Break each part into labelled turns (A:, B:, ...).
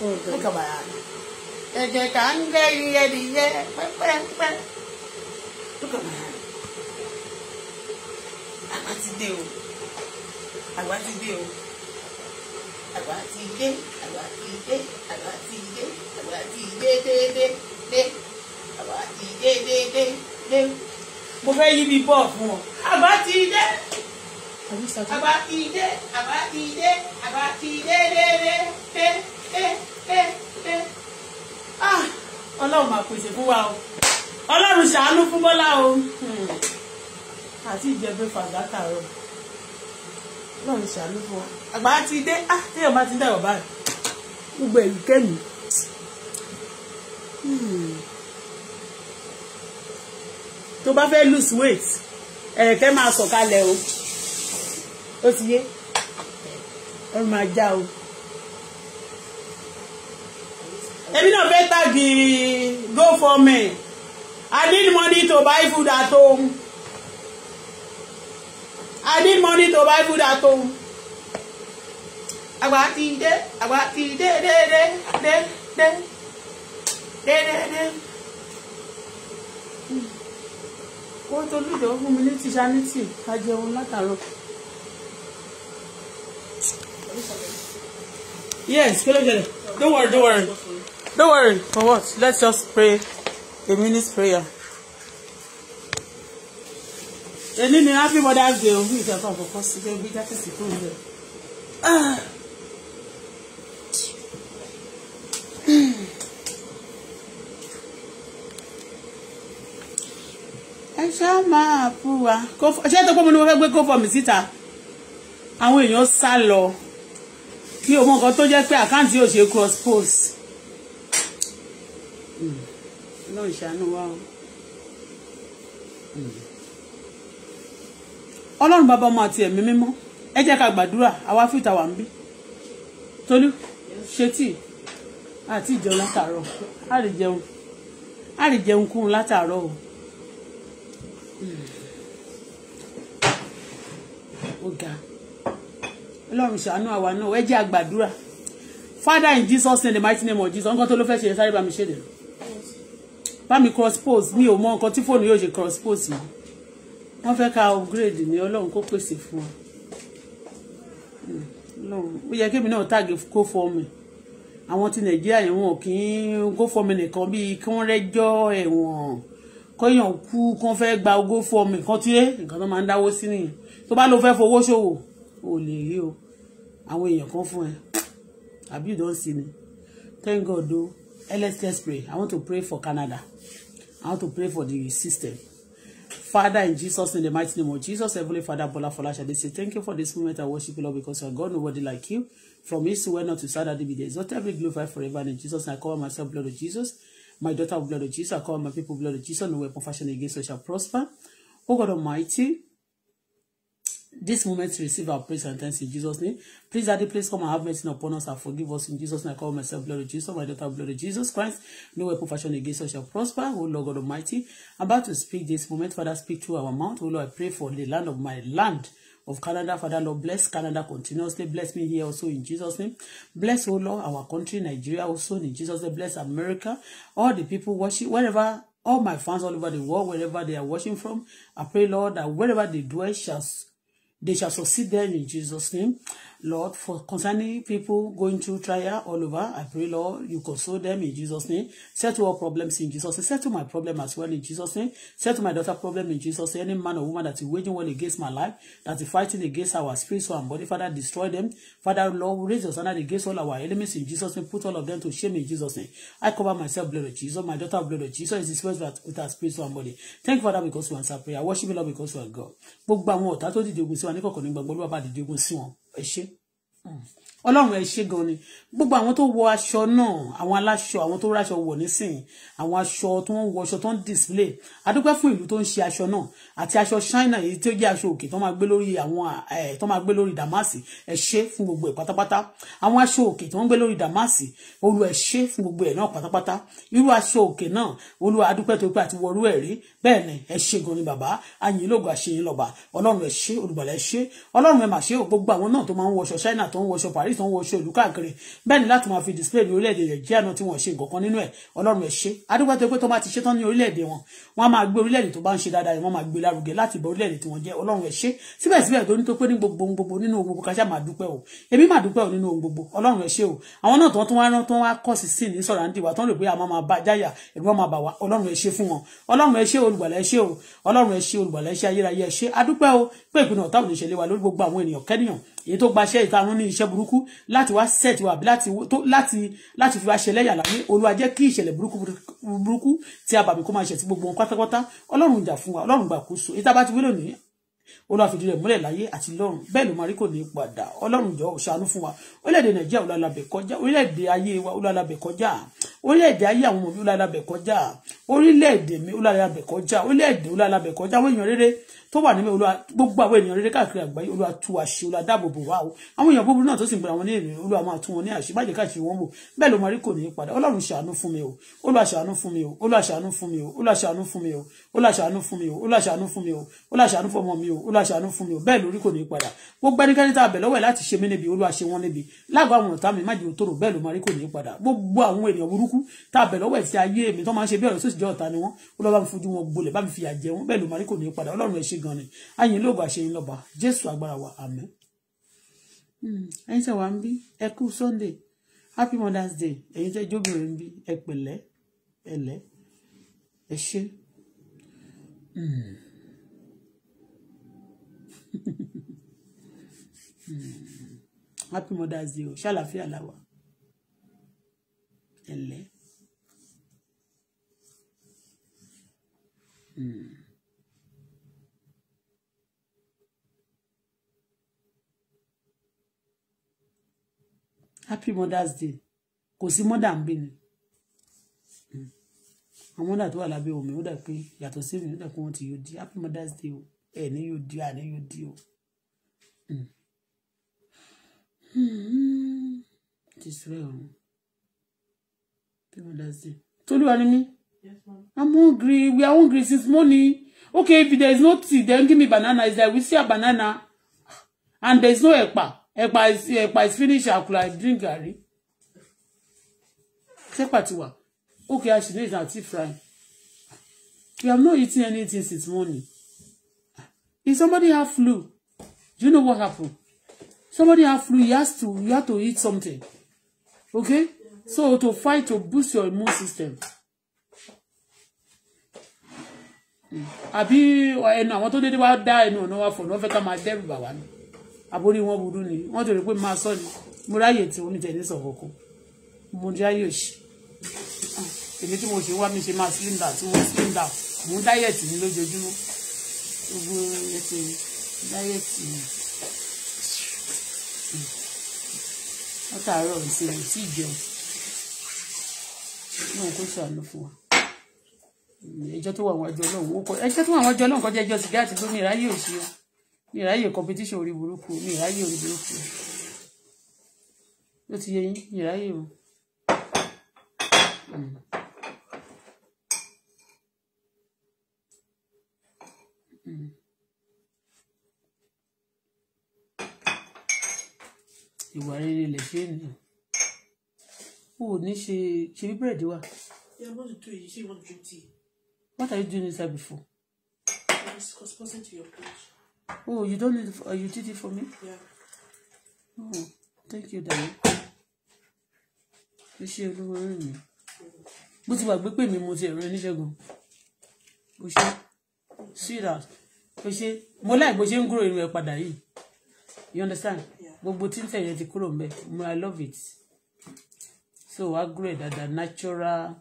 A: Look at my hand. Ẹ̀jẹ̀ tá ń gbẹ́ iye
B: nìyẹ pẹ́pẹ́pẹ́. Look at my hand. Àgbà ti dé o. Àgbà ti dé o.
A: Àgbà ti dé. Àgbà ti dé. Àgbà ti dé. Àgbà ti dé dé dé dé.
B: Àgbà ti dé dé dé dé. Mo fẹ́ yí mi bọ̀ fún ọ. Àgbà ti dé àbá ti dé ẹ ẹ ẹ ah ọlọ́run máa pèsè fún wa o ọlọ́run ṣàánú fún bọ́lá o hmm. àti ìjẹ̀bẹ̀ fàdákà rọ ọlọ́run ṣàánú fún wa àgbà ti dé ah téèyàn bá ti dẹ̀ ọ̀bá rẹ̀ gbogbo ẹ̀yìn kẹ́mi. Hmm. tó bá fẹ́ lose weight ẹ̀ẹ̀kẹ́ máa sọ̀kalẹ̀ o ó ti yé ẹ̀rù máa já o. èmi náà fẹ́ tàgì go for me I need money to buy food at home I need money to buy food at home àgbà ti dé àgbà ti dé dé dé dé dé dé dé dé wọ́n tó lùdọ̀ fún mi ní tìṣánítì ká jẹun látàárọ̀. Yes, kí ló jẹlẹ̀? Don't worry, don't worry don't worry for what let's just pray a minute prayer. èmi ni happy mother's day òun ìjọba àkọ́kọ́ sí pé bí jákèsí kúrò lẹ. ẹ ṣá máa fún wa ṣé tó pọ́ mo ní mo fẹ́ gbé kó fọ́ mi síta àwọn èèyàn sá lọ kí o mọ nǹkan tó jẹ́ pé àkáǹtì yóò ṣe cross post ọlọ́run ṣàánú wa o. Hmm. ọlọ́run bàbá ọmọ àti ẹ̀mí mímọ́ ẹ jẹ́ ká gbàdúrà àwa fìtà wà ń bí tolú ṣe tí àti ìjọ látàárọ̀ á lè jẹun á lè jẹun kún un látàárọ̀ o. ọ̀gá hmm. ọlọ́run ṣàánú àwa náà ẹ jẹ́ àgbàdúrà Father in Jesus name the mighty name of Jesus nǹkan tó ló fẹ́ ṣe sáré bá mi ṣe dẹ̀ lọ bá mi cross post mi ò mọ nǹkan tí fóònù yóò ṣe cross post yìí wọ́n fẹ́ ká upgrade ní ọlọ́run kó pèsè fún wa hmm, ó yẹ kémi náà tàgé kó fọ́ mi àwọn ti nàìjíríà yẹn wọn kì í kó fọ́ mi nìkan bíi kí wọ́n rẹ́jọ́ ẹ̀wọ̀n kọ́yàn kú kán fẹ́ gba ogó fọ́ mi kán tí nǹkan tó máa ń dáwó sí nìyẹn tó bá lọ fẹ́ fowó ṣòwò ò lè rí o àwọn èèyàn kan fún ẹ àbí ìdánwò sí ni thank God o lets let's pray i want to pray for Canada. I want to pray for the system. Father, in Jesus, in the mighty name of Jesus, Heavenly Father, Bola Falasha, say, Thank you for this moment. I worship you, Lord, because you are God, nobody like you. From east to west, not to south, that be the exalted, be glorified forever. And in Jesus, and I call myself, blood of Jesus, my daughter, of blood of Jesus, I call my people, blood of Jesus, no weapon fashioned against us shall prosper. Oh God Almighty, this moment to receive our praise and thanks in Jesus' name. Please, Daddy, please come and have mercy upon us and forgive us in Jesus' name. I call myself blood of Jesus, my daughter, blood of Jesus Christ. No weapon fashioned against us shall prosper. O Lord God Almighty, I'm about to speak this moment. Father, speak through our mouth. O Lord, I pray for the land of my land of Canada. Father, Lord, bless Canada continuously. Bless me here also in Jesus' name. Bless, oh Lord, our country, Nigeria also in Jesus' name. Bless America, all the people watching, wherever all my fans all over the world, wherever they are watching from, I pray, Lord, that wherever they dwell shall They shall succeed them in Jesus' name. Lord, for concerning people going through trial all over, I pray, Lord, you console them in Jesus' name. Settle all problems in Jesus' name. Settle my problem as well in Jesus' name. Settle my daughter problem in Jesus' name. Any man or woman that is waging war against my life, that is fighting against our spirit, soul, and body, Father, destroy them. Father, Lord, raise your standard against all our enemies in Jesus' name. Put all of them to shame in Jesus' name. I cover myself, blood of Jesus. My daughter, blood of Jesus is dispensed with our spirit, soul, and body. Thank you, Father, because you answer prayer. I worship you, Lord, because you are God. Gbogbo àwọn ọ̀tá tó dìde ogun sí wa ní kọ̀ọ̀kan ní gbàgbọ́ ló wà bá dìde Ẹ ṣé. Earth. Hmm. ọlọ́run ẹ ṣé gan ni gbogbo àwọn tó wọ aṣọ náà àwọn aláṣọ àwọn tó ráṣọ wọ̀ nísìnyí àwọn aṣọ tó ń wọṣọ tó ń display adúpẹ́ fún ìlú tó ń ṣe aṣọ náà àti aṣọ China èyí tó jẹ́ aṣọ òkè tó máa gbé lórí àwọn ẹ̀ tó máa gbé lórí dàmásì ẹ ṣé fún gbogbo ẹ̀ pátápátá àwọn aṣọ òkè tó ń gbé lórí dàmásì olú ẹ ṣé fún gbogbo ẹ̀ náà pátápátá irú aṣọ òkè náà olú adúpẹ́ tó pé àti wọrú ẹ̀ rí bẹ́ẹ̀ ni ẹ ṣé gan ni bàbá ayin lógo àṣeyìn lọ́ba ọlọ́run ẹ ṣé olùgbàlà ẹ ṣé ọlọ́run ẹ mà ṣe gbogbo Buhari tó ń wọṣọ ìlú káàkiri bẹ́ẹ̀ ni láti máa fi display ní orílẹ̀-èdè Nàìjíríà náà tí wọ́n ṣe nǹkan kan nínú ẹ̀ Ọlọ́run ẹ̀ ṣe adúgbò tó pé tó máa ti ṣetán ní orílẹ̀-èdè wọn wọ́n máa gbé orílẹ̀-èdè tó bá ń ṣe dáadáa yẹn wọ́n máa gbé e lárugẹ láti bọ orílẹ̀-èdè tí wọ́n jẹ́ Ọlọ́run ẹ̀ ṣe síbẹ̀síbẹ̀ tó ní tó pé ní gbogbo gbogbo nínú ohun gbogbo káṣá máa dúpẹ́ o èmi máa dúpẹ́ o nínú ohun gbogbo Ọlọ́run ẹ̀ èyí tó gbaṣẹ́ ìtanú ní iṣẹ́ burúkú láti wá set wa àbí láti láti láti fi wá ṣẹlẹ̀ yàrá ní olúwa jẹ́ kí ìṣẹ̀lẹ̀ burúkú burúkú tí a bàbí kó máa ṣẹ̀ sí gbogbo wọn pátápátá ọlọ́run jà fún wa ọlọ́run gbà kó so ìta bá ti wílò nìyí olúwa fìdí rẹ̀ múlẹ̀ láyé àti lọ́run bẹ́ẹ̀ ló máa rí kò ní padà ọlọ́run jọ ṣàánú fún wa orílẹ̀-èdè nàìjíríà olúwalabẹ̀ kọjá orílẹ̀-èdè ayé wa olúwalabẹ̀ kọjá orílẹ̀-èdè ayé àwọn ọmọ mi olúwalabẹ̀ kọjá orílẹ̀-èdè mi olúwalabẹ̀ kọjá orílẹ̀-èdè olúwalabẹ̀ kọjá àwọn èèyàn rere tó wà nínú olúwa gbogbo àwọn ènìyàn rere káàkiri àgbáyé olúwa tú àṣẹ olúwa dáàbòbò wá o àwọn èèyàn búburú náà tó sì ń pè àwọn ní èrè olúwa máa tú wọn ní àṣẹ má jẹ́ káàkiri wọn bò bẹ́ẹ̀ ló máa rí kò ní í padà ọlọ́run ṣàánú fún mi o olúwa ṣàánú fún mi o olúwa ṣàánú fún mi o olúwa ṣàánú fún mi o olúwa ṣàánú fún mi o olúwa ṣàánú fún mi o olúwa ṣàánú fún ọmọ mi o olúwa ṣàánú fún mi o bẹ́ẹ̀ lórí kò ní í padà gbogbo ẹnikẹ́ni tá a bẹ̀ lọ́wọ́ ẹ̀ láti ṣe mí níbi olúwa ṣe wọ́n níbi lágbo àwọn ọ̀tá mi má jẹ́ bẹ́ẹ̀ ló máa rí kò ní padà gbogbo àwọn ènìyàn burúkú tá a bẹ̀ lọ́wọ́ ẹ̀ sí ayé mi tó máa ń ṣe bí ọ̀rọ̀ sósì jẹ́ ọ̀tá ni wọ́n olúwa bá mi fojú wọn gbolẹ̀ bá mi fìyà jẹ wọn bẹ́ẹ̀ ló máa rí kò ní padà ọlọ́run ẹ̀ ṣe gan ni ba lóògbà ṣe yín ba. jésù agbára wa amen. Hmm. tẹ́ wà ń bí ẹ kú sunday happy mother's day ẹ̀yin tẹ́ jóbìnrin ń bí ẹ pẹ̀lẹ́ ẹ̀lẹ́ ẹ hmm. hmm. happy mother's day o ṣàlàfíà làwà ẹ̀lẹ́. Mm. happy mother's day kò sí mother ń bí ni àwọn mother tó wà lábẹ́ omi ó dà pé yàtọ̀ sí mi ó dà pé wọ́n ti yóò di happy mother's day o ẹ̀ ní yóò di àní yóò di o. ti happy mother's day tolúwa ni mí i'm hungry we are hungry since morning okay if there is no tea then give me banana is there? we see a banana and there is no ẹ̀pà ẹ̀pà is ẹ̀pà is finish àkùlà drink gàrí ṣẹ́pà ti wà okay I should need na tea fry we have not eaten anything since morning if somebody have flu do you know what happen somebody have flu He has to He had to eat something okay so to fight to boost your immune system àbí ẹnu àwọn tó dédé wá dá ẹnu ọ̀nà wa fọ̀ ní wọ́n fẹ́ ká máa dẹ́rù bà wá ni àbórí wọn burú ni wọn tó rí pé máa sọ ni mo ráyè tí omi tẹ̀ ní sọ̀rọ̀ kan mo ráyè òṣì èmi tí mo ṣe wá mi ṣe máa slim down tí wọ́n slim down mo ń dáyẹ̀tì mi lójoojúmọ́ gbogbo ẹsẹ̀ dáyẹ̀tì mi látàárọ̀ ìṣe mi tí ìjẹun náà kó ṣàánú fún wa ẹjọ́ tó wà wájú ọlọ́run ẹjọ́ tó wà wájú ọlọ́run kọjá ẹjọ́ sìgá àti gómìnira yóò ṣe o mi ìráyè competition orí burúkú mi ìráyè orí burúkú ló ti yẹ yín mi ìráyè o. Hmm. Hmm. ìwà rere lè ṣe ènìyàn o ò ní ṣe ṣe bí búrẹ́dì wà. Yeah, what to do? You say you want to drink What are you doing inside before? I was responding to your page. Oh, you don't need. Uh, you did it for me. Yeah. Oh, thank you, darling. Ó ṣe olúwarẹ̀ mi. Bó ti wà gbé pè me mo ti ẹ̀rọ oníṣègùn. Bó ṣe see that. Bó ṣe mo láì bó ṣe ń gúrò irun ẹ̀ You understand? Gbogbo tí ń tẹ̀yẹ ti kúrò ń I love it. So, I grow that the natural.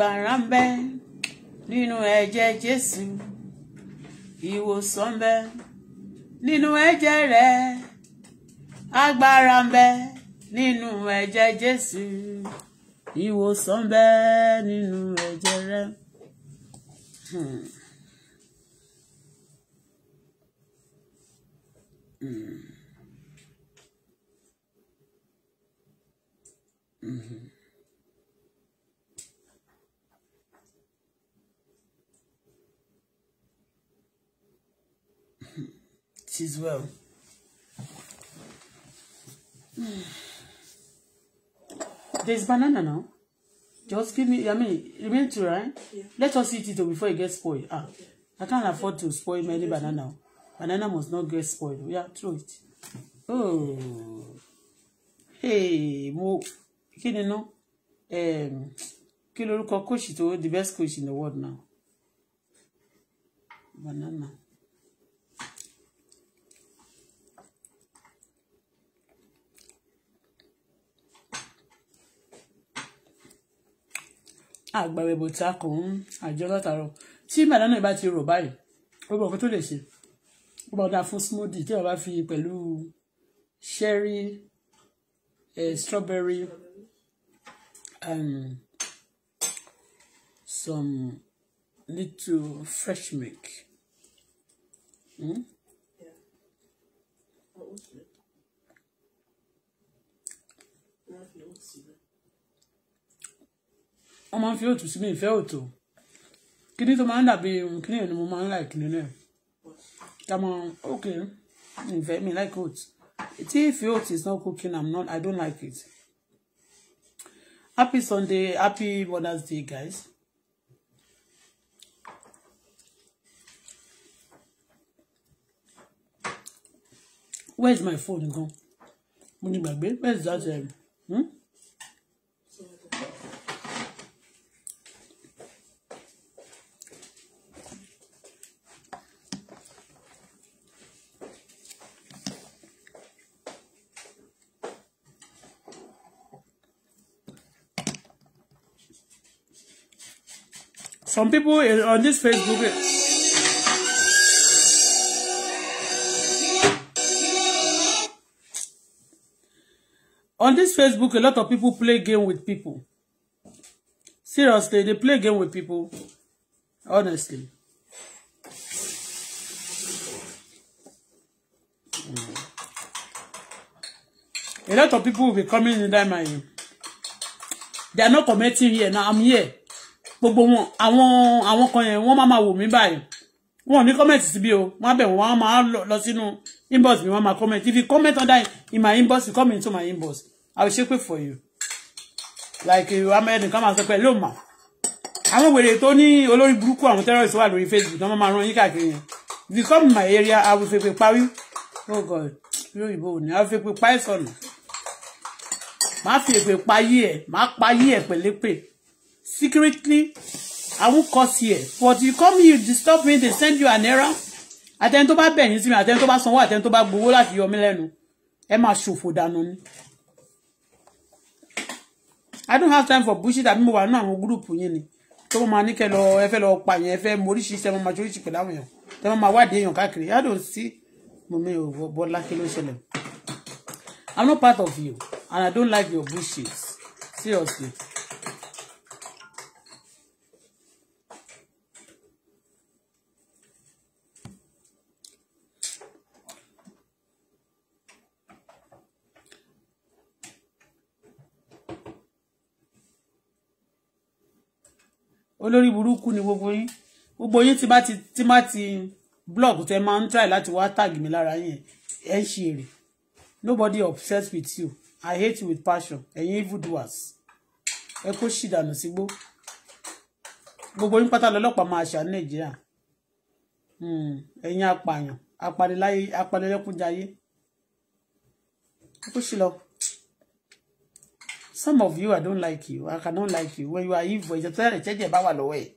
B: agbára ń bẹ nínú ẹ̀jẹ̀ Jésù ìwòsàn ń bẹ nínú ẹ̀jẹ̀ rẹ̀ agbára ń bẹ nínú ẹ̀jẹ̀ Jésù ìwòsàn ń nínú ẹ̀jẹ̀ Mm-hmm. It is well. Hmm. There's banana now. Just give me, I mean, remain to right? Yeah. Let us eat it before it gets spoiled. Ah, okay. I can't afford to spoil many banana Banana must not get spoiled. Yeah, throw it. Oh. Hey, mo, kí ni no? Um, kí lorúkọ coach tó the best coach in the world now? Banana. àgbàwẹ̀bò takùn àjọ látàrọ tí màdánù bá ti rò báyìí ó bọ̀ nǹkan tó lè ṣe ó bọ̀ dáa fún smoothie tí wọ́n bá fi pẹ̀lú sherry eh, strawberry um, some little fresh milk. Mm? wọ́n máa ń fi òtù sí mi ìfẹ́ òtò kíní tó máa ń dàbí irun kíní ni mo máa ń láì kíní náà ká mọ okay ìfẹ́ mi like oat tí ìfẹ́ oat is not cooking i'm not i don't like it happy sunday happy mother's day guys. where is my phone gan mo ní gbàgbé where is that um, hmm? Some people on this Facebook. On this Facebook, a lot of people play game with people. Seriously, they play game with people. Honestly. A lot of people will be coming in that mind. They are not committing here. Now I'm here gbogbo wọn àwọn àwọn kan yẹn wọ́n máa máa wò mí báyìí wọn ò ní comment síbi o wọ́n á bẹ̀ wọ́n á máa lọ sínú inbox mi wọ́n máa comment if you comment under in my inbox you come into my inbox I will ṣépè for you like you amẹ́nìkan máa sọ pé ló mà àwọn wèrè tó ní olórí burúkú àwọn terrorist wà lórí facebook náà máa ran yín káàkiri yẹn if you come my area I will fèpè parí oh god lóyìnbó ò ní I will fèpè parí sọnù máa fi èpè payé ẹ máa payé ẹ pẹ̀lẹ́pẹ̀ secretly I won't cause here but you come here disturb me they send you an error I àtẹni tó bá bẹ̀yìn sí mi àtẹni tó bá sanwó àtẹni tó bá gbowó láti yọ mí lẹ́nu ẹ Emma, show for ni. I don't have time for bullshit àbí mo wà nínú àwọn gúrùpù yín ni tó máa ní kẹ lọ ẹ fẹ́ lọ pa yẹn ẹ fẹ́ moríṣiríṣi ẹ máa ṣoríṣi pẹ̀lú àwọn èèyàn tẹ máa wádìí èèyàn káàkiri I don't see Mumi Bọ́lá kí ló ṣẹlẹ̀ I'm not part of you and I don't like your bullshit seriously. olórí burúkú ni gbogbo yín gbogbo yín tí bá ti tí má ti blog tẹ máa ń try láti wá tag mi lára yín ẹ ń ṣe èrè nobody obsessed with you i hate you with passion ẹ̀yin evil doers ẹ kó ṣìdànù sígbó gbogbo yín pátá lọ́lọ́pàá máa ṣà ní nàìjíríà hmm, ẹ̀yin apààyàn apaniláyé apanilẹ́kúnjayé ẹ kó ṣì lọ some of you i don't like you i cannot like you when you are evil ìjọ tó yàrá tẹ́jẹ̀ bá wà lọ́wọ́ ẹ̀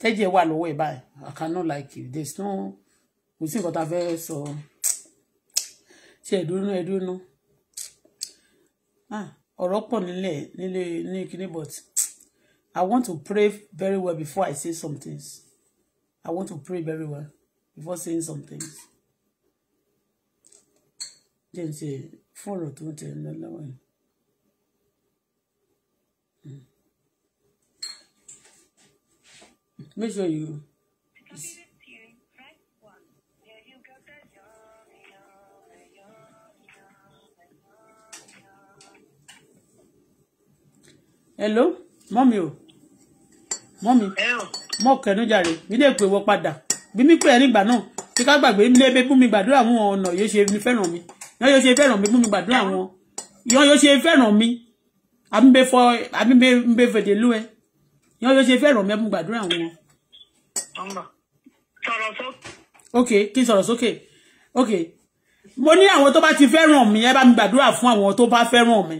B: tẹ́jẹ̀ wà lọ́wọ́ ẹ̀ i cannot like you there is no kò sí nǹkan tá a fẹ́ sọ ṣe ẹ̀dúnú ẹ̀dúnú ah, ọ̀rọ̀ pọ̀ nílẹ̀ nílé ní kíní but i want to pray very well before i say some things i want to pray very well before saying some things. jẹ́ n ṣe fún ọ̀rọ̀ no ń Make sure you. hello mọ́mi o mọ́mi mọ́ kẹnu jàre mi lè pè wọ́ padà bí mi pè ẹ́ nígbà náà tí ká gbàgbé mi lè bẹ fún mi gbàdúrà àwọn ọ̀nà yóò ṣe mi fẹ́ràn mi yóò yóò ṣe fẹ́ràn mi fún mi gbàdúrà àwọn yóò yóò ṣe fẹ́ràn mi àmì bẹ fọ àmì bẹ fẹ̀dẹ̀ lú ẹ yan yo ṣe fẹ́ ràn mí gbàdúrà wọn okay kí sọ̀rọ̀ sókè okay mo ní àwọn tó bá ti fẹ́ ràn mí ẹ bá mi gbàdúrà fún àwọn tó bá fẹ́ ràn mí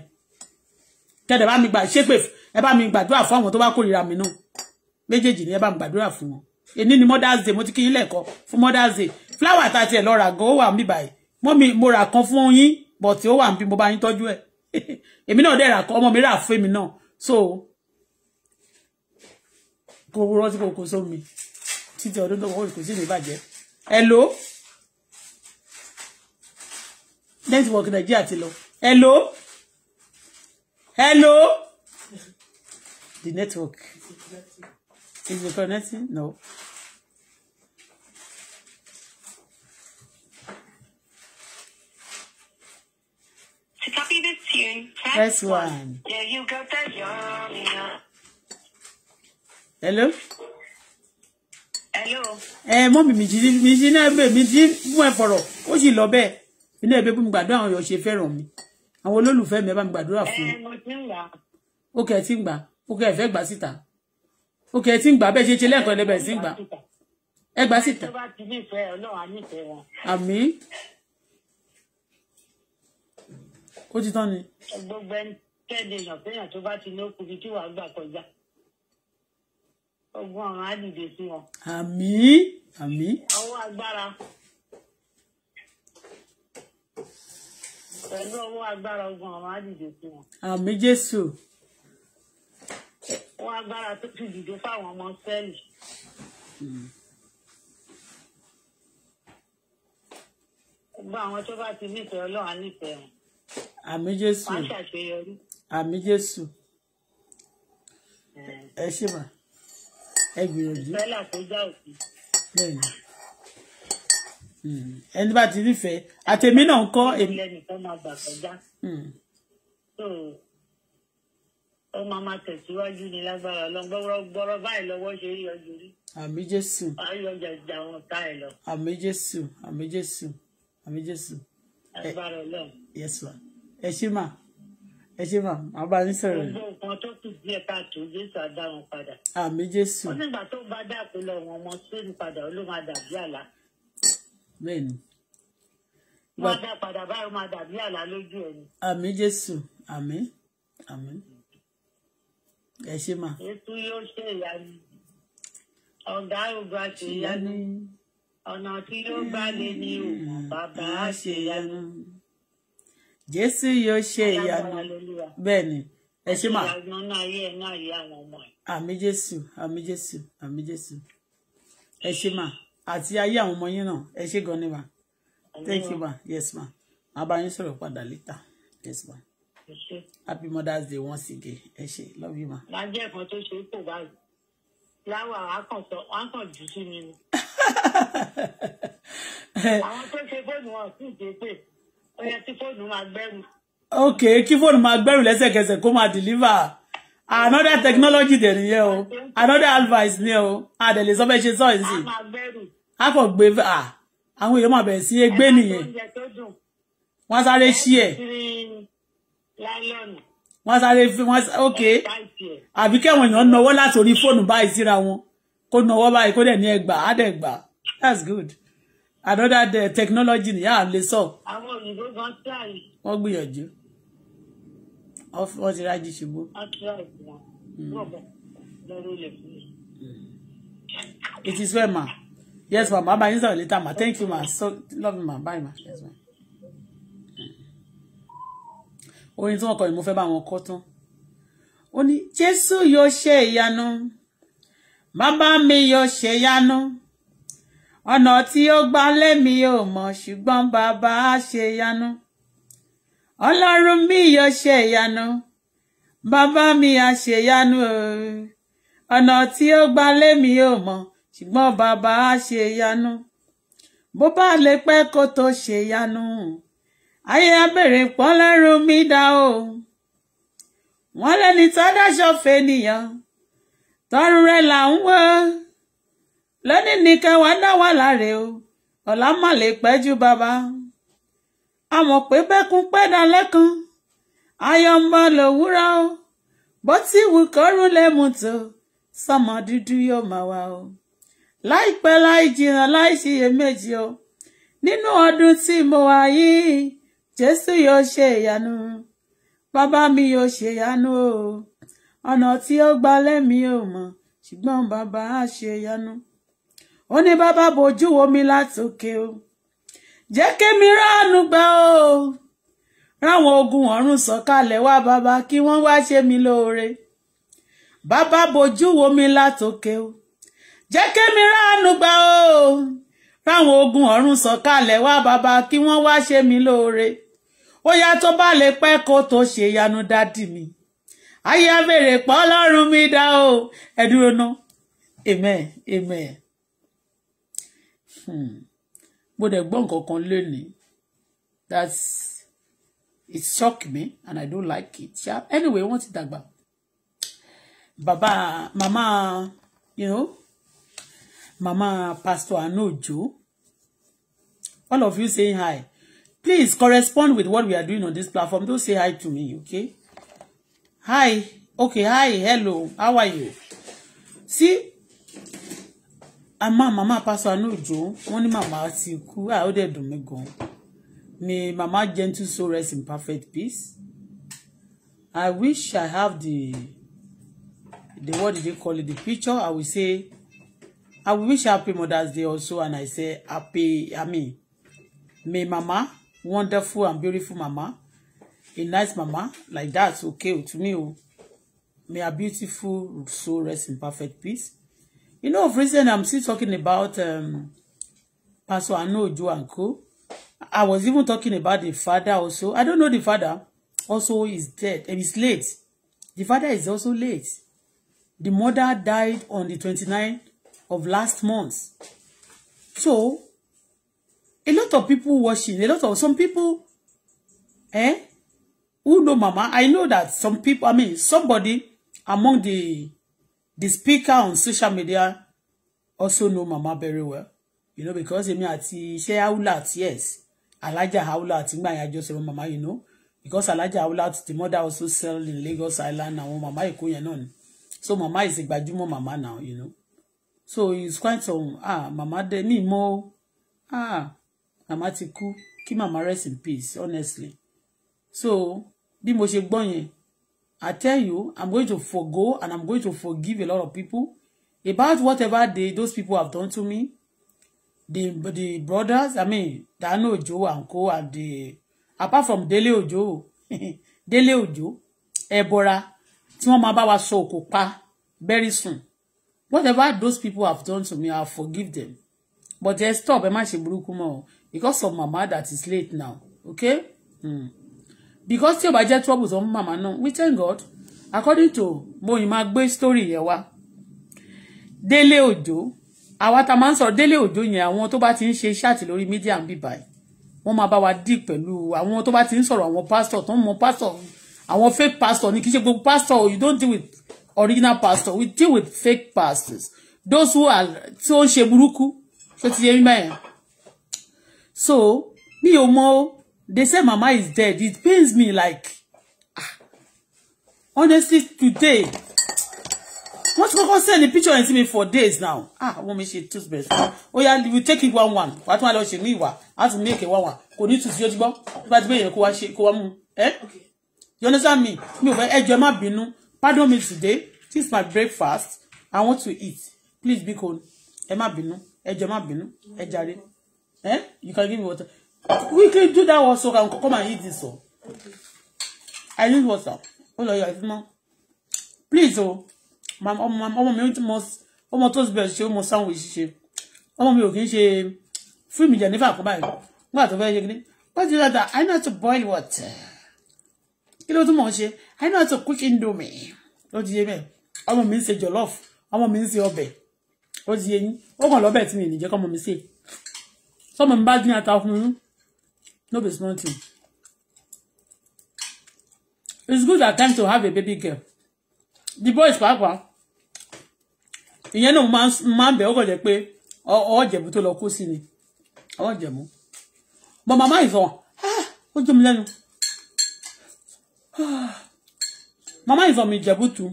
B: kede bá mi gbà ṣe pé ẹ bá mi gbàdúrà fún àwọn tó bá kórìíra mi náà méjèèjì ni ẹ bá mi gbàdúrà fún wọn èní ni mother's day mo ti kí yín lẹ́ẹ̀kọ́ fún mother's day flower ta tiẹ̀ lọ gan ó wà ń báyìí mọ́ mo rà kan fún yín but ó wà ń bí mo bá yín tọ́jú ẹ̀ èmi náà dẹ̀ rà kan ọmọ mi rà fún mi náà so kò wúrọ́ sí kò sómi títí ọdún tó wọ́n kò sí ní ìbàjẹ́ hello network nàìjíríà ti lọ hello hello the network is it connecting no.
A: To copy this tune, press,
B: press one. one.
A: There you go, that yummy
B: hello. hello. ẹ mọ mi mi jí mi jí náà bẹ mi jí fún ẹ fọ̀rọ̀ ó sì lọ bẹ́ẹ̀ inú ẹ bẹ fún mi gbàdúrà àwọn èèyàn ṣe fẹ́ràn mi àwọn olólùfẹ́ mi ẹ bá mi gbàdúrà fún
A: mi. ẹ mo ti ń gbà.
B: ó kẹ́ ẹ ti ń gbà ó kẹ́ ẹ fẹ́ gbà síta ó kẹ́ ẹ ti ń gbà bẹ́ẹ̀ ṣe ṣe lẹ́ẹ̀kan ẹ bẹ̀rẹ̀ sí ń gbà ẹ gbà síta. ti
A: nífẹ̀ẹ́ ni. gbogbo ẹni tẹ́lẹ̀ èèyàn fẹ́yàn tó bá ti ní ó kú ibi tí wàá gbà ọgbọ́n àwọn á dìde fún ọ.
B: àmín àmín. ọwọ́
A: agbára. pẹ̀lú ọwọ́ agbára ọgbọ́n àwọn á dìde fún ọ.
B: àmín jésù.
A: ọwọ́ agbára tó ti dìde fáwọn ọmọ sẹ́ẹ̀lì. Hmm. gbogbo àwọn tó bá ti nífẹ̀ẹ́ ọlọ́run á nífẹ̀ẹ́ wọn.
B: àmín jésù. wọ́n
A: ṣàṣeyọrí.
B: àmín jésù. Hmm. ẹ ṣe mà ẹ gbìyànjú
A: bẹ́ẹ̀ni
B: hmm. ẹni bá ti nífẹ̀ẹ́ àtẹ̀mí náà ń kọ́ èmi.
A: ọmọ máa hmm. tẹ̀síwájú ni lágbára lọ́gbọ́rọ́ gbọ́rọ́ báyìí lọ́wọ́ ṣe é yọjú rí.
B: àmì jésù.
A: ayọ jàjà wọn ta ẹ lọ.
B: àmì jésù àmì jésù àmì jésù.
A: agbára ọlọ́run.
B: yes ẹ ṣé ma ẹ ṣe mà á bá yín sọ̀rọ̀. gbogbo
A: nǹkan tó kù díẹ̀ káàtó jésù á dá wọn padà. àmì jésù. ó nígbà tó bá dàpọ̀ lọ wọn ọmọ sóòlù padà ó ló máa dàbí àlá.
B: bẹ́ẹ̀ni. wọn á dá
A: padà báyìí ó máa dàbí àlá lójú ẹ ni.
B: àmì jésù àmì àmì ẹ ṣe mà.
A: ètò yóò ṣe ìyanu ọ̀gá ògbà ṣe ìyanu ọ̀nà tí yóò gbà lé ní òmò
B: bàbá ṣe ìyanu jésù yóò ṣe ìyanu bẹ́ẹ̀ ni ẹ ṣe máa. àmì jésù àmì jésù àmì jésù ẹ ṣe máa àti ayé àwọn ọmọ yín náà ẹ ṣe gan ni thank you ma yes ma màá bá yín sọ̀rọ̀ padà later yes ma happy mother's day once again ẹ ṣe love you ma.
A: lájẹ́ kan tó ṣe é kò báyìí láwọ̀ àkànṣọ àkàn jù sí mi ni. àwọn tó ṣe fóònù wọn kì í ṣe pé oyè tí fóònù máa gbẹ́rù.
B: ok kí fóònù máa gbẹ́rù lẹ́sẹ̀kẹsẹ̀ kó máa deliver another technology dẹ̀ nìyẹn o another advice ni o àdẹ̀lẹ̀ sọ fẹ́ ṣe sọ èsì a kò gbé àwọn èèyàn máa bẹ̀rẹ̀ sí egbé nìyẹn wọ́n sáré ṣí ẹ̀ wọ́n sáré fi wọ́n ok àbí kẹ́wọ̀n èèyàn náwó láti orí fóònù báyìí síra wọn kó náwó báyìí kó dẹ̀ ní ẹgbàá á dẹ̀ gbà that's good another day technology ni yà á lè sọ.
A: àwọn òyìnbó gan tíráì.
B: wọ́n gbìyànjú Of what you ṣubú.
A: wọ́n hmm.
B: it is well ma yes ma mama yin sọ̀rọ̀ later ma thank you ma so love ma bye ma yes ma. orin tí wọ́n kọ ni mo fẹ́ bá wọn kọ tán ó ní jésù yóò ṣe ìyanu mi yóò ṣe ìyanu ọ̀nà tí ó gbà lẹ́mi ò mọ̀ ṣùgbọ́n bàbá ṣe yanu ọlọ́run mi yóò ṣe yanu bàbá mi á ṣe yanu ọ̀nà tí ó gbà lẹ́mi ò mọ̀ ṣùgbọ́n bàbá ṣe yanu bó bá lè pẹ́ kó tó ṣe yanu ayé abèrè pọ́n lẹ́rù mi dá o wọ́n lẹ́ni tó dáṣọ fènìyàn tọ́rù rẹ̀ là ń wọ́ lẹ́ni nìkan wàá dá wà láre o ọ̀la mà lè pẹ́jú bàbá a mọ̀ pé bẹ́kún pẹ́ dalẹ́ kan ayọ̀ ń bọ̀ lòwúrọ̀ o bó ti wù kọ́rùn lè tó sọmọ dúdú yóò máa wà o láìpẹ́ láì jìnnà láì ṣiyèméjì o nínú ọdún tí mo wà yìí jésù yóò ṣe ìyanu bàbá mi yóò ṣe ìyanu o ọ̀nà tí ó gbalẹ̀ mi ò mọ̀ ṣùgbọ́n bàbá á ṣe ìyanu ó ní bàbá bojú wo mi látòkè o jẹ́ kémi ránu gbà o ráwọn ogun ọ̀run sọ̀kalẹ̀ wá bàbá kí wọ́n wá ṣe mi lóore bàbá bojú wo mi látòkè o jẹ́ kémi ránu gbà o ráwọn ogun ọ̀run sọ̀kalẹ̀ wá bàbá kí wọ́n wá ṣe mi lóore ó yá tó bá lè pẹ́ kó tó ṣe ìyanu dádì mi ayé abèrè pọ́ lọ́rùn mi dá o ẹ ná amen amen. Hmm. mo dẹ̀ gbọ́ nǹkan kan lónìí that's it shock me and I don't like it yeah. anyway wọ́n ti dàgbà Baba, Mama, you know Mama, pastor anojo all of you saying hi please correspond with what we are doing on this platform don't say hi to me okay hi okay hi hello how are you see àmọ́ màmá pásọ anújò wọ́n ní màmá ti kú ó dẹ̀ dùn mí gan ni màmá gentle soul rest in perfect peace I wish I have the the what did they call it the picture I will say I wish happy Mother's Day also and I say happy I mean may mama wonderful and beautiful mama a nice mama like that okay to me o oh. may her beautiful soul rest in perfect peace You know, of recent, I'm still talking about um, Pastor Anojo and co. I was even talking about the father also. I don't know the father. Also is dead. And um, he's late. The father is also late. The mother died on the 29th of last month. So, a lot of people watching, a lot of some people, eh, who know mama, I know that some people, I mean, somebody among the the speaker on social media also know mama very well you know because èmi ati she haulat yes alaja haulat ngba yẹn àjọṣe wọn mama you know because alaja haulat the mother also sell in Lagos Island now mama èkó yẹn náà so mama is a gbajúmọ̀ mama now you know so it's quite some um, ah mama de mi mo ah mama ti kú kí mama rest in peace honestly so bí mo ṣe gbọ́ yẹn I tell you, I'm going to forgo and I'm going to forgive a lot of people about whatever they those people have done to me. The the brothers, I mean, Dano Ojo and Co and the apart from Dele Ojo, Dele Ojo, Ebora, tí wọ́n máa bá wa very soon. Whatever those people have done to me, I'll forgive them. But they stop, ẹ má ṣe burúkú mọ́ o because of mama that is late now, okay? Mm because tí ò bá jẹ́ trouble tó ń màmá náà we thank God according to mo yìí máa gbé story yẹn wá Délé Òjó àwa tá máa ń sọ Délé Òjó yẹn àwọn tó bá ti ń ṣe ṣáàtì lórí media and bì báyìí wọ́n máa bá wa dì pẹ̀lú àwọn tó bá ti ń sọ̀rọ̀ àwọn pastor tó ń mọ pastor àwọn fake pastor ni kì í ṣe gbogbo pastor you don't deal with original pastor we deal with fake pastors those who are tí ó ń ṣe burúkú ṣé ti yé mi báyẹn so mi ò mọ They say mama is dead. It pains me like ah, honestly today. Wọ́n ti kọ́kọ́ send the picture and sí me for days now. Ah, wọ́n mi ṣe toothpaste. Ó yá we take it one one. Wàá tún wá lọ ṣe ní ìwà. A tún make it one one. Kò ní tùsí ojú gbọ́. Tó bá ti bẹ́ẹ̀ yẹn kó wá ṣe kó wá mú. Ẹ́ You understand me? Mi ò fẹ́ ẹjọ́ má bínú. Pardon me today. This is my breakfast. I want to eat. Please be cool. Ẹ má bínú. Ẹjọ́ má bínú. Ẹ jàre. Eh? You can give me water. We can do that also. Can come and eat this. Oh. Okay. I use WhatsApp. Oh, no, yeah, no. Please, oh. Mom, oh, mom, oh, mom, almost, almost toast bread. my almost sandwich. She, oh, mom, okay, she. Free me, Jennifer, come by. What about you? What do you like that? I know how to boil water. Kí ló tún mọ̀ ṣe? I know how to cook indomie. Ó ti yé bẹ́ẹ̀. Ọmọ mi ń ṣe jollof. Ọmọ mi ń ṣe ọbẹ̀. Ó ti yé yín. Ó kàn lọ́bẹ̀ tí mi ò ní jẹ́ kọ́mọ mi ṣe. Sọ́mọ mi bá dín ata fún un no be small thing it's good at times to have a baby girl the boy boys pàápàá ìyẹn náà máa man be ọ́ kọ̀ jẹ́ pé ọ́ jẹ̀bú tó lọ kó sí ni ọ́ jẹ̀bú but mama is ìfọ̀ ah, ó jẹ́ mi lẹ́nu ah, mama ìfọ̀ mi jẹ̀bú tù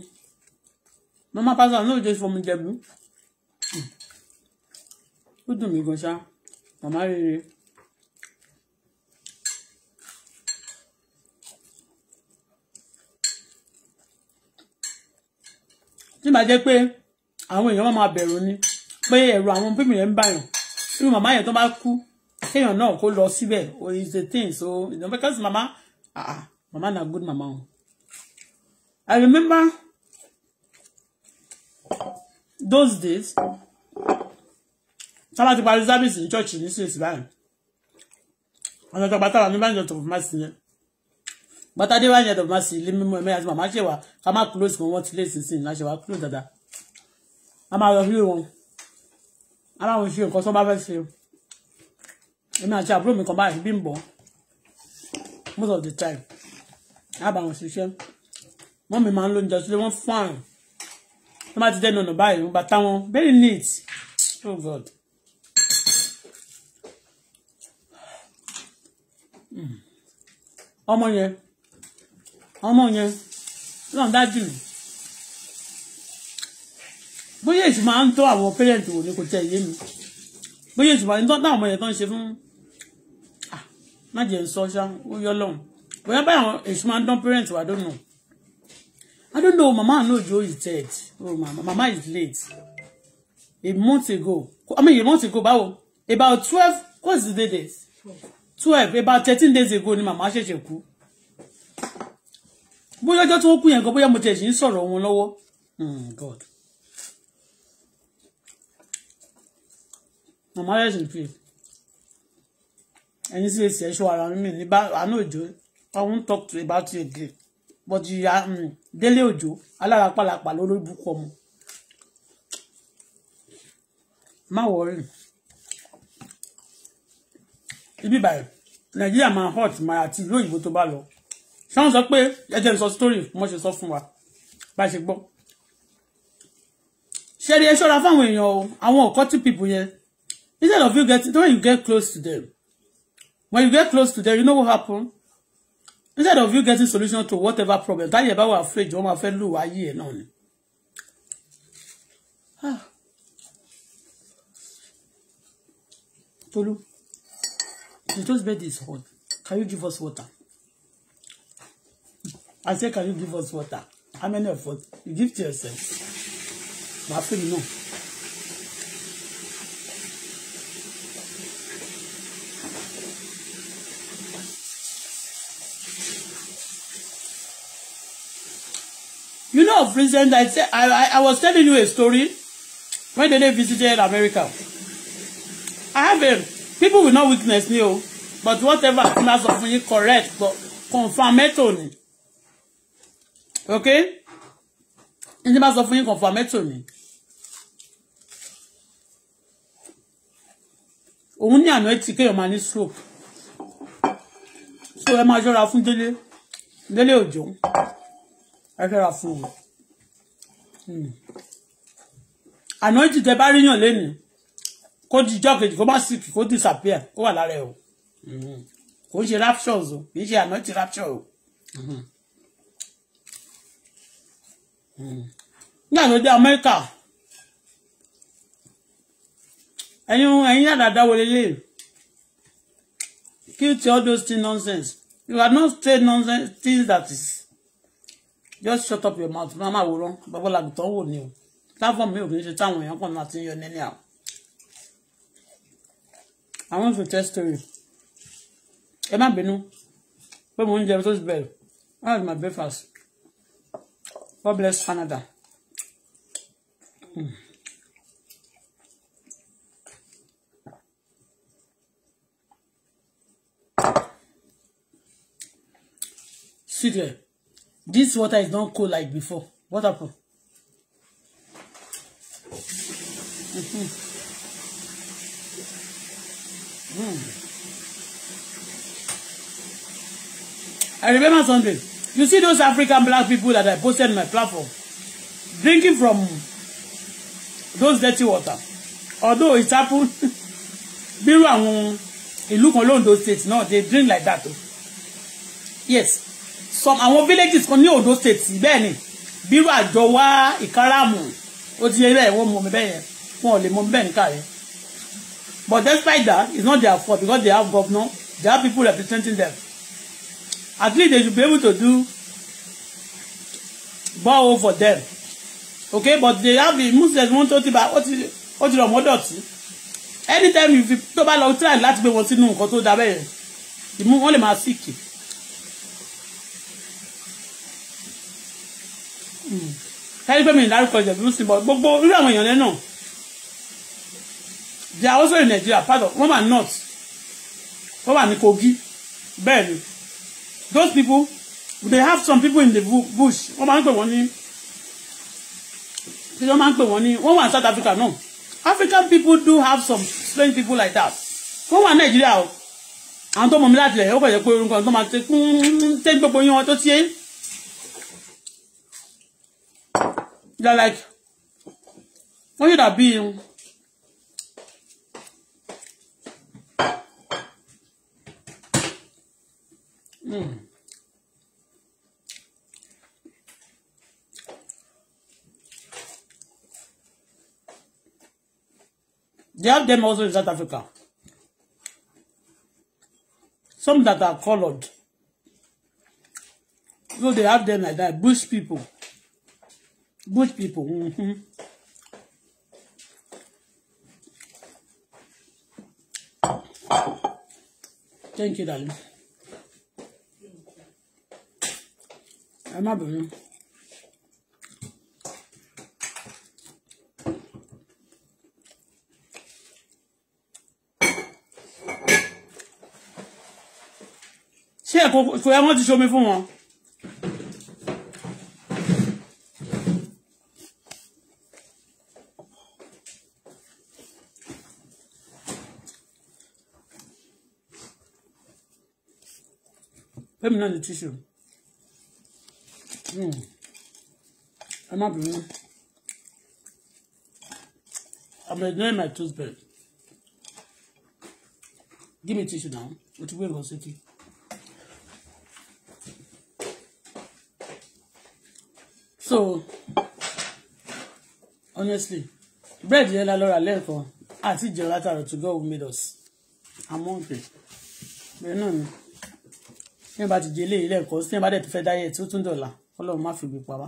B: mama pásítọ̀ no, just ìfọ̀ mi jẹ̀bú hmm. ó do mí go ṣá mama really. tí màá jẹ́ pé àwọn èèyàn máa bẹ̀rù ni pé ẹ̀rù àwọn pípìn yẹn ń bàyàn irú màmá yẹn tó bá kú kéèyàn náà kó lọ síbẹ̀ or is the thing so you know because mama ah ah mama na good mama o I remember those days tábà ti parí service ní church ní sí èsì báyìí ọjọ́ tó gba tábà ní báyìí ọjọ́ tó fún máa yẹn bàtà dé wáyé ẹ̀dọ̀ máa sì ilé mímú ẹ̀mẹ́ àti màmá ṣèwà ká má close kan wọ́n ti lé sísìn láṣẹ wá close dáadáa oh. a máa lọ híro wọn a máa wọn ṣe nǹkan tó bá fẹ́ ṣe èmi àti àbúrò mi kan báyìí bí ń bọ̀ most of the time a bá wọn ṣiṣẹ́ wọ́n mi máa ń lo oúnjẹ sílé wọ́n fún àrùn tó bá ti dẹ́nu ọ̀nà báyìí wọ́n bá táwọn very neat oh god. ọmọ hmm. yẹn ọmọ yẹn lọ́n dájú mi bóyá èsì máa ń tó àwọn pẹ́rẹ́ǹtì wò ni kò tẹ̀ yé mi bóyá èsì máa ń tọ́ táwọn ọmọ yẹn tán ṣe fún má jẹ́ ń sọ ṣá ó yọ lọ́hùn bóyá báyọ̀ èsì máa ń dán pẹ́rẹ́ǹtì wà dónà I don't know mama anojo is dead oh mama mama is late a month ago I mean a month ago báwo about twelve What is the date twelve about thirteen days ago ni mama ṣẹ̀ṣẹ̀ kú bóyá ọjọ́ tí wọ́n kú yẹn gan bóyá mo tiẹ̀ sì ń sọ̀rọ̀ wọn lọ́wọ́ hmm, God màmá rẹ̀ sì fi ẹni sí èsì ẹ̀ṣọ́ ara mi ní bá àánú òjò I won't talk to you about you again but you are uh, hmm, délé òjò alárapàlàpà lólóbùkọ ọmọ má wọrí ibi báyìí Nàìjíríà máa hot mara àti ìlú òyìnbó tó bá lọ sọ́n sọ pé ẹjẹ́ ń sọ story mo ṣe sọ fún wa bá ṣe gbọ́ ṣe rí ẹ ṣọ́ra fáwọn èèyàn o àwọn ọ̀kọ́ tí people yẹn instead of you getting when you get close to them when you get close to them you know what happen instead of you getting solution to whatever problem táyẹ̀ bá wà fún ìjọba fẹ́ lù wáyé ẹ̀ náà ni. Ah. Tolu, the toast bed is hot. Can you give us water? I say, can you give us water? How many of us? You give to yourself. My friend, no. You know of recent, I, say, I, I, I was telling you a story when they visited America. I have a, people will not witness me, oh, but whatever, of me correct, but confirm it on oh, it okay ní tí bá sọ fún yín kan fún amẹ́tò mi òun ní àná etí kéèyàn máa ní stroke so ẹ máa ṣọ́ra fún délé délé òjò ẹ ṣọ́ra fún o hmm. àná etí tẹ bá ríyàn lénìí kó di ìjọ kejì kó má sick kó disappear kó wà lára ẹ o hmm. kò ń ṣe raptures o kì í ṣe àná etí rapture o. Mm-hmm nígbà tó dé amẹ́ríkà ẹ̀yin ẹ̀yin àdàdà wọlé lè kill all those things nonsense you are not say nonsense things that is just shut up your mouth mama àwòrán babalàgbé tó ń wò ní o platform mi ò kì ṣe táwọn èèyàn kan láti yọ nílẹ̀ àwọn. I want to tell story. Ẹ má bínú pé mo ń jẹun tó ti bẹ̀rẹ̀. That was my breakfast. God bless Canada. Hmm. See there. This water is not cold like before. What happened? Mm-hmm. Mm. I remember something. You see those African black people that I posted on my platform drinking from those dirty water. Although it happened, bírú àwọn look alone those states. No, they drink like that Yes, some our villages kan ní Ondo state bẹ́ẹ̀ ni bírú Jowa, Ikaramu. ó ti yẹ bẹ́ẹ̀ wọ́n mọ̀ But despite that, it's not their fault because they have governor, they have people representing them. At least they should be able to do borehole for them. Okay, but they have the Muslims wọ́n tó what bá what ti rọ̀ mọ́ dọ̀tí. Anytime you tó bá lọ try láti gbé wọn sínú nǹkan tó dábẹ́ yẹn, ìmú wọn lè máa síkì. Kẹ́rí hmm. pé mi ìdárúkọ ìjẹ̀bí Muslim bọ̀ gbogbo irú àwọn èèyàn lẹ́nà. They are also in Nigeria, part of, wọ́n wà north, wọ́n ní Kogi, bẹ́ẹ̀ ni those people they have some people in the bush wọ́n máa ń pè wọ́n ní tí wọ́n máa ń pè wọ́n ní wọ́n wà South Africa náà African people do have some strange people like that wọ́n wà Nàìjíríà o àwọn tó mọ̀ mí láti rẹ̀ ó kọ̀ yẹ pé orúkọ tó máa ti kún tẹ́ gbogbo yín wọn tó tiẹ́ they like wọ́n yóò dàbí. They have them also in South Africa. Some that are colored. So they have them like that. Bush people. Bush people. Mm-hmm. Thank you, darling. ẹ má bínú. ṣé ẹ̀kọ́ kò yẹ wọ́n ti ṣomi fún wọn. Fẹ́mi náà ní Hmm. I'm not doing. i'm ignoring my toothpick. give me tissue now mo ti gbé nǹkan so honestly bread yẹn la lọ́ra lẹ́ẹ̀kan àti ìjẹun látàrọ̀ to go with made us i'm hungry But no, ni bí wọ́n bá ti jẹ about to sí ẹ̀ bá dẹ̀ ọlọ́run má fi pa wá.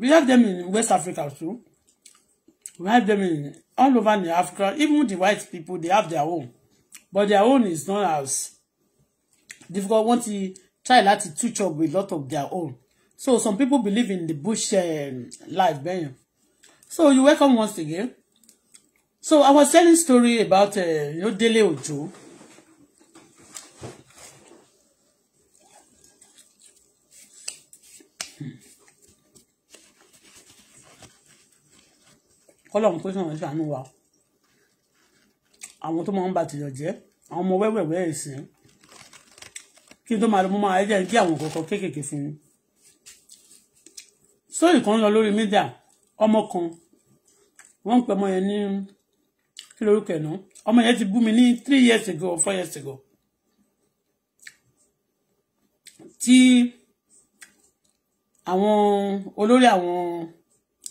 B: We have them in West Africa too. We have them in all over the Africa. Even the white people, they have their own. But their own is not as difficult. Wọ́n ti try láti touch up with lot of their own so some people believe in the bush um, life bẹ́yẹn so you welcome once again so I was telling story about uh, you know Dele Ojo kọlọ́run pé sọ̀rọ̀ ṣàánú wa àwọn tó máa ń bàtìyàn jẹ́ àwọn ọmọ wẹ́wẹ̀wẹ́ ẹ̀sìn kí n tó máa lọ mú máa ẹ jẹ́ kí àwọn kọ̀ọ̀kan kéékèèké fún mi. sóyè kan lọ lórí mídíà ọmọ kan wọ́n ń pè ọmọ yẹn ní kí lorúkọ ẹ̀ náà ọmọ yẹn ti bú mi ní three years ago or four years ago. tí àwọn olórí àwọn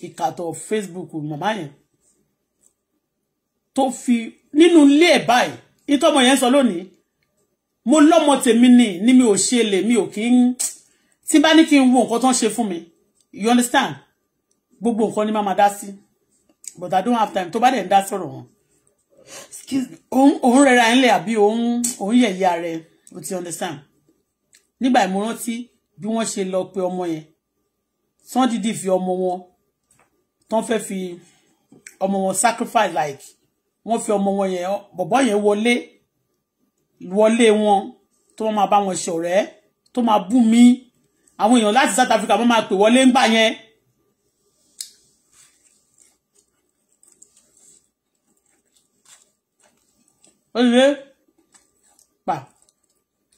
B: ìkàtọ̀ Facebook màmá yẹn tó fi nínú ilé ẹ̀ báyìí ìtọ́mọ yẹn sọ lónìí mo lọ́mọ tèmi ni ni mi ò ṣe lè mi ò kí ń tí bá ní kí n wo nǹkan tó ń ṣe fún mi you understand gbogbo nǹkan ni má máa dá sí but I don't have time tó bá dẹ̀ ń dá sọ̀rọ̀ wọn òun rẹra ẹ̀ ń lẹ̀ àbí òun yẹ̀yẹ́ rẹ̀ o ti understand nígbà mo rántí bí wọ́n ṣe lọ pe ọmọ yẹn tán dídì fi ọmọ wọn tán fẹ́ fi ọmọ wọn sacrifice like wọ́n fi ọmọ wọn yẹn bọ̀bọ́ yẹn wọlé wọlé wọn tó máa bá wọn ṣọ̀rẹ́ tó máa bú mi àwọn èèyàn láti South Africa wọ́n máa pè wọlé ńgbà yẹn ó lè pa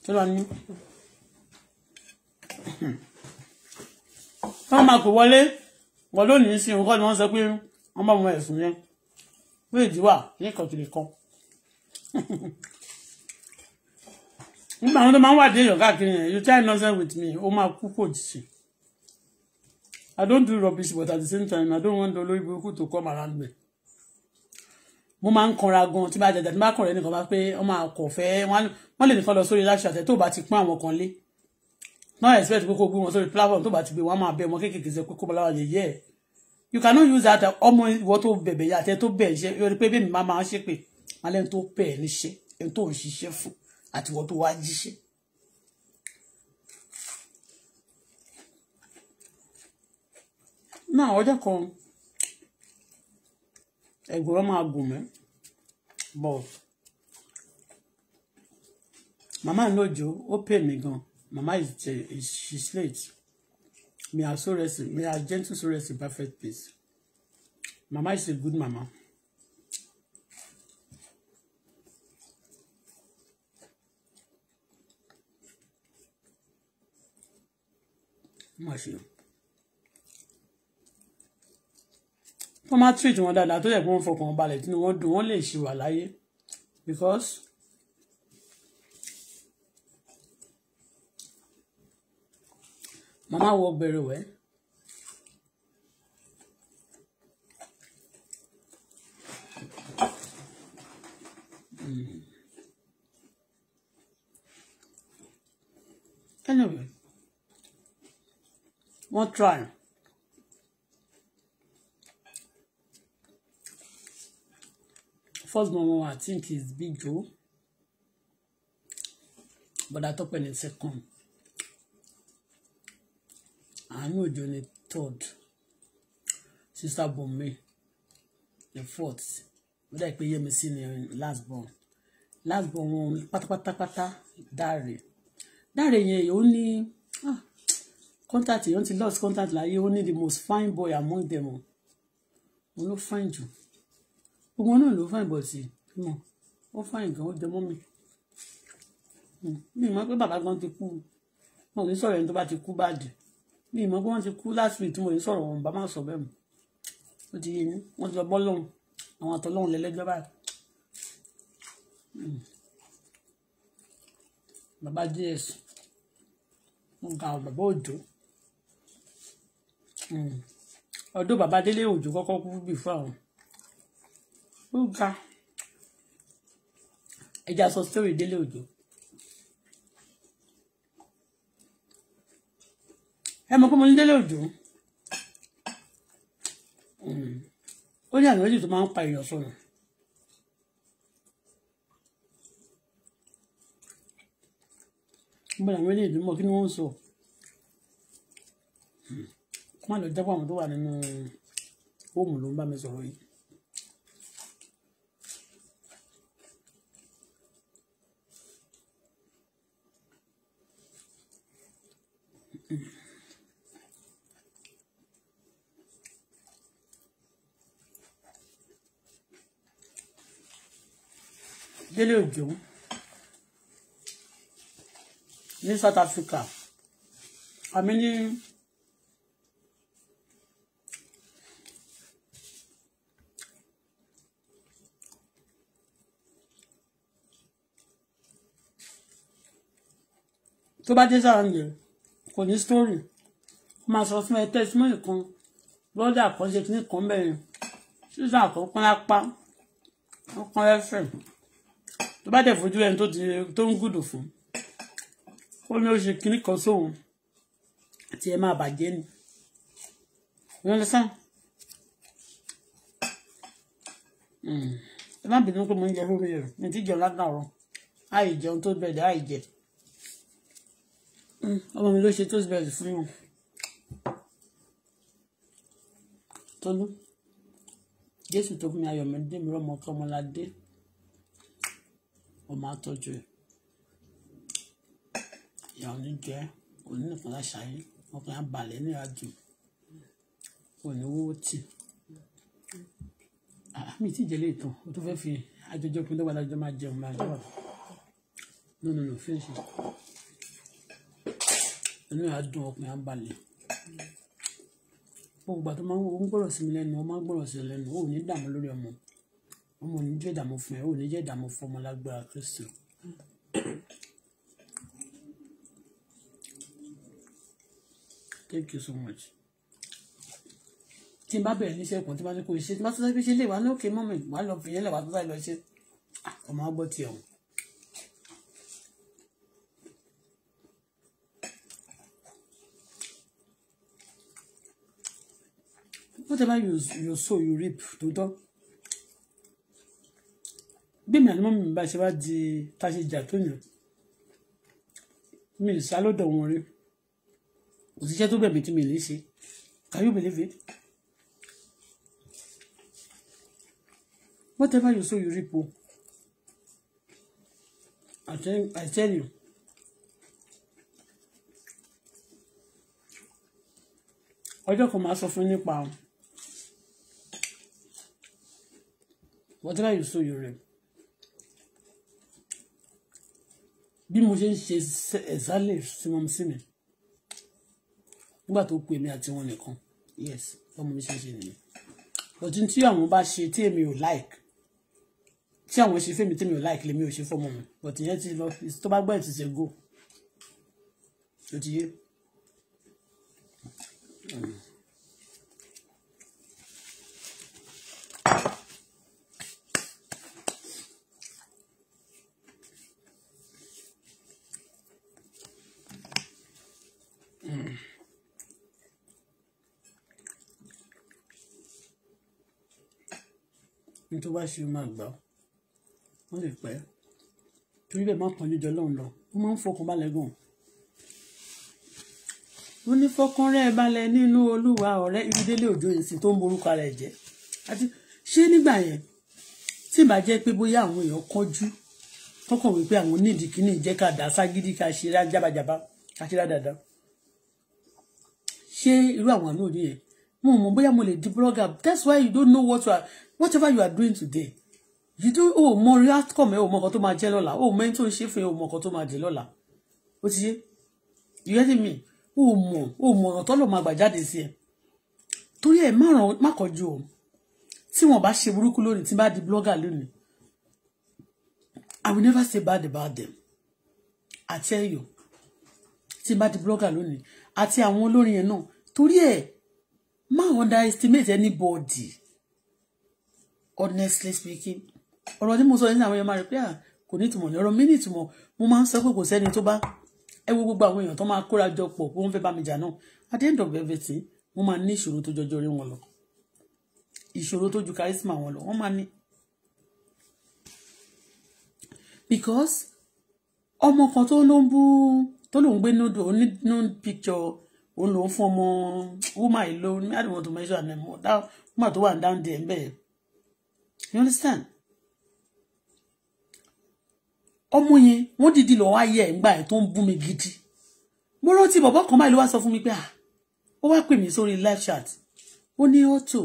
B: tó lọ ní wọ́n máa pè wọlé wọ́n lónìí sí nǹkan ni wọ́n sọ pé wọ́n bá wọn ẹ̀sùn yẹn wíìdí wà ní ìkọ̀tùlẹ̀ kan nígbà àwọn tó máa ń wà déèyàn káàkiri yẹn you try nonsense with me ó máa kú kò jìṣì I don't do rubbish but at the same time I don't want olórí burúkú to come around me mo máa ń kanra gan tí bá jàjà tí bá kàn rẹ nìkan bá pé wọn máa kọ fẹ wọn lè nìkan lọ sórí láti àtẹ tó bá ti pín àwọn kan lé náà expect pé kó gbé wọn sórí platform tó bá ti gbé wọn máa bẹ ọmọ kéékèèké sẹ pé kó bọlá wà lè yẹ you cannot use that ọmọ ìwọ tó bẹ̀bẹ̀ yà àtẹ tó bẹ̀ ṣe yọrí pé bẹ́ẹ̀ mi máa máa ṣépè máa lẹ́ni tó bẹ̀ níṣẹ́ ẹni tó ń ṣiṣẹ́ fún àti wọ́n tó wá jíṣẹ́. náà ọjọ́ kan ẹ̀gbọ́n máa gùn mẹ́ bọ̀ màmá lójó ó pè mí gan màmá she is late may her soul rest may her gentle soul rest in perfect peace màmá is a good mama. má ṣe wọ́n máa treat wọn dáadáa tó yẹ kí wọ́n fọkàn balẹ̀ tí wọ́n dùn wọ́n lè ṣì wà láyé because màmá wọ gbèrè wẹ́. Mm. Anyway. One try. First born one I think is Big Joe. But I top in second. I know ni third. Sister me, the fourth. Wọ́n dà pé Yẹ́misí ni last born. Last born pata pata pata, diary, diary, yóò ní. Ah contact yẹn ti lost contact láyé ó ní the most fine boy among them o òun ló fine jù gbogbo náà ló fine but mọ ó fine gan ó jẹ mọ́ hmm, mi mi mọ̀ pé bàbá gan ti kú mo ní sọ̀rọ̀ ẹni tó bá ti kú báàdì mi mọ̀ pé wọ́n ti kú last week tí mo ní sọ̀rọ̀ wọn bá má sọ bẹ́ẹ̀ mọ́ ó ti yé yín wọ́n ti lọ bọ́ lọ́hùn àwọn àtọ́lọ́hùn lẹ́lẹ́jọ́ báyìí hmm. bàbá ds mo ga bàbá òjò ọdún bàbá òjò kọ́kọ́ kú bìfọ́ àwọn ó ga ẹja sọ story délé òjò ẹ mọ̀ pé mo ní délé òjò hmm. ó ní àmì tó máa ń pa èèyàn sọnù. gbọ́dọ̀ àwọn eléyìí mọ̀ kí ni wọ́n ń sọ. So má lọ jábọ̀ àwọn tó wà nínú fóòmù ló ń bá mi sọ̀rọ̀ yìí. délé òjò ní South Africa àmì ní. tó bá dé sáà yẹn kò ní story ó máa sọ fún ẹ testimony kan brọ́dà kan ṣe kíní kan bẹ̀rẹ̀ ṣíṣàn àkọ́kọ́ lápá ọkàn ẹ̀fẹ̀ tó bá dẹ̀ fojú ẹni tó ń gùdù fún ó ní ó ṣe kíní kan sóhun tí ẹ máa bàjẹ́ ni you understand? Hmm. ẹ má bínú pé mo ń jẹ lórí rẹ̀ mi ti jẹun ládàá àìjẹun tó bẹ̀rẹ̀ àìjẹ ọmọ mi ló ṣe toast bread fún mi tọ́lú jésù tó fún mi ayọ̀mọdé mi rọ́mọ tọmọládé ọmọ àtọ́jú ẹ̀ ìyá oníjẹ onínìkan láṣáyé ọkùnrin abalẹ̀ ní adùn òní wó tì àmì ah, tí ìjẹ́lẹ̀ ìtàn ó tó fẹ́ fi àjọjọ́ pin dọ́gba lájọ máa jẹun máa jẹun no no no finish it inú ẹ̀ á dùn ọkùnrin á balẹ̀ gbogbo ìgbà tó máa ń sí mi lẹ́nu ó máa sí mi lẹ́nu ó ní dààmú lórí ọmọ ọmọ ò jẹ́ ìdààmú fún ẹ ó ní jẹ́ ìdààmú fún ọmọ lágbára Kristi. thank you so much. tí n bá bẹ̀rẹ̀ níṣẹ́ kan tí n bá ní kó ṣe tí n bá tún sọ pé ṣe lè wá ní òkè mọ́mì wàá lọ fìyẹ́lẹ̀ wàá tó báyìí lọ ṣe ah, ọmọ á gbọ́ whatever you, you sow you reap tó tán gbẹ̀mí àná mi bá ṣe wá di tá a ṣe jà tó yàn mi ì sá lọ́dọ̀ wọn rí òṣìṣẹ́ tó bẹ̀mí tí mi lè ṣe can you believe it whatever you sow you reap o I tell, I tell you. ọjọ́ kan máa sọ fún nípa àwọn whatever you sow you reap bí mo ṣe ń ṣe ẹ̀sálẹ̀ simon simen nígbà tó pe mi àti wọn nìkan yes bọ́mọ mi ṣe ń ṣe nìyẹn ọ̀tún tí àwọn bá ṣe tí èmi ò like tí àwọn ṣe fẹ́mi tí èmi ò like lèmi ò ṣe fọ́mọ mi but ìyẹn ti lọ tó bá gbọ́ ẹ̀ ti ṣe go ó ti yé. Mm-hmm. tó bá ṣe máa gbà wọ́n lè pẹ́ torí bẹ́ẹ̀ má pọ́n níjọ lọ́hùn lọ ó máa ń fọkàn balẹ̀ gan. wọ́n ní fọkàn balẹ̀ nínú olúwa ọ̀rẹ́ irúdélé òjò ìsìn tó ń borúkọ rẹ̀ jẹ́ àti ṣé nígbà yẹn tí ìbá jẹ́ pé bóyá àwọn èèyàn kọjú tọkàn wípé àwọn nídìí kìíní jẹ́ ká dá ságídí ká ṣe rá jábàjábá ká ṣe rá dáadáa ṣé irú àwọn àlóòdì yẹn mo mọ̀ bóyá mo lè di blogger that's why you don't know what you are whatever you are doing today you do o mọ rí outcome ẹ o mọ nǹkan tó máa jẹ lọ́la o mọ ẹni tó ń ṣe fún ẹ o mọ nǹkan tó máa dé lọ́la ó ti yé you hear me o mọ o mọ ọ̀nà tọ́lọ̀ máa gbà jáde sí ẹ torí ẹ má ràn má kọjú o tí wọn bá ṣe burúkú lónìí tí bá di blogger lónìí i will never say bad about them i tell you tí bá di blogger lónìí àti àwọn olórin yẹn náà torí ẹ má underestimate anybody honestly speaking ọ̀rọ̀ tí mo sọ nínú àwọn èèyàn máa rí pé ah, kò ní ìtumọ̀ ní ọ̀rọ̀ mi ní ìtumọ̀ mo máa ń sọ pé kò sẹ́ni tó bá ẹ wo gbogbo àwọn èèyàn tó máa kóra jọ pọ̀ wọ́n fẹ́ bá mi jà náà at the end of everything wọ́n máa ní ìṣòro tó jọjọ rí wọn lọ ìṣòro tó ju charisma wọn lọ wọ́n máa ní. because ọmọ kan tó ló ń bú tó lòún gbé nude oní nude picture òun lòún fún ọmọ woman ìlú ní àdìmọ̀tò mẹ́sàn-án náà woman tó wà down there bẹ́ẹ̀ you understand ọmọ yẹn wọ́n dìdí lọ wá yẹ ńgbà ẹ tó ń bú mi gidi mo rántí Baba kan báyìí ló wá sọ fún mi pé ah ó wá pè mí sórí live chat ó ní auto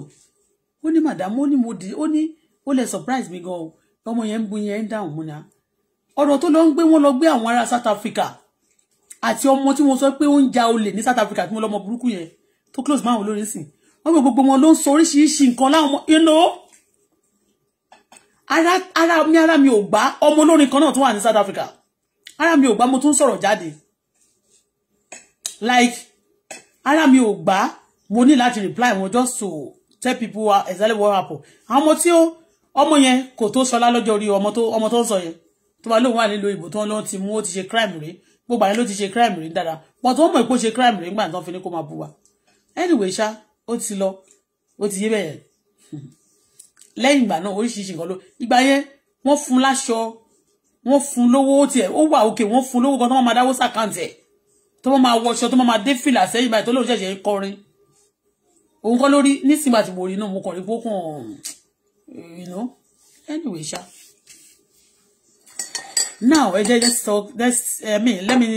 B: ó ní madam ó ní mo di ó ní ó lè surprise mi go. ọmọ yẹn ń bu yẹn ń dáhùn múna ọ̀rọ̀ tó lọ ń gbé wọn lọ gbé àwọn South Africa àti ọmọ tí mo sọ pé ó ń ja olè South Africa tí mo lọ́mọ burúkú yẹn To close máwọn olórin sìn wọ́n gbé gbogbo wọn ló ń sọ oríṣiríṣi nǹkan láwọn you know ara ara mi ara mi ò gbà ọmọ olórin kan náà tún wà South Africa ara mi ò gbà mo tún sọ̀rọ̀ jáde like ara mi ò gbà mo ní láti reply wọn just to tell people what exactly what happened. àwọn ọmọ tí ó ọmọ yẹn kò tó sọlá lọ́jọ́ orí ọmọ tó ọmọ tó ń sọ yẹn tó bá lóun wà nílùú ìbò tó ń ti mú ó ti ṣe crime rí gbogbo àyẹn ló ti ṣe crime rí Dada. But tó mọ̀ pé ó crime rí nígbà tó fi ní kó máa bú anyway ṣá ó ti lọ ó ti yé bẹ́ẹ̀ lẹ́yìn ìgbà náà oríṣiríṣi nǹkan ló ìgbà yẹn wọ́n fún láṣọ wọ́n fún lówó tiẹ̀ ó wà òkè wọ́n fún lówó kan tó máa dáwó sàkáǹtì ẹ̀ tó máa wọṣọ tó máa dé fìlà sẹ́yìn báyìí tó lóun ṣẹ̀ṣẹ̀ ń kọrin òun kọ́ lórí nísìnyí àti wòrí náà mo kàn rí pókàn you know anyway ṣá now ẹ jẹ́ let's talk let's I let me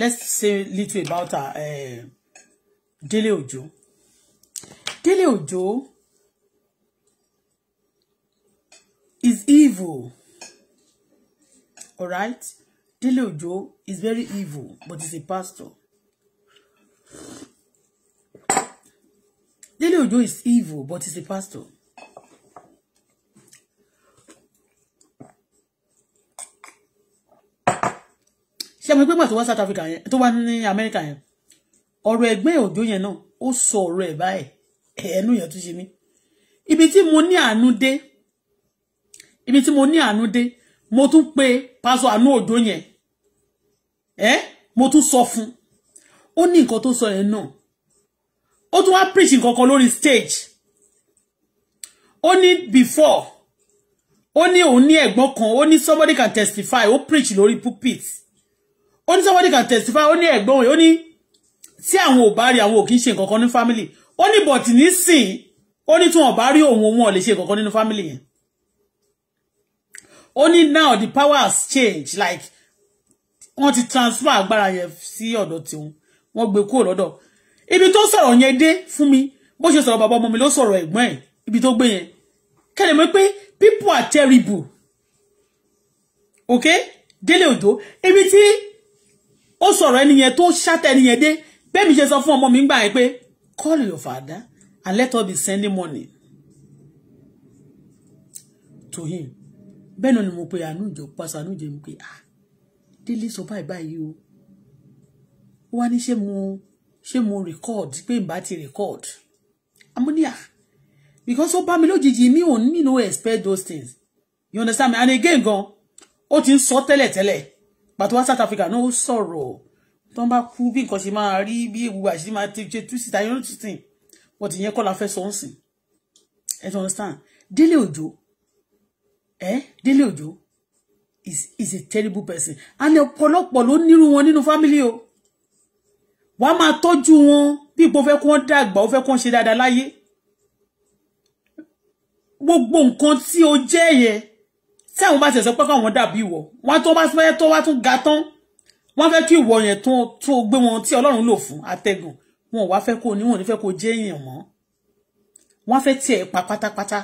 B: let's say little about her uh, Dele Ojo Dele Ojo. is evil. All right? Dele Ojo is very evil, but he's a pastor. Dele Ojo is evil, but he's a pastor. ṣe mo gbẹ́gbà tó wá South Africa yẹn tó wá ní America yẹn ọ̀rọ̀ ẹ̀gbẹ́ òjò yẹn náà ó sọ ọ̀rọ̀ ẹ̀ báyìí ẹ̀ẹ́nú yẹn tó ṣe mí ibi tí mo ní àánú dé ibi tí mo ní àánú dé mo tún pe pásọ àánú òjò yẹn ẹ mo tún sọ fún ó ní nǹkan tó sọ yẹn náà ó tún wá preach nǹkan kan lórí stage ó ní before ó ní òun ní ẹ̀gbọ́n kan ó ní somebody can testify ó preach lórí pulpit ó ní somebody can testify ó ní ẹ̀gbọ́n òun ó ní tí àwọn ò bá rí àwọn ò kì í ṣe nǹkan kan ní family ó ní bọ̀tì nísìn ó ní tí wọn ò bá rí òun òun ò lè ṣe nǹkan kan nínú family yẹn only now the power has changed like wọ́n ti transfer agbára yẹn sí ọ̀dọ̀ tiwọn wọ́n gbé kúrò lọ́dọ̀ ibi tó sọ̀rọ̀ yẹn dé fún mi bó ṣe sọ̀rọ̀ bàbá ọmọ mi ló sọ̀rọ̀ ẹ̀gbọ́n ẹ̀ ibi tó gbé yẹn kẹ́lẹ̀ mọ́ pé people are terrible okay délé òjò ibi tí ó sọ̀rọ̀ ẹni yẹn tó ṣàtẹ̀ ẹni yẹn dé bẹ́ẹ̀ mi ṣe sọ fún ọmọ mi gbà yẹn pé call your father and let us be sending money to him bẹ́ẹ̀ náà ni mo pe àánú ìjọ pàṣẹ àánú ìjọ mi pé ah délé sọ báyìí báyìí o ó wá ní ṣé mo ṣé mo record pé n bá ti record amúníà ah, because ó bá mi lójijì mi ò ní no expect those things you understand me and again gan ó ti ń sọ tẹ́lẹ̀tẹ́lẹ̀ pàtó wá South Africa náà ó sọ̀rọ̀ tó ń bá kú bí nǹkan ṣe máa rí bí ewu àṣírí máa ti ṣe tú síta yóò tún tì wọ́n ti yẹn kọ́ la fẹ́ sọ́ọ̀sìn ẹ̀ tó understand délé òjò Eh, Délé ojo. is is a terrible person and ọ̀pọ̀lọpọ̀ ló nírú wọn nínú family o wà á máa tọ́jú wọn bí ipò fẹ́ kí wọ́n dàgbà ó fẹ́ kí wọ́n ṣe dáadáa láyé gbogbo nǹkan tí o jẹ́ yẹn tí àwọn bá ti sọ pé káwọn dàbí ìwọ wọn tó bá fẹ́ tó wá tún ga tán wọn fẹ́ kí ìwọ yẹn tó tó gbé wọn tí Ọlọ́run lò fún atẹ́gùn wọn ò wá fẹ́ kó o níwọ̀n nífẹ̀ẹ́ kó o jẹ́ èèyàn mọ́ wọn fẹ́ tiẹ̀ pa pátápátá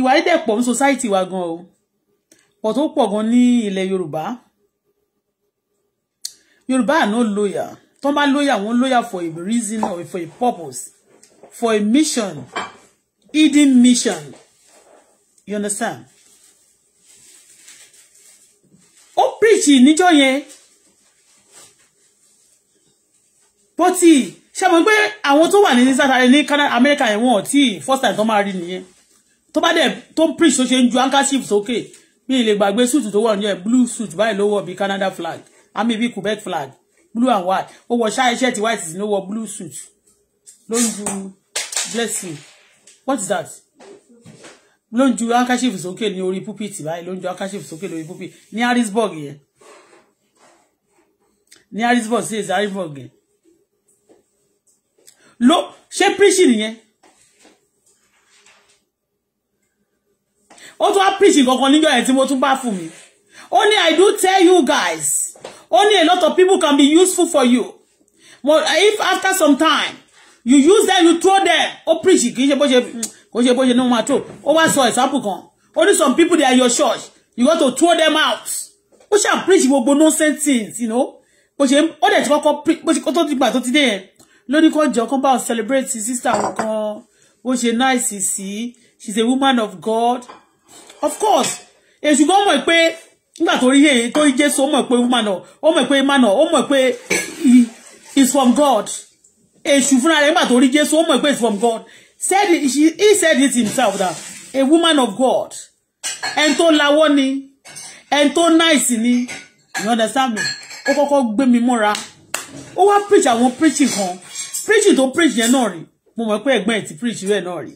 B: ìwà yìí dẹ̀ pọ̀ ní society wa gan o pọ̀ tó pọ̀ gan ní ilẹ̀ Yorùbá Yorùbá are no lawyer tó bá lawyer wọ́n lawyer for a reason or for a purpose for a mission hidden mission you understand ó preach níjọ́ yẹn bọ́tì ṣe mọ̀ pé àwọn tó wà ní South Africa ní Canada America yẹn wọ́n ò tí first time tó máa rí nìyẹn tó bá dẹ̀ tó ń preach tó ṣe ń ju handkerchief sókè mi lè gbàgbé suit tó wọ̀ ní ẹ̀ blue suit báyìí ló wọ̀ bí Canada flag àmì bí Quebec flag blue and white ó wọ ṣáà shirt white ló wọ blue suit ló ń ju blessing what is that ló ń ju handkerchief sókè ní orí pulpit báyìí ló ń ju handkerchief sókè lórí pulpit ní Harrisburg yẹn ní Harrisburg sí èsì Harrisburg yẹn ló ṣé preaching yẹn ó tún wá preach nǹkan kan níjọ́ yẹn tí mo tún bá fún mi ó ní i do tell you guys Only a lot of people can be useful for you but if after some time you use them you throw them ó preach kì í ṣe bó ṣe kò ṣe bó ṣe ní wọn máa tó ó example kan ó some people they are your church you got to throw them out ó ṣáà preach gbogbo nonsense things you know bó ṣe ó dẹ̀ ti kọ́kọ́ bó ṣe kó tó ti gbà tó ti dé yẹn lóní kan kan bá celebrate sister kan bó ṣe nice sí she's a woman of God of course èṣù gan mọ̀ pé nígbà tó rí èyí tó rí jésù ó mọ̀ pé mànà ó mọ̀ pé mànà ó mọ̀ pé he is from God èṣù fúnra rẹ̀ nígbà tó rí jésù ó mọ̀ pé it's from God said it, he said it himself that a woman of God ẹni tó lawọ́ ni ẹni tó nice ni you understand me ó kọ́kọ́ gbé mi mọ́ra ó wá preach àwọn preaching kan preaching tó preach yẹn náà rí mo mọ̀ pé ẹ̀gbọ́n ẹ̀ ti preach rẹ̀ náà rí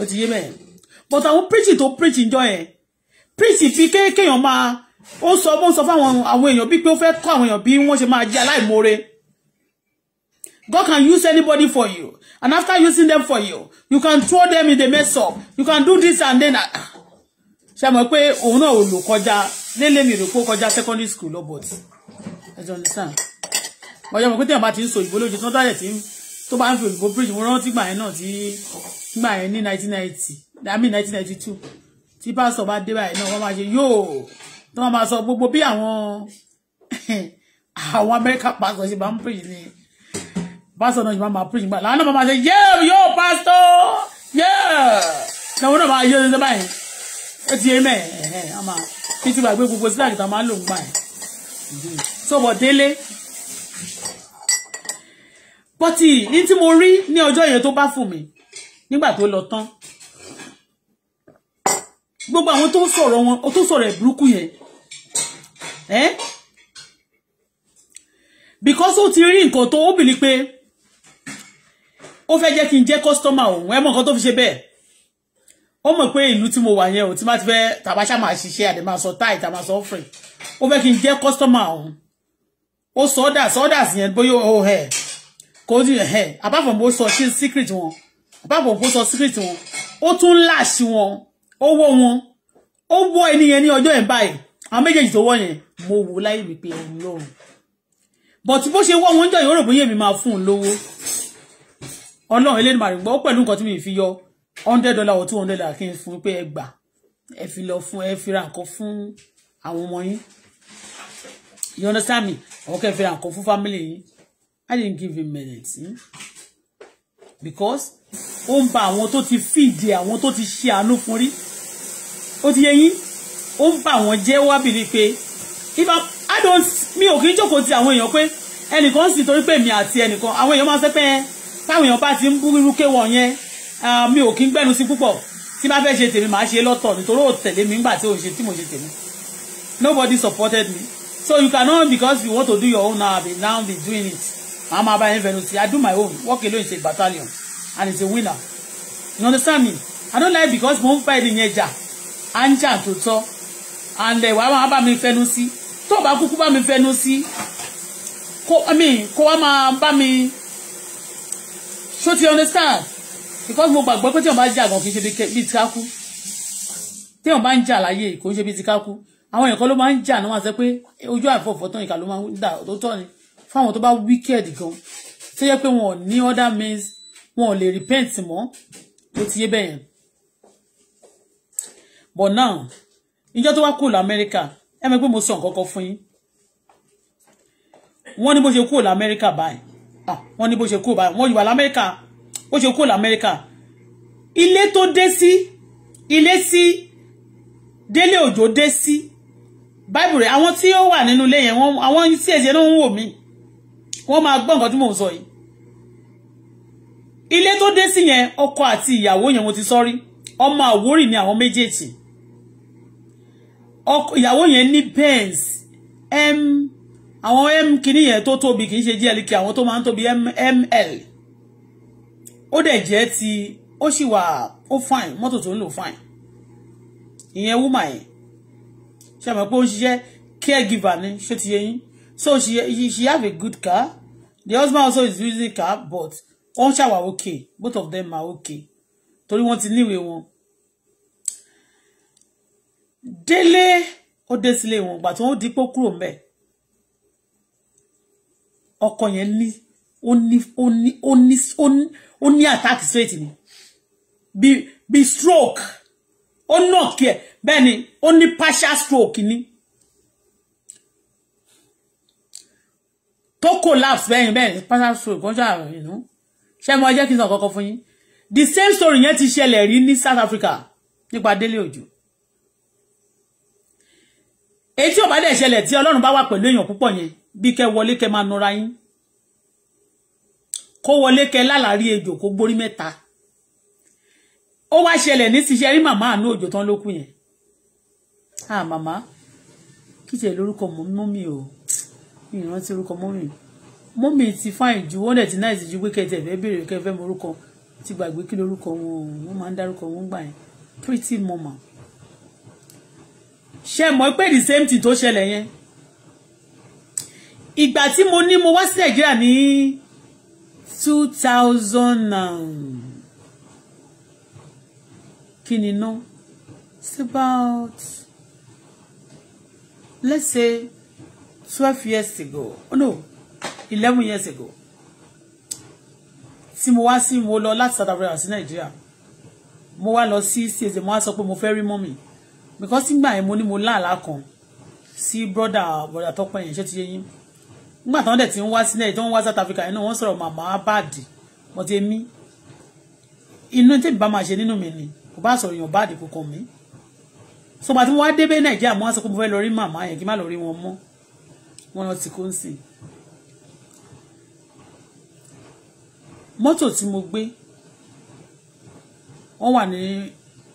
B: ó ti yé bẹ́ẹ̀ but àwọn preaching tó preach ńjọ́ yẹn preaching fi kéèkéèyàn máa ó sọ bó ń sọ fáwọn àwọn èèyàn bíi pé ó fẹ́ kọ́ àwọn èèyàn bí wọ́n ṣe máa jẹ́ aláìmoore God can use anybody for you and after using them for you you can throw them in the mess up you can do this and then ah, ṣe mọ̀ pé òun náà ò lò kọjá lélẹ̀ mi rò pé ó kọjá secondary school lọ but I don't understand mo yọ mọ̀ pé tí àbá ti ń so ìbò lójú tí wọ́n dálẹ̀ tí tó bá ń fi òyìnbó bridge mo rántí gbà yẹn náà tí gbà yẹn ní nineteen ninety That mean 1992 tí pásítọ̀ bá dé báyìí náà wọ́n máa ṣe yóò tí wọ́n máa sọ gbogbo bí àwọn àwọn amẹ́ríkà pásítọ̀ ṣe máa ń pè ní pásítọ̀ náà ṣe máa pè nígbà láwọn náà say yeah, yo, pastor, yeah. yóò náà wọ́n náà máa yóò ṣe báyìí ó ti yé mẹ́ẹ̀ ẹ̀hẹ́ àmà kí ti gbàgbé gbogbo sílẹ̀ àkìtà máa ń lò ń gbà ẹ̀ sọ̀bọ̀ délé bọ́tì ní tí mo rí ní ọjọ́ yẹn tó bá fún mi nígbà tó lọ tán gbogbo àwọn tó ń sọ̀rọ̀ wọn tó sọ̀rọ̀ ẹ̀ burúkú yẹn ẹ́ because ó ti rí nǹkan tó ó bìlí pé ó fẹ́ jẹ́ kí n jẹ́ kọ́sítọ́mà òun ẹ mọ̀ nǹkan tó fi ṣe bẹ́ẹ̀ ó mọ̀ pé ìlú tí mo wà yẹn ò tí má ti fẹ́ tàbáṣà máa ṣiṣẹ́ àdè máa sọ táì tàbá sọ fẹ̀ ó fẹ́ kí n jẹ́ kọ́sítọ́mà òun ó sọ ọ́dà sọ ọ́dà sí yẹn bóyá ó hẹ̀ kó o hẹ̀ apart from bó sọ secret wọn apart from bó sọ secret wọn ó tún láàṣì wọn ó wọ́ wọn ó wọ́ ẹni yẹn ní ọjọ́ ẹ̀ báyìí àwọn méjèèjì tó wọ́ yẹn mo wò láyé mi pé ẹ̀rù lọ́rùn but bó ṣe wọ́ wọn ń jọ yóò rò bóyá èmi máa fún un lówó ọlọ́run eléyìí màrí gbọ́ pẹ̀lú nǹkan tí mi fi yọ hundred dollar or two hundred dollar kí n fún pé ẹ gbà ẹ fi lọ fún ẹ fi ra nǹkan fún àwọn ọmọ yín you understand me àwọn kẹ́ fi ra nǹkan fún family yín I didn't give him minutes hmm? because ó ń ba àwọn tó ti fìdí àwọn tó ti ṣe àánú fún rí ó ti yẹ yín ó ń ba àwọn jẹ́ wá bìrì pé if i don't mi ò kí ń jókòó ti àwọn èèyàn pé ẹnìkan sì torí pé mi àti ẹnìkan àwọn èèyàn máa ń sẹ́ táwọn èèyàn bá ti ń bú irú kéwọ̀ yẹn mi ò kí ń gbẹ́nu sí púpọ̀ tí bá fẹ́ ṣe tèmi màá ṣe lọ́tọ̀ nítorí ò tẹ̀lé mi nígbà tí ò ṣe tí mo ṣe tèmi nobody supported me so you cannot because you want to do your own now be now be doing it màá máa bá yẹn fẹnu sí i do my own work alone is a battalion and he's a winner you understand me i don't like because mo ń bá ẹni yẹn jà á ń jà tó tọ́ and eh, wàá máa bá mi fẹnu sí tó o bá kúkú bá mi fẹnu sí kó mi kó wá máa bá mi ṣó ti understand because mo gbàgbọ́ pé tí wọ́n bá jà gan kì í ṣe bí tíkákú tí wọ́n bá ń jà láyé kò ń ṣe bí tíkákú àwọn èèyàn kan ló máa ń jà náà wá sẹ pé ojú àfọ̀fọ̀ tán ìka ló máa ń dà tó tọ́ ni fáwọn tó bá wicked gan tó yẹ pé wọn ò ní other means wọn ò lè repent mọ́ ó ti yé bẹ́ẹ̀ yẹn but now ìjọ tó wá kúrò lamẹ́ríkà ẹ mọ̀ pé mo sọ nǹkan kan fún yín wọ́n ní bó ṣe kúrò lamẹ́ríkà báyìí wọ́n ní bó ṣe kúrò báyìí wọ́n yìí wà lamẹ́ríkà bó ṣe kúrò lamẹ́ríkà ilé tó dé sí ilé sí délé òjò dé sí báìbù rẹ̀ àwọn tí ó wà nínú ilé yẹn àwọn tí ẹ̀sìn náà ń wò mí wọ́n máa gbọ́ nǹkan tí mò ń sọ yìí ilé tó dé sí yẹn ọkọ àti ìyàwó yẹn mo ti sọrí ọmọ àwórì ni àwọn méjèèjì ìyàwó yẹn ní benz m àwọn m kìíní yẹn tó tóbi kì í ṣe gl kí àwọn tó máa ń tóbi ml ó dẹ̀ jẹ́ ti ó sì wà ó fine mọ́tò tó ń lò fine ìyẹn wúmà yẹn ṣe mọ̀ pé ó ń ṣiṣẹ́ caregiver ni ṣé ti yẹ yín so she, she, she have a good car the husband also is using car but wọ́n ṣàwà okay both of them are okay torí wọ́n ti níwèé wọn. délé ó dé sílé wọn ìgbà tí wọ́n dípò kúrò mbẹ̀ ọkọ yẹn ní ó ní ó ní ó ní ó ní attack straight ni bí bí stroke ó knock ẹ bẹ́ẹ̀ ni ó ní partial stroke ni. tó collapse bẹ́ẹ̀ bẹ́ẹ̀ partial stroke kọjá ìnú. You know? ṣé mo jẹ́ kí n sọ kọ́kọ́ fún yín the same story yẹn ti ṣẹlẹ̀ rí ní South Africa nípa Délé Òjò èyí tí ò bá dẹ̀ ṣẹlẹ̀ tí Ọlọ́run bá wà pẹ̀lú èèyàn púpọ̀ yẹn bí kẹ́ wọlé kẹ́ máa nura yín kó wọlé kẹ́ lálàárí ejò kó gbórí mẹ́ta ó wá ṣẹlẹ̀ ní rí màmá àánú òjò tán ló kù yẹn ah màmá kí tiẹ̀ lórúkọ mọ́ mi ò ìrántí orúkọ mọ́ mi mọ́mì ti fáìn ju wọ́n dẹ̀ ti náà ìsìnjú pé kẹtẹ ẹ̀fẹ́ béèrè kẹfẹ́ morúkọ ti gbàgbé kí lorúkọ wọn wọ́n máa ń dárúkọ wọn gbà yẹn pretty mama ṣe mọ̀ pé the same thing tó ṣẹlẹ̀ yẹn ìgbà tí mo ní mo wá sí nàìjíríà ní two thousand kí ni ná it's about let's say twelve years ago oh no eleven years ago tí mo wá sí mo lọ láti South Africa sí Nàìjíríà mo wá lọ sí ṣèṣe mo wá sọ pé mo fẹ́ rí mọ́mì because nígbà yẹn mo ní mo láàlá kan sí brọ́dà brọ́dà tọ́pẹ́ yẹn ṣé ti yé yín nígbà tí wọ́n dẹ̀ ti ń wá sílẹ̀ tí wọ́n wá South Africa inú wọn sọ̀rọ̀ màmá báàdì wọ́n ti mí inú tí bá máa ṣe nínú mi ni kò bá sọ̀rọ̀ èèyàn báàdì kankan mi so bàtí mo wá débé Nàìjíríà mo wá sọ pé mo fẹ́ lọ rí màmá yẹn kí n má lọ rí wọn mọ́ wọn lọ ti kó ń sìn mọ́tò tí mo gbé wọ́n wà ní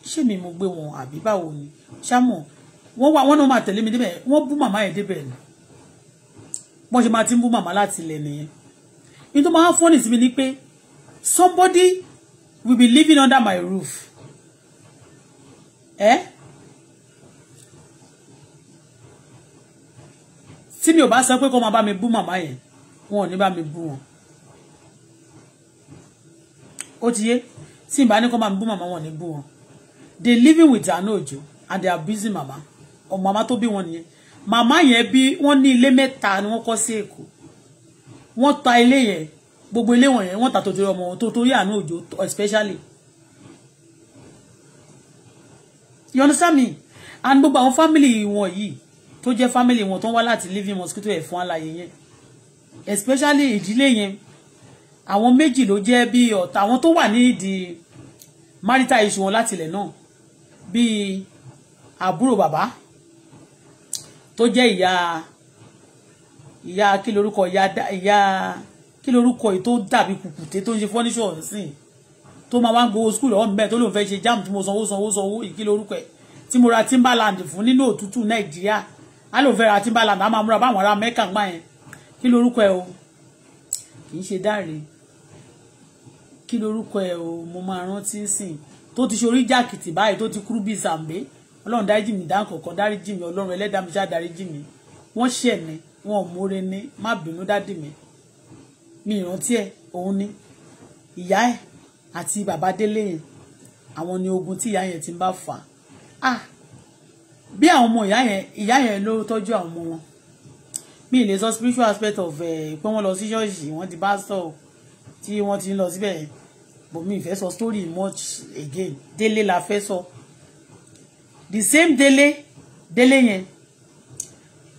B: ṣé mi mo gbé wọn àbí báwo ni ṣámọ̀ wọ́n wà wọ́n náà máa tẹ̀lé mi débẹ̀ wọ́n bú màmá yẹn débẹ̀ ni wọ́n ṣe máa ti ń bú màmá láti ilẹ̀ nìyẹn nítorí wọ́n máa fọ́nì sí mi ní pé somebody will be living under my roof ẹ́ tí mi ò bá sọ pé kó máa bá mi bú màmá yẹn wọn ò ní bá mi bú wọn ó ti yé tí n bá ní kó máa bú màmá wọn ní bú wọn they living with Àánú Òjó and they are busy mama. O mama tó bí wọn nìyẹn màmá yẹn bí wọ́n ní ilé mẹ́ta ni wọ́n kọ́ sí Èkó wọ́n ta ilé yẹn gbogbo ilé wọn yẹn wọ́n ta tòtòrí ọmọ wọn tòtòrí Àánú Òjó especially you understand me and gbogbo àwọn family wọn yìí tó jẹ́ family wọn tó ń wá living mosquito ẹ̀fọn àlàyé yẹn especially ìdílé yẹn àwọn méjì ló jẹ́ bí ọ̀tá àwọn tó wà nídìí marital issue wọn látilẹ̀ náà bíi àbúrò bàbá tó jẹ́ ìyá ìyá kí lorúkọ ìyá ìyá kí lorúkọ yìí tó dàbí kùkùté tó ń ṣe fọ́níṣọ̀ sí tó máa wá ń gbowó skul ọ̀hún bẹ́ẹ̀ tó lóun fẹ́ ṣe jam tí mo sanwó sanwó sanwó ìkí lorúkọ ẹ̀ tí mo ra timberland fún nínú òtútù nàìjíríà á lóun fẹ́ ra timberland á máa múra báwọn ará mẹ́kà gbà yẹn kí lorúkọ ẹ̀ o kì í ṣe dáre kí lorúkọ ẹ o mo máa rántí sìn tó ti ṣorí jákìtì báyìí tó ti kúrú bíi zàmbé ọlọ́run dáríjì mi dáhùn kọ̀ọ̀kan dáríjì mi ọlọ́run ẹlẹ́dàá mi ṣáà dáríjì mi wọ́n ṣẹ̀ ní wọn ò mórè ní má bínú dádì mi mi ìrántí ẹ òun ni ìyá ẹ àti bàbá délé yẹn àwọn ni ogun tí ìyá yẹn ti ń bá fà á ah! bí àwọn ọmọ ìyá yẹn ìyá yẹn ló tọ́jú àwọn ọmọ wọn mi ì lè sọ spiritual aspect of ẹ eh, pé wọ́n lọ sí ṣọ́ọ̀ṣì wọ́n di pásítọ̀ tí wọ́n ti ń lọ síbẹ̀ yẹn but mi fẹ́ sọ story much again délé la fẹ́ sọ the same délé délé yẹn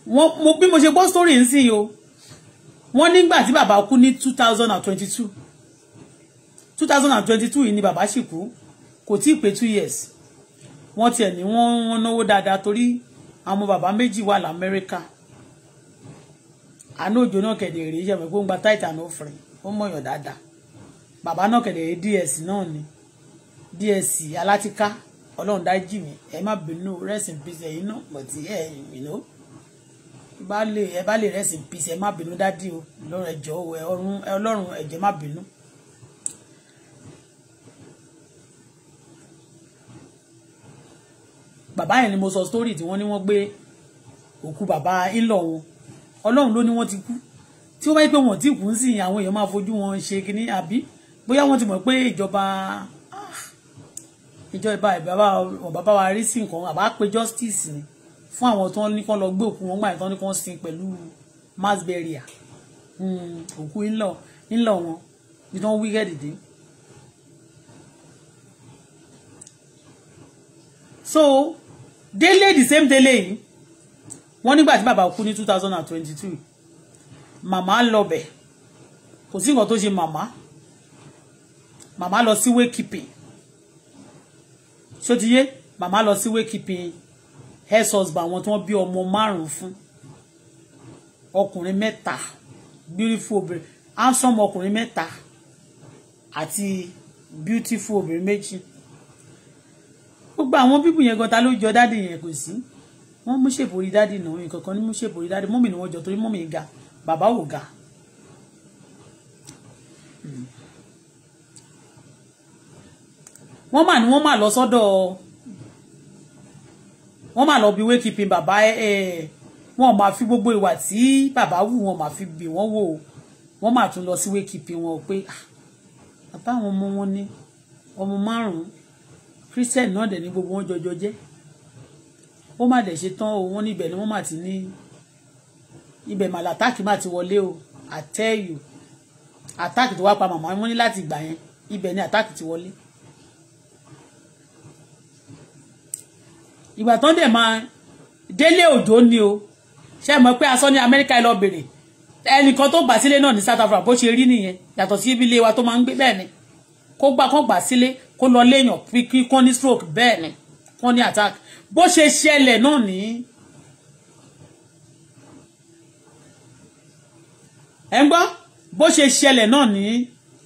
B: wọ́n mo bí mo ṣe gbọ́ story ń sìn o wọ́n nígbà tí bàbá kú ní two thousand and twenty-two two thousand and twenty-two yìí ni bàbá sì kú kò tí ì pé two years wọ́n tiẹ̀ ní wọ́n wọ́n náwó dáadáa torí àwọn bàbá méjì wà lamẹ́ríkà àná òjò náà kẹ̀dẹ̀ rèé ṣẹ̀mẹ̀ gbóngbà tight and offering ó mọ̀yàn dáadáa bàbá náà kẹ̀lẹ́ ds náà ni ds alátíká ọlọ́run dájú mi ẹ má bínú rest in peace ẹ̀yin náà but eh, ẹ̀ ìnú ẹ bá lè rest in peace ẹ má bínú dádì o lọ́rọ̀ ẹ̀jọ̀ o ọlọ́run ẹ̀jẹ̀ má bínú. bàbá yẹn ni mo sọ story tí wọ́n ní wọ́n gbé òkú bàbá ńlọ wọn ọlọ́run ló ní wọ́n ti kú tí wọ́n bá yí pé wọ́n ti kú sí àwọn èèyàn máa fojú wọn ṣe kínní àbí bóyá wọ́n ti mọ̀ pé ìjọba ah, ìjọba ìbábá ọ̀bàbá wa rí sí nǹkan àbá pé justice ni fún àwọn tó ní kán lọ gbé òkú wọn gbà tán ní kán sin pẹ̀lú mass burial hmm, òkú ńlọ ńlọ wọn ni tán wí gẹ́dìdì. so délé the same délé yìí wọ́n nígbà tí bàbá kú ní two thousand and twenty-two màmá lọ bẹ̀ kò sí nǹkan tó ṣe màmá màmá lọ sí wakekeeping ṣótiyé màmá lọ sí wakekeeping ex husband àwọn tí wọ́n bí ọmọ márùn-ún fún ọkùnrin mẹ́ta beautiful obìnrin handsome ọkùnrin mẹ́ta àti beautiful obìnrin méjì gbogbo àwọn bíbù yẹn gan ta ló jọ dáàdì yẹn kò sí wọ́n mú ṣèborí dáàdì náà nǹkan kan ní mú ṣèborí dáàdì mọ́mì ni wọ́n jọ torí mọ́mì ga bàbá ò ga. Mm. wọ́n mà ní wọ́n mà lọ sọ́dọ̀ wọ́n mà lọ bí wé kìpin bàbá ẹ wọ́n máa fi gbogbo ìwà tí bàbá wù wọ́n máa fi bì wọ́n wò wọ́n mà tún lọ sí wé kìpin wọn pé ah, àtàwọn ọmọ wọn ní ọmọ márùn-ún christian náà dẹ̀ ní gbogbo wọn jọjọ jẹ́ ó má dẹ̀ ṣe tán o wọ́n níbẹ̀ ni wọ́n mà ti ní ibẹ̀ mà látàkì má ti wọlé o àtẹ́yù àtàkì tó wá pa màmá wọn ní láti gbà yẹn ibẹ̀ ni àtàkì ti wọlé. ìgbà tán dẹ̀ máa délé òjò ni o ṣe mọ̀ pé asọ́ ní amẹ́ríkà lọ bèrè ẹnìkan tó gbà sílé náà ní South Africa bó ṣe rí nìyẹn yàtọ̀ sí ibi ilé wa tó máa ń gbé bẹ́ẹ̀ ni kó gbà kán gbà sílé kó lọ léèyàn kí kán ní stroke bẹ́ẹ̀ ni kán ní attack bó ṣe ṣẹlẹ̀ náà ní. ẹ ń gbọ́ bó ṣe ṣẹlẹ̀ náà ní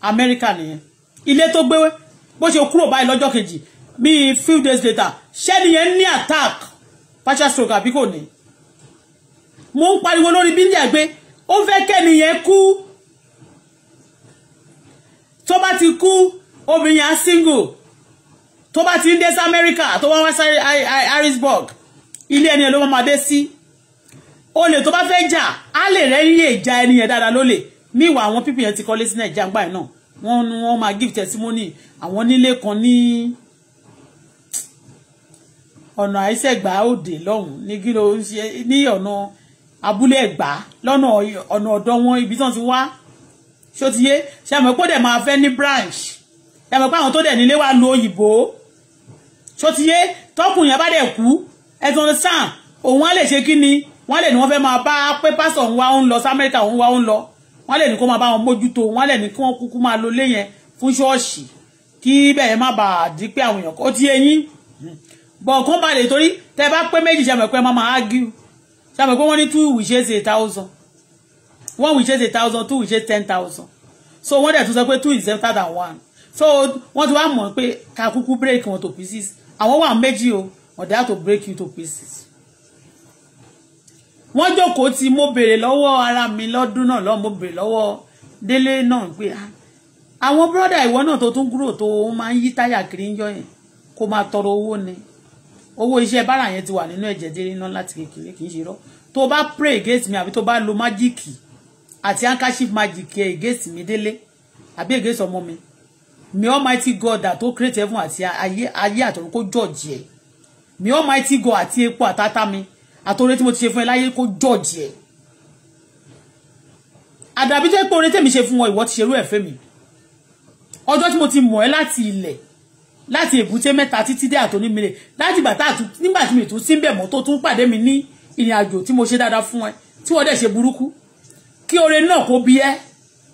B: amẹ́ríkà nìyẹn ilé tó gbé bó ṣe kúrò báyìí lọ́jọ́ kejì bíi few days later ṣẹ́ni yẹn ní attack partial stroke àbí kò ní mo ń pariwo lórí bí níyà gbé ó fẹ́ kẹ́ni yẹn kú tó bá ti kú obìnrin single tó bá ti ń dé sí Amẹ́ríkà tó wá wá sí Harrisburg ilé ẹni ẹ̀ ló máa dé sí olè tó bá fẹ́ jà á lè rẹ́ ní ìjà ẹni yẹn dáadáa lólè míwà àwọn pípì ti kọ́lé sí Nàìjíríà gbáyìí náà wọ́n máa give testimony àwọn nílé kan ní. Ni ọ̀nà àìsẹ̀gbà òde lọ́hùn ní kí ló ń ṣe ní ọ̀nà abúlé ẹ̀gbá lọ́nà ọ̀nà ọ̀dọ̀ wọn ibi tí wọ́n ti wá ṣó ti yé ṣàmì pé ó dẹ̀ máa fẹ́ ní branch ṣàmì pé àwọn tó dẹ̀ nílé wa lu òyìnbó ṣó ti yé tọkùnrin yẹn bá dẹ̀ kú ẹ̀sán sàn òun á lè ṣe kí ni wọ́n lè ní wọ́n fẹ́ máa bá pé pásọ̀ ń wá ń lọ sí Amẹ́ríkà ń wá ń lọ wọ́n lè ní kó máa bá wọn mójútó wọ́n lè ní kí wọ́n kúkú máa lo lé yẹn fún ṣọ́ọ̀ṣì kí bẹ́ẹ̀ má bàa di pé àwọn èèyàn kó ti eyín bọ̀ kán bá lè torí tẹ bá pé méjì ṣe àmọ̀ pé máa argue ṣe àmọ̀ pé wọ́n ní two wishes a thousand one wishes a thousand two wishes ten thousand so wọ́n dẹ̀ tún sọ pé two is better than one so wọ́n ti wá mọ̀ pé ká kúkú break wọn to pieces àwọn wà méjì o wọ́n dẹ̀ to break you to pieces. wọ́n jókòó tí mo béèrè lọ́wọ́ ara mi lọ́dún náà lọ́wọ́ mo béèrè lọ́wọ́ délé náà pé ah, àwọn brọ́dà ìwọ náà tó tún kúrò tó máa ń yí táyà kiri ń yọ yẹn kó máa tọrọ owó ni owó iṣẹ́ bára yẹn ti wà nínú ẹ̀jẹ̀ dé iná láti kékeré kì í ṣe irọ́ tó bá pray against mi àbí tó bá lo magic àti handkerchief magic against mi délé àbí against ọmọ mi may almighty god that ó create heaven àti ayé ayé àtọ̀run kó jọ̀jì ẹ̀ may almighty god àti epo àtàtà mi àtọ̀run tí mo ti ṣe fún ẹ láyé kó jọ̀jì ẹ̀ àdàbí tó ń pọ̀ orin tèmi ṣe fún wọn ìwọ ti ṣerú ẹ̀ fẹ́ mi ọjọ́ tí mo ti mọ̀ ẹ́ láti ilẹ̀ láti èbúté mẹ́ta títí dé àtòní mi lè láti ìgbà táà nígbà tí mi tún sí bẹ̀ mọ́ tó tún pàdé mi ní ìrìn àjò tí mo ṣe dáadáa fún ẹ tí wọ́n dẹ̀ ṣe burúkú kí oore náà kó bí ẹ́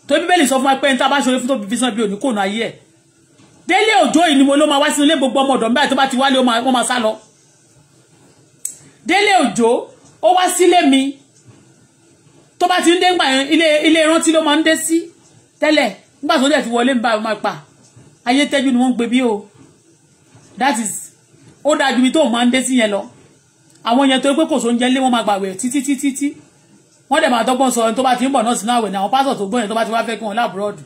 B: tó bíbélì sọ fún wa pé ní tábà ṣoore fún tó fífi sàn bí òní kònà ayé ẹ̀ délé òjò yìí ni mo ló máa wá sínú ilé gbogbo ọmọ ọ̀dọ̀ nígbà tó bá ti wálé wọ́n máa sá lọ délé òjò ó wá sílé mi tó bá ti ń dé ńgbà ilé ilé rántí ló máa ń dé sí tẹ́lẹ̀ nígbà tó dẹ̀ ti wọlé ń bá ọmọ pa ayé tẹ́jú ni wọ́n ń gbé bí o that is ó dájú ibi tó máa ń dé sí yẹn lọ àwọn yẹn tó pé kò sóúnjẹ lé wọn máa gbàwẹ̀ títí títí tí wọ́n dẹ̀ máa dọ́gbọ́n sọ ẹni tó bá ti ń bọ̀ náà sínú àwẹ̀ ní àwọn pásọ̀ tó gbọ́n yẹn tó bá ti wá fẹ́ kí wọ́n lábúrọ́dù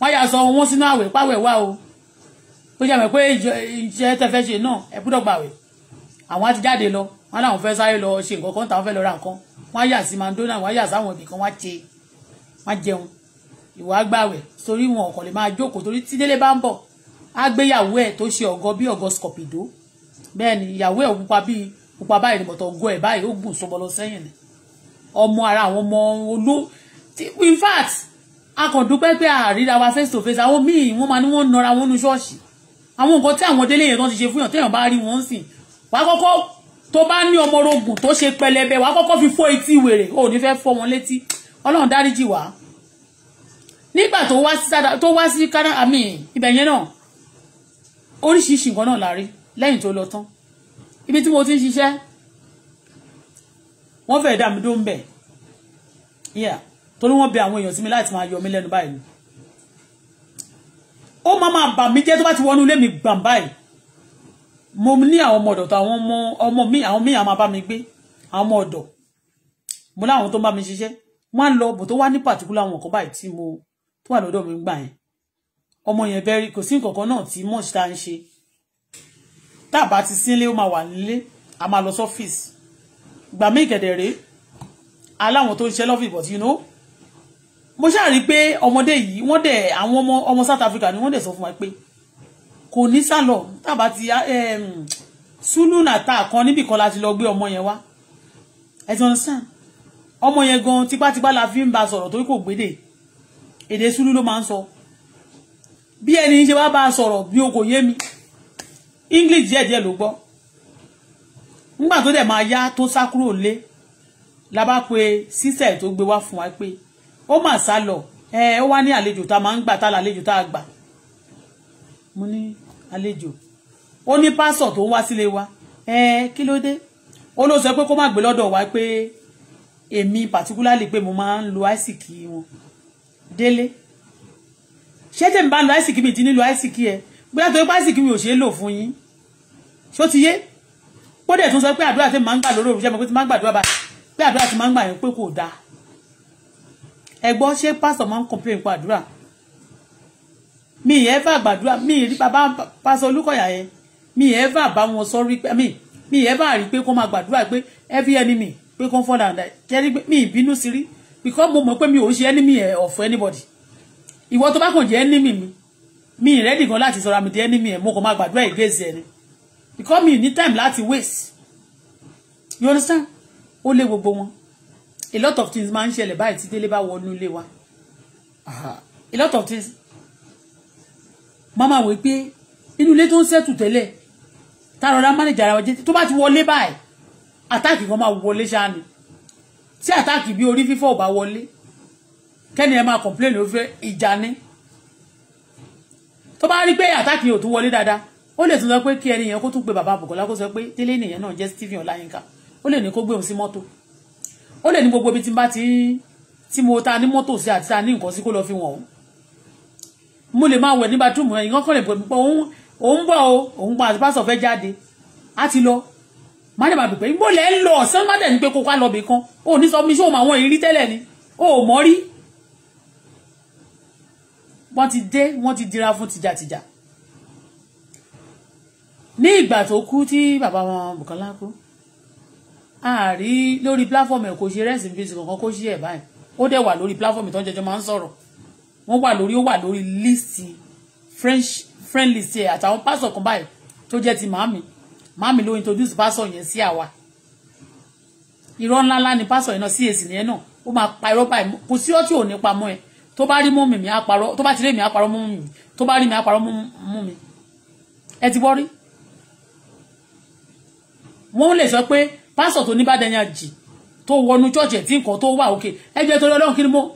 B: wọ́n yà sọ wọn sínú àwẹ̀ páwẹ̀ wá o ó jẹ́ pé iṣẹ́ tẹ́ fẹ́ ṣe náà ẹ gbọ́dọ̀ gbàwẹ̀ àwọn á ti jáde lọ wọn làwọn fẹ́ sáré lọ ṣe nǹkan kan táwọn fẹ́ lọ ra nǹkan wọ́n á yà sí mandona wọ́n á yà sáwọn ibì kan wọ́n á ṣe wọ́n á jẹun ìwà gbàwẹ̀ torí wọn ọ̀kọ̀ lè máa jókòó torí tídélé bá ń bọ̀ á gbé ìyàwó ẹ̀ tó ṣe ọ̀gọ́ bí ọ̀gọ́ scorpido bẹ́ẹ̀ ni ìyàwó ẹ̀ pupa bíi pupa báyìí ni bọ̀tọ̀ ọ̀gọ́ ẹ̀ báyìí ó gùn sọmọlọ sẹ́yìn ni ọmọ ara àwọn ọmọ olú in fact a kàn dúpẹ́ pé àríra wa face to face àwọn míì wọ́n máa ní wọ́n nọra wọn nu ṣọ́ọ̀ṣì àwọn nǹkan tí àwọn délé yẹn kan ti ṣe fún yàn téèyàn bá rí wọn ń sìn wàá kọ́kọ́ tó bá ní ọmọ orogún tó ṣe pẹlẹbẹ wàá kọ́kọ́ fi fọ́ etí wèrè ò ní fẹ́ fọ́ wọn létí ọlọ́run dáríjì wá nígbà tó wá sí Canada àmì ibẹ̀ yẹn náà oríṣiríṣi nǹkan náà la rí lẹ́yìn tó lọ tán ibi tí mo ti ń ṣiṣẹ́ wọ́n fẹ́ẹ́ dà mí dó ń bẹ̀ yíyà torí wọ́n bẹ àwọn èèyàn sí mi láti máa yọ mí lẹ́nu báyìí ó máa máa bà mí jẹ́ tó bá ti wọnú ilé mi gbàm báyìí mo ní àwọn ọmọ ọ̀dọ̀ tó àwọn ọmọ ọmọ mi àwọn míì àwọn bá mi gbé àwọn ọmọ ọ̀dọ̀ mo láwọn tó ń bá mi ṣiṣẹ́ wọ́n á lọ bò tó wá ní pàtíkúlà àwọn nǹkan báyìí tí mo tó wà lọ́dọ̀ mi gbà yẹn ọmọ yẹn bẹ́rí kò sí nǹkan kan náà tí much tá ń ṣe tá a bá ti sínlé ó máa wà nílé a máa lọ sọ́fíìsì gbà mí ìkẹ̀dẹ̀ rèé aláwọn tó ń ṣe lọ́fíìsì but you know mo ṣáà rí i pé ọmọdé yìí wọ́n dẹ̀ àwọn ọmọ ọmọ South Africa ni wọ́n dẹ̀ sọ fún wa pé kò ní sálọ tá a bá ti ehm, sulu nàta kan níbì kan láti lọ gbé ọmọ yẹn wá ẹ ti understand ọmọ yẹn gan tipátipá la fi ń ba sọ̀rọ̀ torí kò gbédè èdè sulu ló máa ń sọ. So bí ẹni ṣe wá bá a sọ̀rọ̀ bí o kò yé mi english díẹ̀díẹ̀ ló gbọ́ nígbà tó dẹ̀ máa yá tó sá kúrò lé la bá pe sísẹ̀ tó gbé wá fún wa pé ó mà sá lọ ẹ ó wá ní àlejò tá a máa ń gbà tá a lálejò tá a gbà mo ní àlejò ó ní pásọ̀ tó ń wá sílé wa ẹ kí ló dé ó ló sọ pé kó má gbé lọ́dọ̀ wa pé èmi particularly pé mo máa ń lo àìsíkì wọn délé ṣé tèmi bá ń lo àìsíkì mi ti nílò àìsíkì ẹ bóyá tó ipá àìsíkì mi ò ṣeé lò fún yín ṣó ti yé ó dẹ̀ tún sọ pé àdúrà tí màá ń gbà lórí òrùṣẹ́ mi pé tí màá ń gbàdúrà bá pé àdúrà tí màá ń gbà yẹn pé kò dáa ẹgbọ́ ṣé pásítọ̀ máa ń complain nípa àdúrà mi ì ẹ́fà gbàdúrà mi ì bàbá pásítọ̀ Olúkọ̀yà yẹn mi ì ẹ́fà bá wọn sọ rí pé mi mi ì ẹ́fà rí pé kó máa gbàdúrà pé every enemy pé kó ń fọ́nà àdá jẹ́rí pé mi ì sí rí because mo mọ̀ pé mi ò ń ṣe enemy of anybody ìwọ tó bá kàn jẹ́ enemy mi mi ìrẹ́dì gan láti sọra mi di enemy ẹ̀ mo kàn máa gbàdúrà ìgbésẹ̀ ẹni because mi ní time láti waste you understand ó lé gbogbo wọn a lot of things máa ń ṣẹlẹ̀ báyìí tí délé bá wọnú ilé wa a lot of things mama wí pé inú ilé tó ń sẹ́tù tẹ́lẹ̀ tárọ̀rá mánìjà ara wọjẹ́ tó bá ti wọlé báyìí àtáàkì kan máa wọlé ṣáà ni tí àtáàkì bí orí fífọ́ ò bá wọlé kẹ́ni ẹ máa complain ó fẹ́ ìjà ni tó bá rí pé àtàkì ò tún wọlé dáadáa ó lè tún sọ pé kí ẹni yẹn kó tún pe bàbá Bùkọ́lá kó sọ pé délé nìyẹn náà jẹ́ Stephen Ọláyínká ó lè ní kó gbé òun sí mọ́tò ó lè ní gbogbo ibi tí n bá ti ń tí mo ta ní mọ́tò sí àti ta ní nǹkan sí kó lọ fi wọ̀n o mo lè máa wẹ̀ ní bàtúmù ẹ̀yìn kankan lè pọ̀ òun òun bọ̀ o òun pa àtúpàṣọ fẹ́ jáde á ti lọ má dẹ̀ bá bẹ̀ pé ń bò lẹ́ ń lọ ọ̀sán má dẹ̀ ní pé kó ká lọ bì kan ó ní sọ mi ṣé òun àwọn ìrírí tẹ́lẹ̀ ni ó mọ́ rí wọ́n ti dé wọ́n ti dira fún tìjàtìjà ní ìgbà tó kú tí bàbá wọn Bùkọ́lá kú àárí lórí pláfọ́ọ̀mù ẹ̀ kò ṣe rẹ́sì bíi kankan kó ṣí ẹ̀ báyìí ó dẹ̀ wà lórí pláfọ́ọ̀mù tó ń jẹjọ́ máa ń sọ̀rọ̀ wọ́n wà lórí ó wà lórí líìsì french friend list ẹ̀ àtàwọn pásọ̀ kan báyìí tó jẹ́ ti màámi màámi ló introduce pásọ̀ yẹn sí àwa irọ́ ńláńlá ni pásọ̀ yẹn náà CAC yẹn náà ó máa pa irọ́ báyìí kò sí ọtí ò ní pamọ́ ẹ̀ tó bá rí mọ́mì mi á parọ́ tó bá ti rí mi á parọ́ mọ́mì mi tó bá rí mi á parọ́ mọ́mì mi ẹ ti wọ́rí. wọ́n lè sọ pé pásọ̀ tó ní bá dẹ́yìn àjì tó wọnú chọ́ọ̀chì ẹ̀ tí nǹkan tó wà òkè ẹgbẹ́ torí ọlọ́run kí ni mo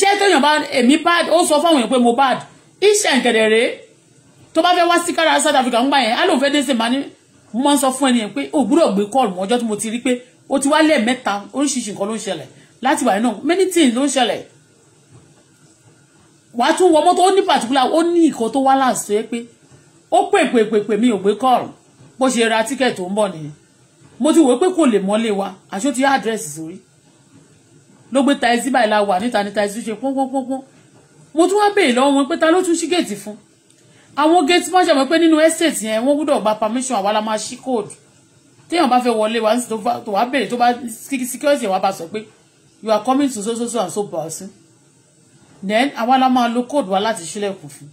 B: ṣé tóyàn bá èmi bad ó sọ fáwọn èèyàn pé mo bad iṣẹ́ nkẹ̀dẹ̀ rèé tó bá fẹ́ wá sí kára South Africa ń gbà yẹn á lóun fẹ́ dé sí ma ní mo máa ń sọ fún ẹni yẹn pé ògbúrò gbé kọ́ọ̀lù mọ́jọ́ tí mo ti rí pé ó ti wá lẹ́ẹ̀mẹ́ta oríṣiríṣi nǹkan ló ń ṣẹlẹ̀ láti wà nínú many things ló ń ṣẹlẹ̀ wà á tún wọ mọ́tò ó ní particular ó ní ìkó tó wá láàsì tó yẹ pé ó pè pè pè pè mi ò gbé kọ́ọ̀rù bó ṣe ra tíkẹ̀tì tó ń bọ̀ nìyẹn mo ti wò pé kò lè mọ́lé wa àṣó ti àdírẹ́sì sórí ló gbé taizí báyìí la wà níta ní taizí ṣe pọ́npọ́npọ́npọ́n mo tún wá béèrè lọ́wọ́ wọn pé ta ló tún ṣí gèètì fún àwọn gèètì máa ṣàmọ́ pé nínú estate yẹn wọ́n gbọ́dọ̀ gba permission àwa la máa ṣí kóòdù téèyàn bá fẹ́ wọlé wa tó wá béèrè tó bá security wa bá sọ pé you are coming to so so so and so person then àwa la máa lo code wa láti ṣílẹ̀kùn fún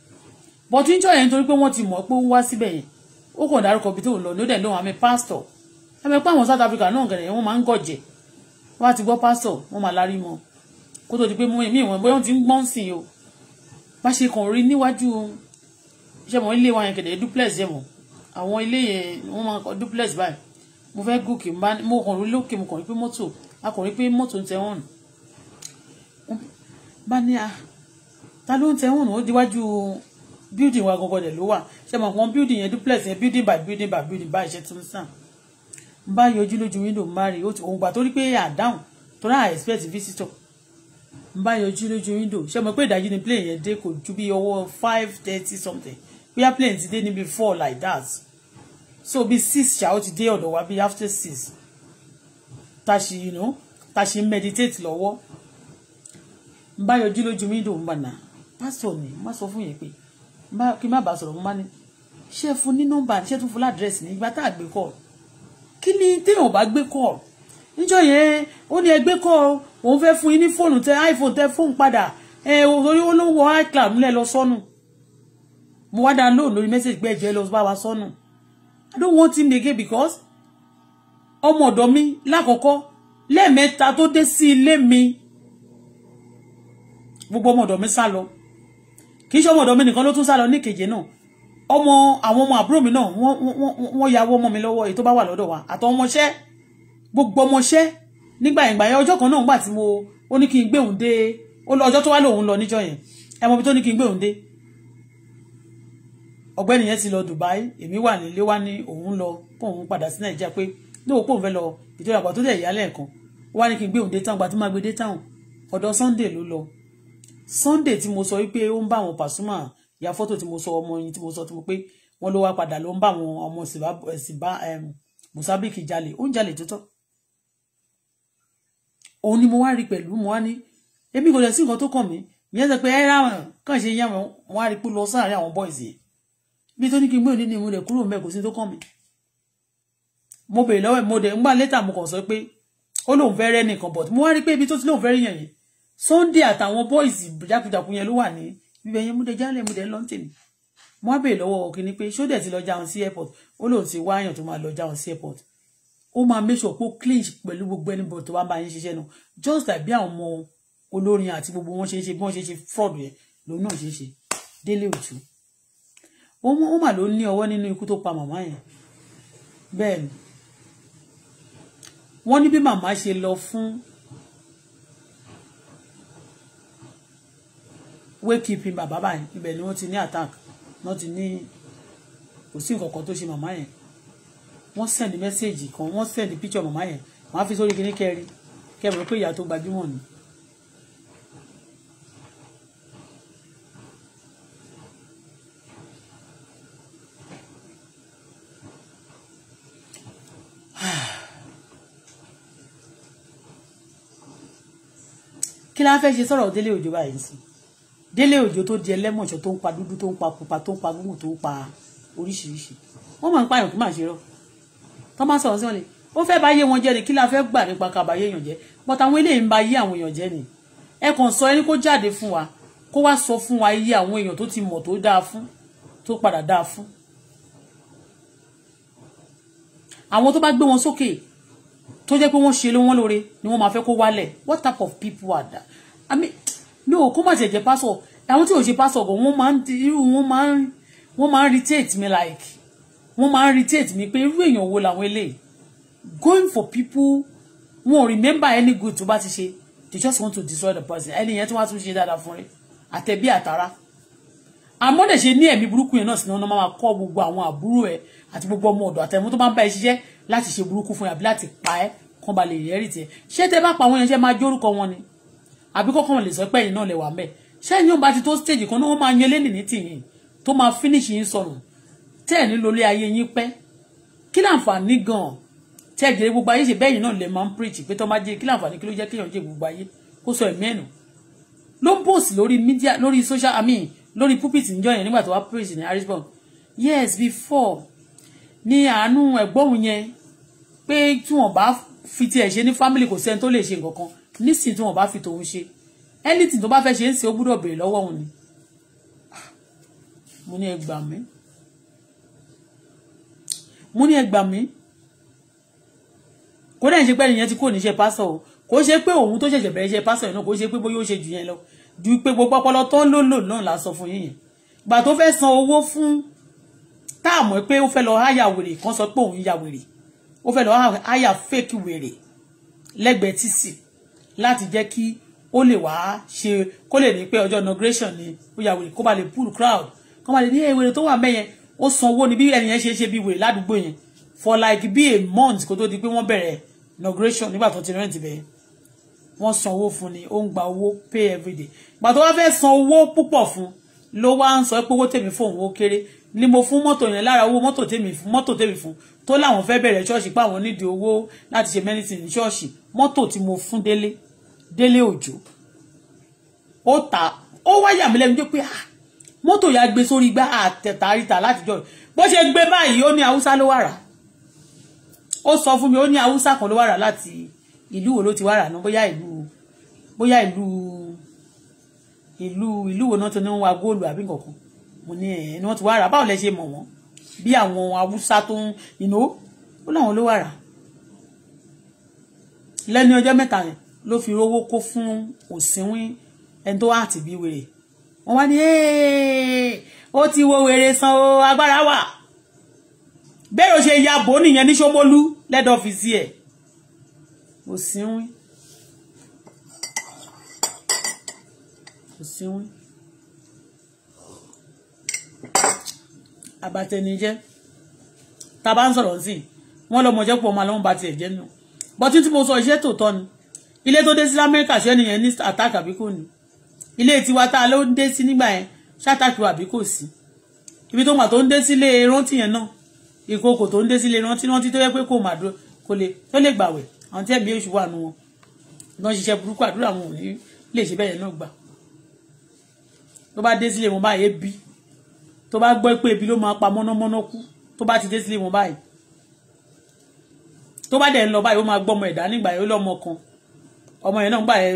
B: but níjọ́ yẹn nítorí pé wọ́n ti mọ̀ pé ó wá síbẹ̀ yẹn ó kàn dárúkọ bí tó ń lọ ní ó dẹ̀ lóun àmì pásítọ̀ ẹ̀mẹ̀ pé àwọn South Africa náà gẹ̀rẹ̀ wọ́n máa ń gọ̀jẹ̀ wọ́n á ti gbọ́ pásítọ̀ wọ́n máa lárí mọ́ kó tó di pé mí ìwọ̀n bóyá wọ́n ti ń gbọ́n sìn o bá ṣe kàn rí níwájú iṣẹ́ mọ̀ ilé wa yẹn gẹ̀dẹ̀ duplex yẹn mọ̀ àwọn ilé yẹn wọ́n máa kọ́ duplex báyìí mo fẹ́ gòkè mo kàn rí lókè mo kàn rí pé mọ́tò a kàn rí pé mọ́tò ń tẹ wọ́n nù bá ní a ta ló ń tẹ òun ó díwájú building wa gangan dẹ̀ ló wà ṣe mọ̀ pọ́n building yẹn duplex yẹn building by building by building by. ìṣe tún sàn n bá yọjú lójú window n bá rí òun gbà torí pé àdáhùn torí à expect visitor n bá yọjú lójú window ṣe mọ̀ pé ìdájú ni plane yẹn dé kò ju bí ọwọ́ five thirty something bóyá plane ti dé níbi four like that so bí six ṣá ó ti dé ọ̀dọ̀ wa bí after six ta ṣe you know ta ṣe meditate lọ́wọ́ n bá yọjú lójú mi dùn bá nà pásítọ̀ ni má sọ fún yẹn pé kí n má bàa sọ̀rọ̀ mo bá ní ṣé fún ní nọ́mbà ṣé tún fún ládírẹ́sì ní ìgbà tá a gbé kọ́ kí ni téèyàn bá gbé kọ́ níjọ́ yẹn ó ní ẹgbẹ́ kọ́ òun fẹ́ fún yín ní fóònù tẹ iphone tẹ fóònù padà ẹ orí olówó icloud nílẹ̀ lọ sọ́nù mo wá dáa lóòrùn lórí mẹ́sẹ̀gì pé ẹ̀jẹ̀ lọ bá wa sọ́nù i don't want him again because ọmọ ọ̀dọ̀ mi lákọ̀ọ́kọ́ lẹ́ẹ̀mẹ́ta tó dé sí ilé mi gbogbo ọmọ ọ̀dọ̀ mi sá lọ kì í ṣe ọmọ ọ̀dọ̀ mi nìkan ló tún sá lọ ní kejì náà ọmọ àwọn ọmọ àbúrò mi náà wọ́n yàwó ọmọ mi lọ́wọ́ èyí tó bá wà lọ́dọ̀ wa àtọ́ ọmọṣẹ́ gbogbo ọmọṣẹ́ nígbà yẹn gbà yẹn ọjọ́ kan náà nígbà tí mo ó ní kí n gbé òun dé ó lọ ọjọ́ tó wá lòun lọ níjọ́ yẹn ẹ bí tó ní kí n gbé òun dé ọ̀gbẹ́ni yẹn ti lọ Dubai èmi wà nílé wá ní òun lọ kóun padà sí Nàìjíríà pé lóò pòun fẹ́ lọ ìjọba àgbà tó dẹ̀ yálẹ̀ kan ó wá ní kí n gbé òun dé táwọn gbà tó máa gbé dé táwọn ọ̀dọ̀ Sunday ló lọ Sunday tí mo sọ wípé ó ń bá àwọn Pasuma ya fọ́tò tí mo sọ ọmọ yín tí mo sọ tí mo pé wọ́n ló wá padà ló ń bá àwọn ọmọ sìbá eh, Mozambique jalè ó ń jalè tó tọ́ òun ni mo wá rí pẹ̀lú mo wá ní èmi kò lè sí nǹkan tó kàn mí ìyẹn sọ pé ẹ ráwọn kàn ṣe yẹn wọn á rí pé lọ sáàárín àwọn boys yìí bí tó ní kí n gbé òní ni mo lè kúrò mẹ kò sí tó kàn mí mo bèrè lọ́wọ́ mo dẹ̀ ń gbà létà mo kàn sọ pé ó lóun fẹ́ rẹ́ nìkan but mo wá rí pé ibi tó ti lóun fẹ́ rí yẹn yìí Sunday àtàwọn boys jákujàku yẹn ló wà ní bíbẹ yẹn múdẹ jálẹ múdẹ lọ ń tèmi wọn bèè lọ́wọ́ kínní pé ṣó dẹ ti lọ jáun sí airport ó lóun ti wá àyàn tó máa lọ jáun sí airport ó máa make sure pé ó clean pẹ̀lú gbogbo ẹni tó bá máa ń ṣiṣẹ́ nu just like bí àwọn ọmọ olórin àti gbogbo wọn ṣe ń ṣe bí wọn ṣe ń ṣe fraud yẹn lòun náà ṣe ń ṣe délé òtú ó mà ló ní ọwọ́ nínú ikú tó pa màmá yẹn bẹ́ẹ̀ ni wọ́n ní bí màmá ṣe lọ fún wake up bàbá báyìí ibẹ̀ ni wọ́n ti ní attack wọ́n ti ní kò sí nǹkan kan tó ṣe màmá yẹn wọ́n send message kan wọ́n send picture màmá yẹn wọ́n á fi sórí kíní kẹrin kẹrin pé ìyá tó gbajúmọ̀ ni. kí la fẹ́ ṣe sọ̀rọ̀ délé òjò báyìí sí i délé òjò tó di ẹlẹ́mọ̀ṣọ́ tó ń pa dúdú tó ń pa pupa tó ń pa gúngùn tó ń pa oríṣiríṣi wọ́n máa ń pààyàn kí máa ṣe rọ tó máa ń sọ̀rọ̀ sí wọn lè ó fẹ́ bá yé wọn jẹ́ ni kí la fẹ́ gbà nípa kaba yé èèyàn jẹ́ but àwọn eléyìí ń ba yé àwọn èèyàn jẹ́ ni ẹ kàn sọ ẹni kó jáde fún wa kó wá sọ fún wa iye àwọn èèyàn tó ti mọ̀ tó dáa fún tó padà dáa fún àwọn tó bá gbé wọn sókè tó jẹ́ pé wọ́n ṣe lé wọn lóore ni wọ́n máa fẹ́ kó wálẹ̀ what type of people are that i mean no kó má ṣe jẹ́ pásọ̀ àwọn tí ò ṣe pásọ̀ gan wọ́n máa ń irú wọ́n máa ń wọ́n máa ń irritate me like wọ́n máa ń irritate me pé irú èèyàn wo làwọn eléyìí going for people wọn ò remember any good tó bá ti ṣe they just want to destroy the person ẹni yẹn tí wọ́n á tún ṣe dáadáa fún rẹ̀ àtẹ̀bí àtàrà àmọ́dẹ̀ ṣe ní ẹ̀mí burúkú yẹn náà sí ni wọ́n máa kọ́ gbogbo àwọn àbúrò ẹ̀ àti gbogbo ọmọ ọ̀dọ̀ àtẹ̀mú tó máa ń bá ẹ ṣiṣẹ́ láti ṣe burúkú fún yàbí láti pa ẹ́ kán ba lè rẹ́rìí tiẹ̀ ṣé tẹ bá pa àwọn yẹn ṣe máa jórúkọ wọn ni àbí kọ́kọ́ lè sọ pé ẹ̀yin náà lè wà mẹ́ ṣé ẹ̀yin ò bá ti tó stage kan náà wọ́n máa yan eléyìí ní tìyìn tó máa finish yín sọnù tẹ́ ẹ̀ nílò ilé ayé yín pẹ́ kí láǹfààní gan-an tẹ́ ẹ̀ jẹ́rẹ́ gbogbo ayé ṣe bẹ́ẹ̀ yìí náà lè máa ń preach pé tó máa jẹ́ kí láǹfààní kí ló jẹ́ kéèyàn jẹ́ gbogbo ayé kó sọ ẹ̀mí ẹ̀nà ló ń post lórí media lórí social i mean lórí pulpit níjọ́ yẹn nígbà tó wá preach ní harrisburg yes before ni àánú ẹ̀gbọ́n yẹn pé tí wọ́n bá fi tiẹ̀ ṣe ní family kò sẹ́ni tó lè ṣe nǹkan kan nísìnyí tí wọ́n bá fi tòun ṣe anything tó bá fẹ́ ṣe é ṣe ó gbúdọ̀ béèrè lọ́wọ́ òun ni ah, mo ní ẹ gbà mí mo ní ẹ gbà mí kó dẹ̀ ń ṣe pé ẹnìyẹn ti kó níṣẹ́ pásọ̀ o kó ṣe pé òun tó ṣẹ̀ṣẹ̀ bẹ̀rẹ̀ iṣẹ́ pásọ̀ yẹn náà kó ṣe pé bóyá ó ṣe jù yẹn lọ ju pé gbogbo ọpọlọ tó ń lò lò náà la sọ fún yín yẹn gbà tó fẹ́ san owó fún táàmù pé ó fẹ́ lọ háyà wèrè kan sọ pé òun yà wèrè ó fẹ́ lọ háyà fake wèrè lẹ́gbẹ̀ẹ́ títì láti jẹ́ kí ó lè wá ṣe kó lè ní pé ọjọ́ inauguration ni ó yà wèrè kó bá lè pull crowd kó bá lè ní ewèrè tó wà mẹ́yẹn ó sanwó ni bí ẹni yẹn ṣe ṣe bí wèrè ládùúgbò yẹn for like bí a month kó tó di pé wọ́n bẹ̀rẹ̀ inauguration nígbà tó ti rent bẹ́ẹ̀ wọ́n sanwó fún ni ó ń gba owó pay everyday ìgbà tó wá fẹ́ san owó púpọ̀ fún ló wá ń sọ pé owó tèmi fún òun ó kéré ni mo fún mọ́tò yẹn lára owó mọ́tò tèmi fún mọ́tò tèmi fún tó láwọn fẹ́ bẹ̀rẹ̀ ṣọ́ọ̀ṣì pé àwọn nídìí owó láti ṣe mẹ́rìntì ní ṣọ́ọ̀ṣì mọ́tò tí mo fún délé Délé Òjò ó ta ó wáyà mi lẹ́nu pé ah mọ́tò ya gbé sórí gbá àtẹ̀tàríta látijọ́ bó ṣe gbé báyìí ó ní haúsá ló wà rà ó sọ fún mi ó ní haúsá kan ló wà rà láti ìlú wo ló ti wà náà bóyá ìlú bóyá ìlú ìlú ìlú wo náà ti ní wa góòlù àbí nǹkan mo ní ẹ̀ ni wọ́n ti wà rà báwo lẹ ṣe mọ̀ wọ́n bí àwọn haúsá tó ń ìnáwó ó láwọn ló wà rà lẹ́nu ọjọ́ yẹn ló fi rówó kó fún òsínwín ẹni tó wà àti bí wèrè wọ́n wá ní ó ti wo wèrè san o agbára wà bẹ́ẹ̀ ló ṣe ya bò nìyẹn ní Ṣómólú lẹ́dọ̀ ọ́fíìsì ẹ̀ òsínwín òsínwín àbàtẹnijẹ́ tá a bá ń sọ̀rọ̀ sí i wọ́n lọ́mọ jẹ́ pọ̀ ọmọ àlọ́mọba tiẹ̀ jẹ́ nù bọ́tí tí mo sọ iṣẹ́ tòótọ́ ni ilé tó dé sí lamẹ́ríkà ṣé ẹnìyẹn ní attack àbí kò ní ilé tiwa tá a ló ń dé sí nígbà yẹn ṣàtàkì àbí kò sí ibi tó mà tó ń dé sílé rántí yẹn náà ìkòkò tó ń dé sílé rántí rántí tó yẹ pé kò mà dúró kò lè tó lè gbàwẹ̀ àwọn tí ẹ̀mí èṣù wà nù wọn gan ṣiṣẹ́ burúkú àdúrà wọn ò ní lè ṣe bẹ́ẹ̀ náà gbà tó bá dé sílé wọn báyìí ebi tó bá gbọ́ pé ebi ló máa pa mọ́nàmọ́ná kú tó bá ti dé sílé wọn báyìí tó bá dẹ̀ ń lọ báyìí ó máa gbọ́mọ ẹ̀dá nígbà yìí ó lọ́mọ kan ọmọ yẹn náà gbà ẹ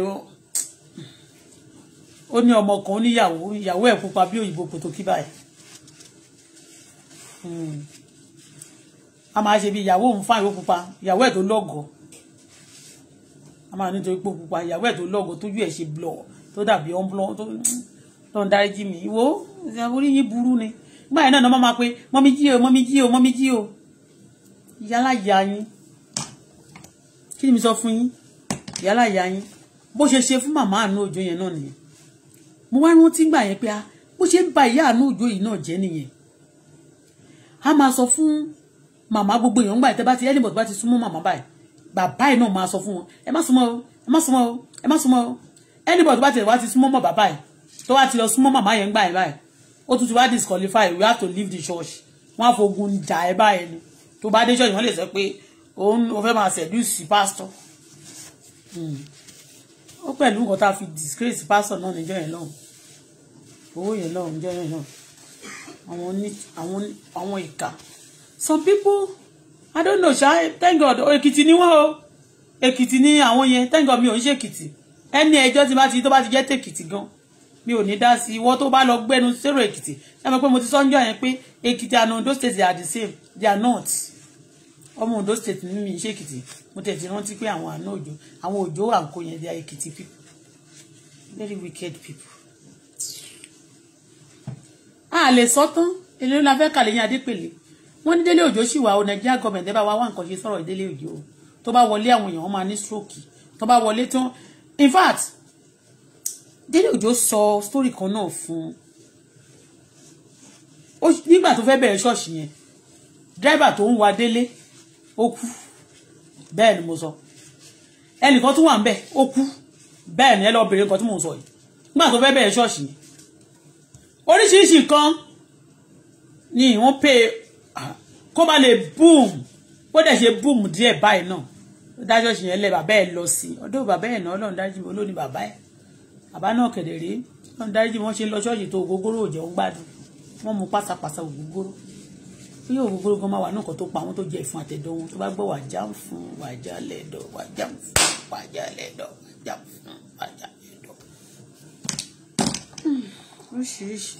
B: ó ní ọmọ kan ó ní ìyàwó ìyàwó ẹ̀ pupa bí òyìnbó kò tó kí báyìí hmm. a máa ṣe bí ìyàwó òun fáwọn ìwé pupa ìyàwó ẹ̀ tó lọ́gọ̀ọ́ a máa nítorí pé pupa ìyàwó ẹ̀ tó lọ́gọ̀ọ́ tójú ẹ̀ ṣe blọ̀ tó dàbí ọ̀nblọ̀ tó lọ́n dáríjì mí ìwò orí yín burú ni nígbà yẹn náà ni wọ́n máa pe mọ́mí jí o mọ́mí jí o mọ́mí jí o ìyá aláya yín kí ni mi sọ fún yín yálà ìyá yín bó ṣe ṣe fún màmá àánú òjò yẹn náà nìyẹn mo wá rántí gbà yẹn pé a bó ṣe ń ba ìyá àánú òjò yìí náà jẹ́ nìyẹn a máa sọ fún màmá gbogbo èèyàn gbà tẹ́ bá ti anybody bá ti súnmọ́ màmá báyìí bàbá yìí náà máa sọ fún wọn ẹ má súnmọ́ o ẹ má súnmọ́ o ẹ má súnmọ́ o anybody bá ti wá ti súnmọ́ mọ bàbá yìí tó wá ti lọ súnmọ́ màmá yẹn gbà yẹn báyìí ó tún ti wá disqualify you have to leave the church wọn àfogun jà ẹ báyìí ni tó bá dé church wọn lè sọ pé òun ò fẹ́ máa seduce pastor Hmm. ó pẹ̀lú nǹkan tá a fi disgrace pásọ̀ náà níjọ́ yẹn náà owó yẹn náà níjọ́ yẹn náà àwọn ní àwọn àwọn ìkà some people i don't know ṣá thank god èkìtì ni wọ́n o èkìtì ni àwọn yẹn thank god mi ò ń ṣe èkìtì ẹni ẹjọ́ tí bá ti tó bá ti jẹ́ tèkìtì gan mi ò ní dá sí ìwọ tó bá lọ gbẹnu sérò èkìtì ẹ mọ̀ pé mo ti sọ́njọ́ yẹn pé èkìtì and ondo state they are the same they are not ọmọ Ondo state ní mi ṣe Èkìtì mo tẹ̀sí rántí pé àwọn àna òjò àwọn òjò àǹkó yẹn dé Èkìtì people very wicked people. a lè sọ tán èlé la fẹ́ kàlẹ́ yín adépèlé wọ́n ní délé òjò sì wà o Nàìjíríà gọọmẹ̀ntì bá wa wá nǹkan ṣe sọ̀rọ̀ ìdílé òjò tó bá wọlé àwọn èèyàn wọn máa ní stroke tó bá wọlé tán in fact délé òjò sọ story kan náà fún nígbà tó fẹ́ bẹ̀rẹ̀ ṣọ́ọ̀ṣì yẹn dírẹ́bà tó ń wa délé ó kú bẹ́ẹ̀ ni mo sọ ẹnìkan tún wà ń bẹ̀ ó kú bẹ́ẹ̀ ni ẹ lọ́ọ́ bèrè nǹkan tí mò ń sọ yìí nígbà tó fẹ́ bẹ̀rẹ̀ ṣọ́ọ̀ṣì yẹn oríṣiríṣi nǹkan ni wọ́n pè kó má lè boom bó dẹ̀ ṣe boom díẹ̀ báyìí náà dájọ́ ṣì yẹn lẹ̀ bàbá ẹ̀ lọ sí ọdún bàbá ẹ̀ náà lọ́run dájú olóòní bàbá ẹ̀ bàbá náà kẹ̀dẹ̀ rí lọ́run dájú wọn ṣe lọ ṣọ́ọ̀ṣì tó ògógóró òjò ń gbádùn wọ́n mú pásápásá ògógóró ní òwò gbogbo máa wà ní nǹkan tó pa àwọn tó jẹ ìfun àtẹ̀dọ̀ tó bá gbọ́ wà já ń fún wà já lẹ́dọ̀ wà já ń fún wà já lẹ́dọ̀ wà já ń fún wà já lẹ́dọ̀. Hmm, oríṣiríṣi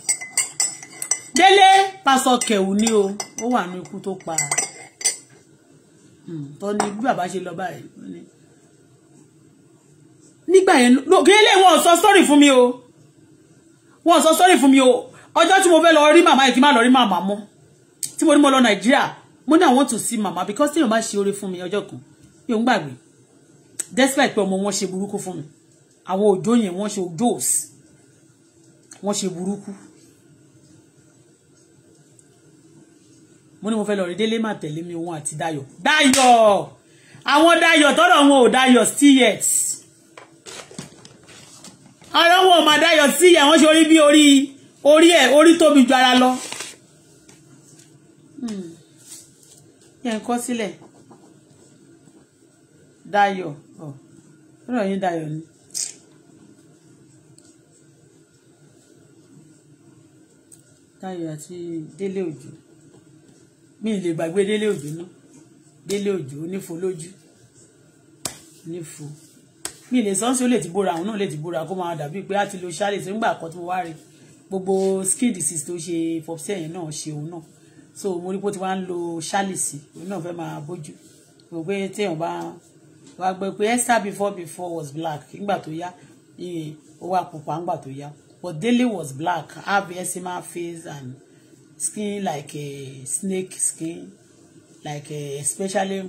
B: délé pásọ kẹwù ni o ó wà ní ikú tó pa hmm, tọ́ni bí bàbá ṣe lọ báyìí nígbà yẹn gélé wọn ò sọ sọ́rí fún mi o wọn ò sọ sọ́rí fún mi o ọjọ́ tí mo fẹ́ lọ rí màmá yìí kí n má lọ rí màmá mọ́. Ti mo ni mo lọ nàìjíríà mo ni i want to see mama because téèyàn bá ṣe oore fún mi ojo kan mi ò ń gbàgbé despite pé ọmọ wọn ṣe burúkú fún mi àwọn òjò yẹn wọ́n ṣe òjòs wọ́n ṣe burúkú mo ní mo fẹ́ lọ rí délé má tẹ̀lé mi òun àti dayo dayo àwọn dayo tọ́rọ̀ wọn ò dayo still yet ọ̀rọ̀ wọn ma má dayo still yet wọ́n ṣe orí bí orí orí ẹ̀ orí tóbi ju ara lo yẹn hmm. kọ́ sílẹ̀ Dayọ̀ ọ̀ ọ̀rọ̀ yín Dayọ̀ ni. Dayọ̀ àti Délé Òjò mi ì lè gbàgbé Délé Òjò náà Délé Òjò onífo lójú onífo mi ì lè sọ́n sí ó lè ti bóra àwọn náà lè ti bóra kó máa dàbí pé á ti lo ṣáàlì tí ń gbà kọ́ tí mo wá rí gbogbo skin disease tó ṣe fọ́pṣẹ́ náà ṣe òun náà so mo rí pé ó ti wá ń lo ṣálìsì òun náà fẹ́ máa bójú rò pé téèyàn bá wá gbọ́ pé Esther before before was black nígbà tó yá ó wá pupa nígbà tó yá but Dele was black have eczema face and skin like a snake skin like a, especially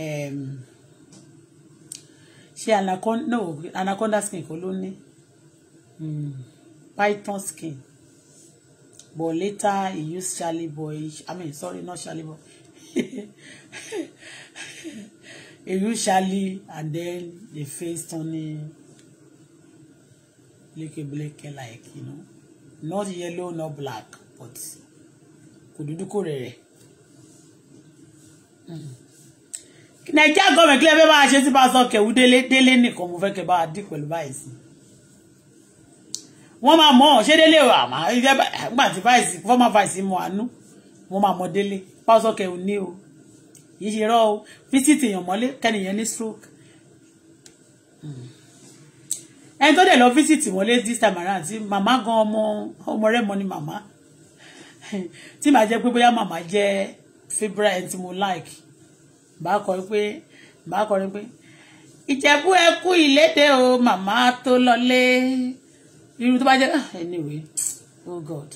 B: um, ṣe anaconda no anaconda skin kò ló ní hmm, python skin but later he used Charlie Boy I mean sorry not Charlie Boy he used Charlie and then the face Tony Blake black, like you know not yellow not black but kò dúdú kò rẹ̀rẹ̀. Nàìjíríà gọ́ọ̀mẹ̀ kílẹ̀ fẹ́ bá a ṣe tí bá a sọ kẹ̀wú délé délé nìkan mo fẹ́ kẹ́ wọ́n máa mọ̀ ṣé délé wà má nígbà tí vice former vice mọ̀ àánú wọ́n máa mọ̀ délé pásọ̀kẹ́ ò ní o yìí ṣe rọ́ o visit èèyàn mọ́lé kẹ́nìyàn ní stroke hmm. ẹni tó dẹ̀ lọ visit wọlé this time around tí màmá gan ọmọ ọmọ rẹ̀ mọ́ ni màmá tí màá jẹ́ pé bóyá màmá jẹ́ favourite ẹni tí mo like bá kọ́ pé bá kọ́ pé ìjẹ̀bú ẹkú ìlédè o màmá tó lọlé irú tó bá jẹ́ ah, anyway oh God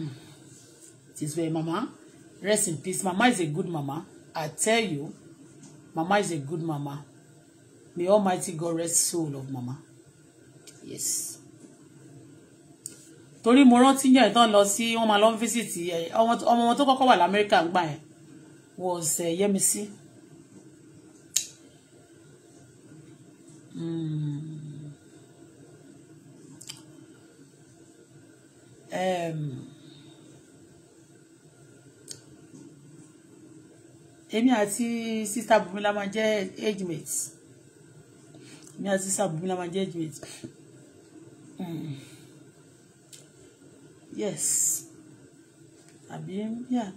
B: mm. it is well mama rest in peace mama is a good mama I tell you mama is a good mama may Almighty God rest soul of mama yes torí mo rántí yẹn tán lọ sí wọn máa lọ ń visit eh, ọmọ wọn tó kọ́kọ́ wà lamẹ́ríkà ń gbà yẹn was eh, Yẹmisí.
A: Mm.
B: èmi àti sista bùnmílá máa jẹ́ age mate èmi àti sista bùnmílá máa jẹ́ age mate mm. yes àbí yeah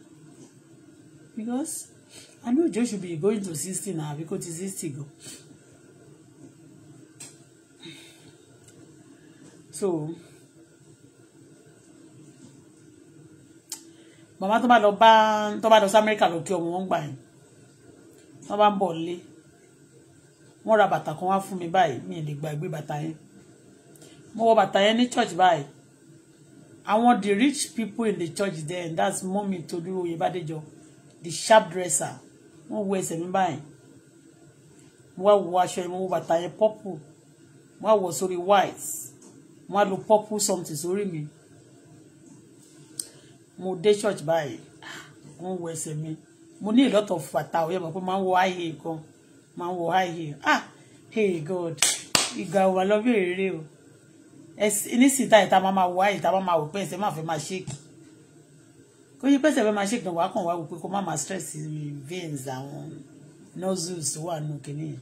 B: because I know Joe should be going to sixty now because kò sixty go so. màmá tó bá lọ bá tó bá lọ sí amẹ́ríkà lọ kí ọmọ wọn gbà yẹn tó bá ń bọ̀ lé wọ́n ra bàtà kan wá fún mi báyìí mi lè gbàgbé bàtà yẹn mo wọ bàtà yẹn ní church báyìí àwọn the rich people in the church then that's mummy Tolu Oyebadejo the sharp dresser wọ́n wọ ẹsẹ̀ mi báyìí mo wá wọ aṣọ yẹn mo wọ bàtà yẹn purple mo wá wọ sórí white mo wá lo purple something sórí mi. So mo dé church báyìí wọ́n wọ ẹsẹ̀ mi mo ní ìlọ́tọ̀ fàtà òye mọ̀ pé máa ń wọ high heel gan máa ń wọ high heel ah hey god ìgbà wà lọ́bí èrè o nísìta ìta máa máa wọ high ìta máa máa wò pé ẹsẹ̀ máa fẹ́ máa ṣéèkì kó yí pẹ́sẹ̀ fẹ́ máa ṣéèkì náà wàá kàn wá wò pé kó má máa stress veins àwọn nozzles wà nù kìnìyàn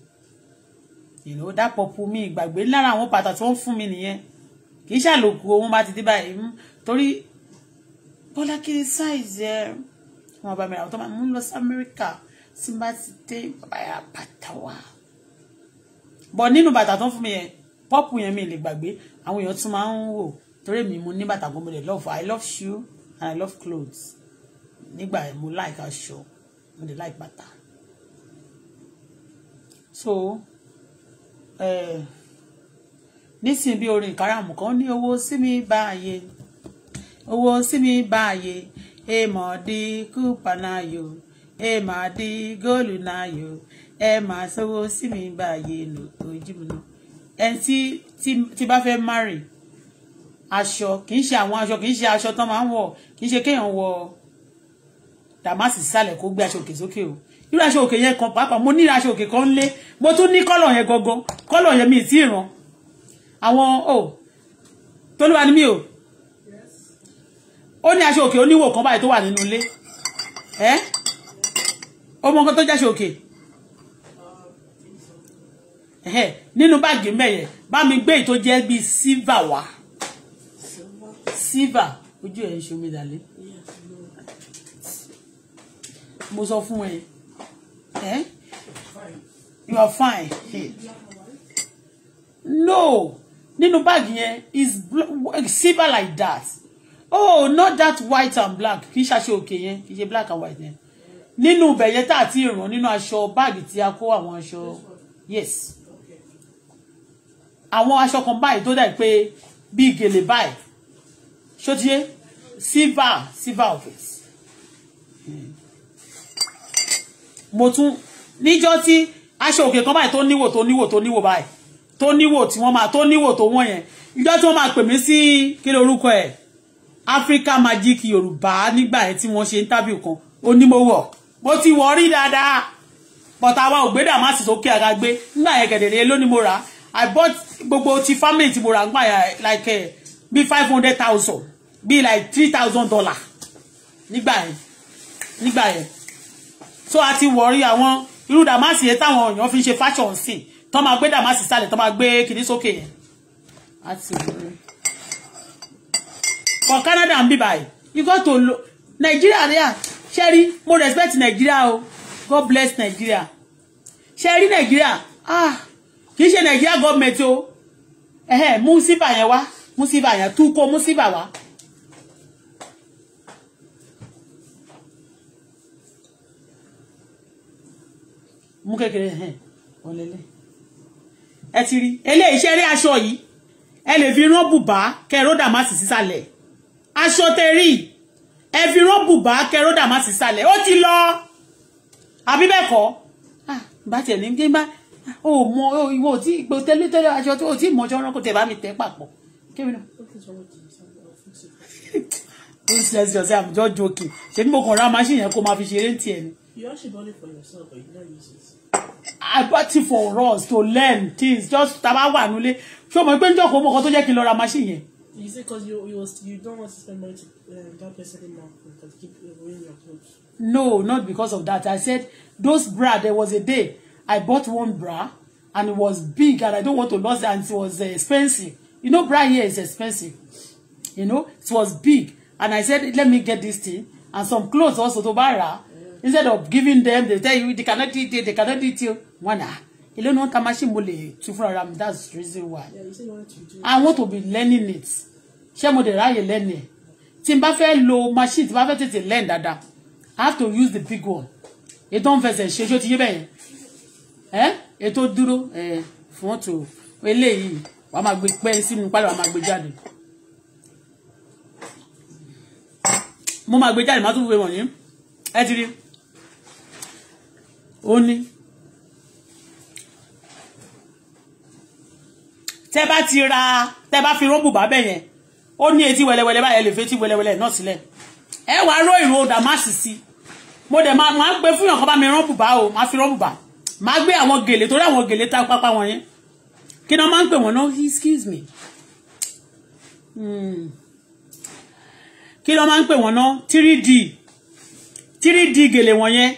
B: ìlú dàpọ̀ pu mi ìgbàgbé lára àwọn bàtà tí wọ́n fún mi nìyẹn kì í ṣàlòkù ohun bá ti dé báyìí hmm, torí Bọ́lá kí ni size ẹ wọn bá mi ra ọtọ́ máa ń lọ sí Amẹ́ríkà tí n bá ti dé bàbá yà bàtà wá. bọ̀ nínú bàtà tó ń fún mi yẹn pọ́ọ̀pù yẹn mi lè gbàgbé àwọn èèyàn tún máa ń wò torí mi mo love I love shoe and I love clothes nígbà yẹn mo like aṣọ mo lè like better. so eh, nísìnyí bí orin ìkáràmù kan ní owó sí mi báyé owó sími báyé ẹ mọ̀ di kúpa náà yò ẹ mà di góòlù náà yò ẹ mà sọwọ́ sími báyé lò ojú mi nù. ẹ tí tí bá fẹ́ marry aṣọ kì í ṣe àwọn aṣọ kì í ṣe aṣọ tán máa ń wọ̀ kì í ṣe kéèyàn wọ̀ dàmásì sálẹ̀ kó gbé aṣọ òkè sókè o irú aṣọ òkè yẹn kan pàápàá mo ní aṣọ òkè kan lé mo tún ní kọ́lọ̀ yẹn gangan kọ́lọ̀ yẹn mi ì tí ì ràn àwọn o oh, tolúwa ni mi o ó ní aṣọ òkè oníwò kan báyìí tó wà nínú ilé ẹ ó mọ nǹkan tó jáṣọ òkè nínú báàgì mẹyẹ bá mi gbé èyí tó jẹ bíi silver wá silver ojú ẹ ń ṣomi dàlẹ mo sọ fún ẹ ẹ you are fine hey. no nínú báàgì yẹn is silver like that oh not that white and black kì í ṣàṣe òkè yẹn kì í ṣe black and white yẹn nínú ibẹ̀ yẹn tá àti ìràn nínú aṣọ báàgì tí a kó àwọn aṣọ yes àwọn aṣọ kan báyìí tó dà pé bíi gèlè báyìí ṣótiyé silver silver office hmm. mo tún níjọ́ tí aṣọ òkè kan báyìí tó níwò tó níwò tó níwò báyìí tó níwò tí wọ́n máa tó níwò tó wọ́n yẹn ìjọ́ tí wọ́n máa pè mí sí kí lórúkọ ẹ̀ Africa Magic Yorùbá nígbà ẹ tí wọ́n ṣe interview kan onímọ̀wọ̀ mo ti wọ̀ rí dáadáa but àwa ò gbé dàmásì sókè ara gbé nígbà yẹn gẹ̀dẹ̀rẹ̀ lónìí mo rà I bought gbogbo ti family ti mo rà nígbà yẹn like eh, bí five hundred thousand bí like three thousand dollar nígbà yẹn nígbà yẹn so a ti wọ̀ rí àwọn irú dàmásì yẹn táwọn èèyàn fi ṣe fashion sí tọ́ máa gbé dàmásì sálẹ̀ tọ́ máa gbé kìnní sókè yẹn for Canada and bí you go to lo Nigeria there Sherry. mo respect Nigeria o God bless Nigeria Sherry, Nigeria ah kì í ṣe Nigeria government o ẹ̀hẹ́ mú síbà yẹn wá mú síbà yẹn tú kó mú síbà wá. mú kékeré hàn ọlẹ́lẹ́ ẹ ti rí eléyìí ṣẹ́rí aṣọ yìí ẹ lè fi rán bùbá kẹ́ ẹ ró dàmásì aṣọ tẹ̀rí ẹ fi rán bùbá kẹrọ dàmá sí sàlẹ̀ ó ti lọ àbí bẹ́ẹ̀ kọ́ ah, bá tiẹ̀ ní gbé bá ah, o mọ ìwọ ò tí ìgbò tẹ́lẹ̀ tẹ́lẹ̀ aṣọ tó o tí mọ̀jọ́ rán kó tẹ̀ bá mi tẹ́ papọ̀ kébì náà. don't stress yourself i'm just joking ṣe bí mo kàn ra machine yẹn kó máa fi ṣeré tiẹ̀ ni.
A: you actually bought it for yourself but you
B: never use it. I bought it for us to learn things just taba wà nulẹ̀ ṣé o mọ̀ pé ń jọ̀kọ́ mọ̀ kan tó jẹ́ kí n lọ ra machine yẹn You see, because you you, you don't want to spend money to um, that person anymore because keep ruining your clothes. No, not because of that. I said those bra. There was a day I bought one bra and it was big and I don't want to lose it and it was uh, expensive. You know, bra here is expensive. You know, it was big and I said, let me get this thing and some clothes also to borrow Yeah. Instead of giving them, they tell you they cannot eat it, they cannot eat you. One hour èló ni wọ́n ta machine mo lè tu fúnra ra mi that's the reason why i want to be learning it ṣé mo lè ráyè learn ẹ̀ tí n bá fẹ́ lo machine tí n bá fẹ́ tètè learn dáadáa i have to use the big one ètò ń fẹsẹ̀ ṣe ṣó ti yé bẹ́yẹn ẹ́ ètò dúró fún ọ̀tò eléyìí wàá máa gbé pẹ́ sínú pálọ̀ wàá máa gbé jáde mo máa gbé jáde má tún wé wọ̀nyí ẹ ti rí ó tẹ́ bá ti ra tẹ́ bá fi róbù bá bẹ̀ yẹn ó ní etí wẹlẹwẹlẹ báyẹn lè fi etí wẹlẹwẹlẹ náà sílẹ̀ ẹ wàá ró ìró dàmásì sí mo dẹ̀ máa máa gbé fún yàn kó bá mi rán bùbá o máa fi rán bùbá máa gbé àwọn gèlè torí àwọn gèlè ta pápá wọn yẹn kí ni máa ń pè wọ́n náà excuse me hmm. kí ni wọ́n máa ń pè wọ́n náà 3D 3D gèlè wọn yẹn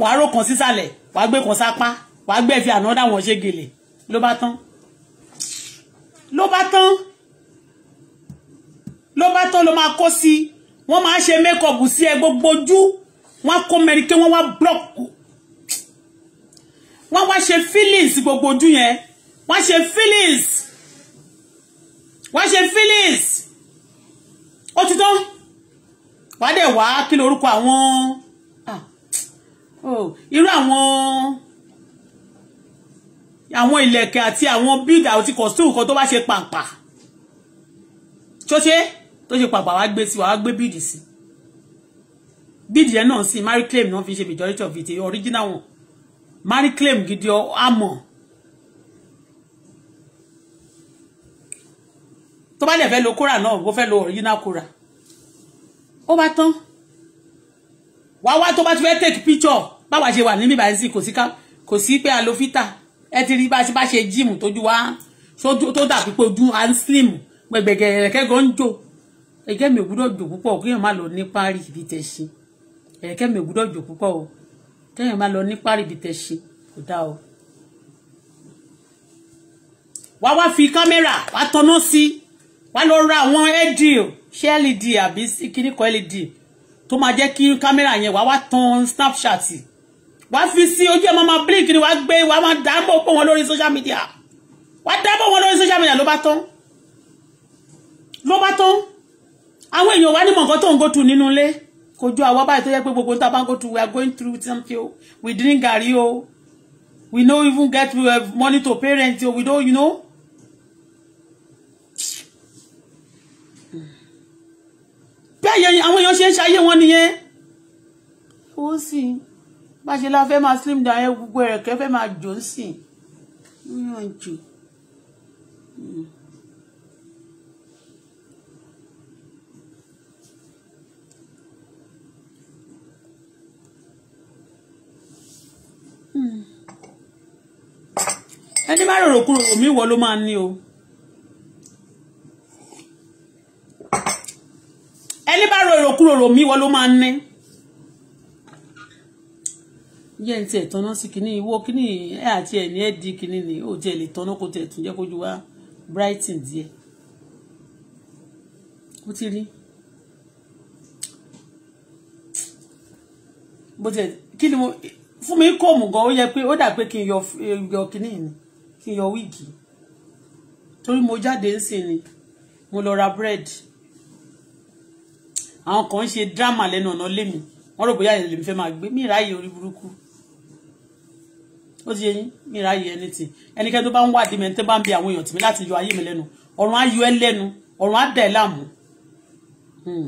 B: wàá ró kan sísàlẹ̀ wàá gbé kan sápá wàá gbé fi ànádà wọn ṣe gèlè ló bá tán ló bá tán ló bá tán ló máa kó sí wọ́n máa ṣe makeup sí ẹ gbogbo ojú wọ́n kó mẹ́rin kí wọ́n wá block wọ́n wá ṣe feelings gbogbo ojú yẹn wọ́n ṣe feelings wọ́n ṣe feelings ó ti tán wàá dẹ̀ wá kí lórúkọ àwọn ah, oh, irú àwọn àwọn ìlẹ̀kẹ̀ àti àwọn bíìdì àti costume kan tó bá ṣe pàǹpà tó ṣe tó ṣe pàǹpà wá gbé sí wá gbé bíìdì sí bíìdì yẹn náà sí Mary claim náà fi ṣe majority of it original one Mary claim gidi àmọ́ tó bá dẹ̀ fẹ́ lo kóra náà bó fẹ́ lo original kóra ó bá tán wá wá tó bá ti fẹ́ take picture báwa ṣe wà níbi báyìí sí kò sí pé a lo filter ẹ ti rí bá ṣe bá ṣe jíìmù tójú wá tó dàbí pé ojú à ń slim gbẹgbẹgẹ ẹ̀rẹ̀kẹ́ gan jò ẹ̀kẹ́ mi ò gbúdọ̀ jò púpọ̀ kéèyàn má lọ ní parí ibi tẹ̀ ṣe ẹ̀rẹ̀kẹ́ mi ò gbúdọ̀ jò púpọ̀ o kéèyàn má lọ ní parí ibi tẹ̀ ṣe kò dá o. wá wá fi kámẹ́rà wá tọ́nà sí wá lọ ra àwọn led ṣé led àbí kíníkọ led tó máa jẹ́ kí kámẹ́rà yẹn wá wá tan snapchat yìí wàá fi sí ojú ẹ máa blink ni wàá gbé wàá máa dáàbò pọ̀ wọn lórí social media wàá dáàbò wọn lórí social media ló bá tán ló bá tán àwọn èèyàn wá nímọ̀ nǹkan tó ń go tu nínú ilé kò ju àwa báyìí tó yẹ pé gbogbo níta bá go tu we are going through something we didn't garri o we no even get money to parents o we don't you know. bẹ́ẹ̀ yẹn àwọn èèyàn ṣe ń ṣayé wọn nìyẹn ó sì bá ṣe la fẹ́ máa slim down yẹn gbogbo ẹ̀rẹ̀kẹ́ fẹ́ máa jò ń sìn yíyan jù. ẹni má rorò kúrò omi ìwọ ló máa ní o. ẹni bá rorò kúrò omi ìwọ ló máa ní jẹ́ ní tiẹ̀ tọ́nà sí kínní ìwọ kínní ẹ̀ àti ẹ̀ ní ẹ̀ di kínní ni ó tiẹ̀ lè tọ́nà kó tiẹ̀ tún jẹ́ kójú wá brighton díẹ̀ ó ti rí bó tiẹ̀ kí ni mo fún mi kóòmù gan ó yẹ pé ó dà pé kí n yọ yọ kínní ni kí n yọ wíìgì torí mo jáde ńsìn ni mo lọ ra búrẹ́dì àwọn kan ń ṣe dírámà lẹ́nu ọ̀nà lémi wọ́n rò bóyá ìlú mi fẹ́ máa gbé mi ìráyè orí burúkú ó ti yẹ yín mi ráyè ẹni tì ẹnikẹ́ni tó bá ń wádìí mi ẹni tó bá ń bi àwọn èèyàn tì mí láti yọ ayé mi lẹ́nu ọ̀run á yọ ẹ́ lẹ́nu ọ̀run á dà ẹ́ láàmú hmm.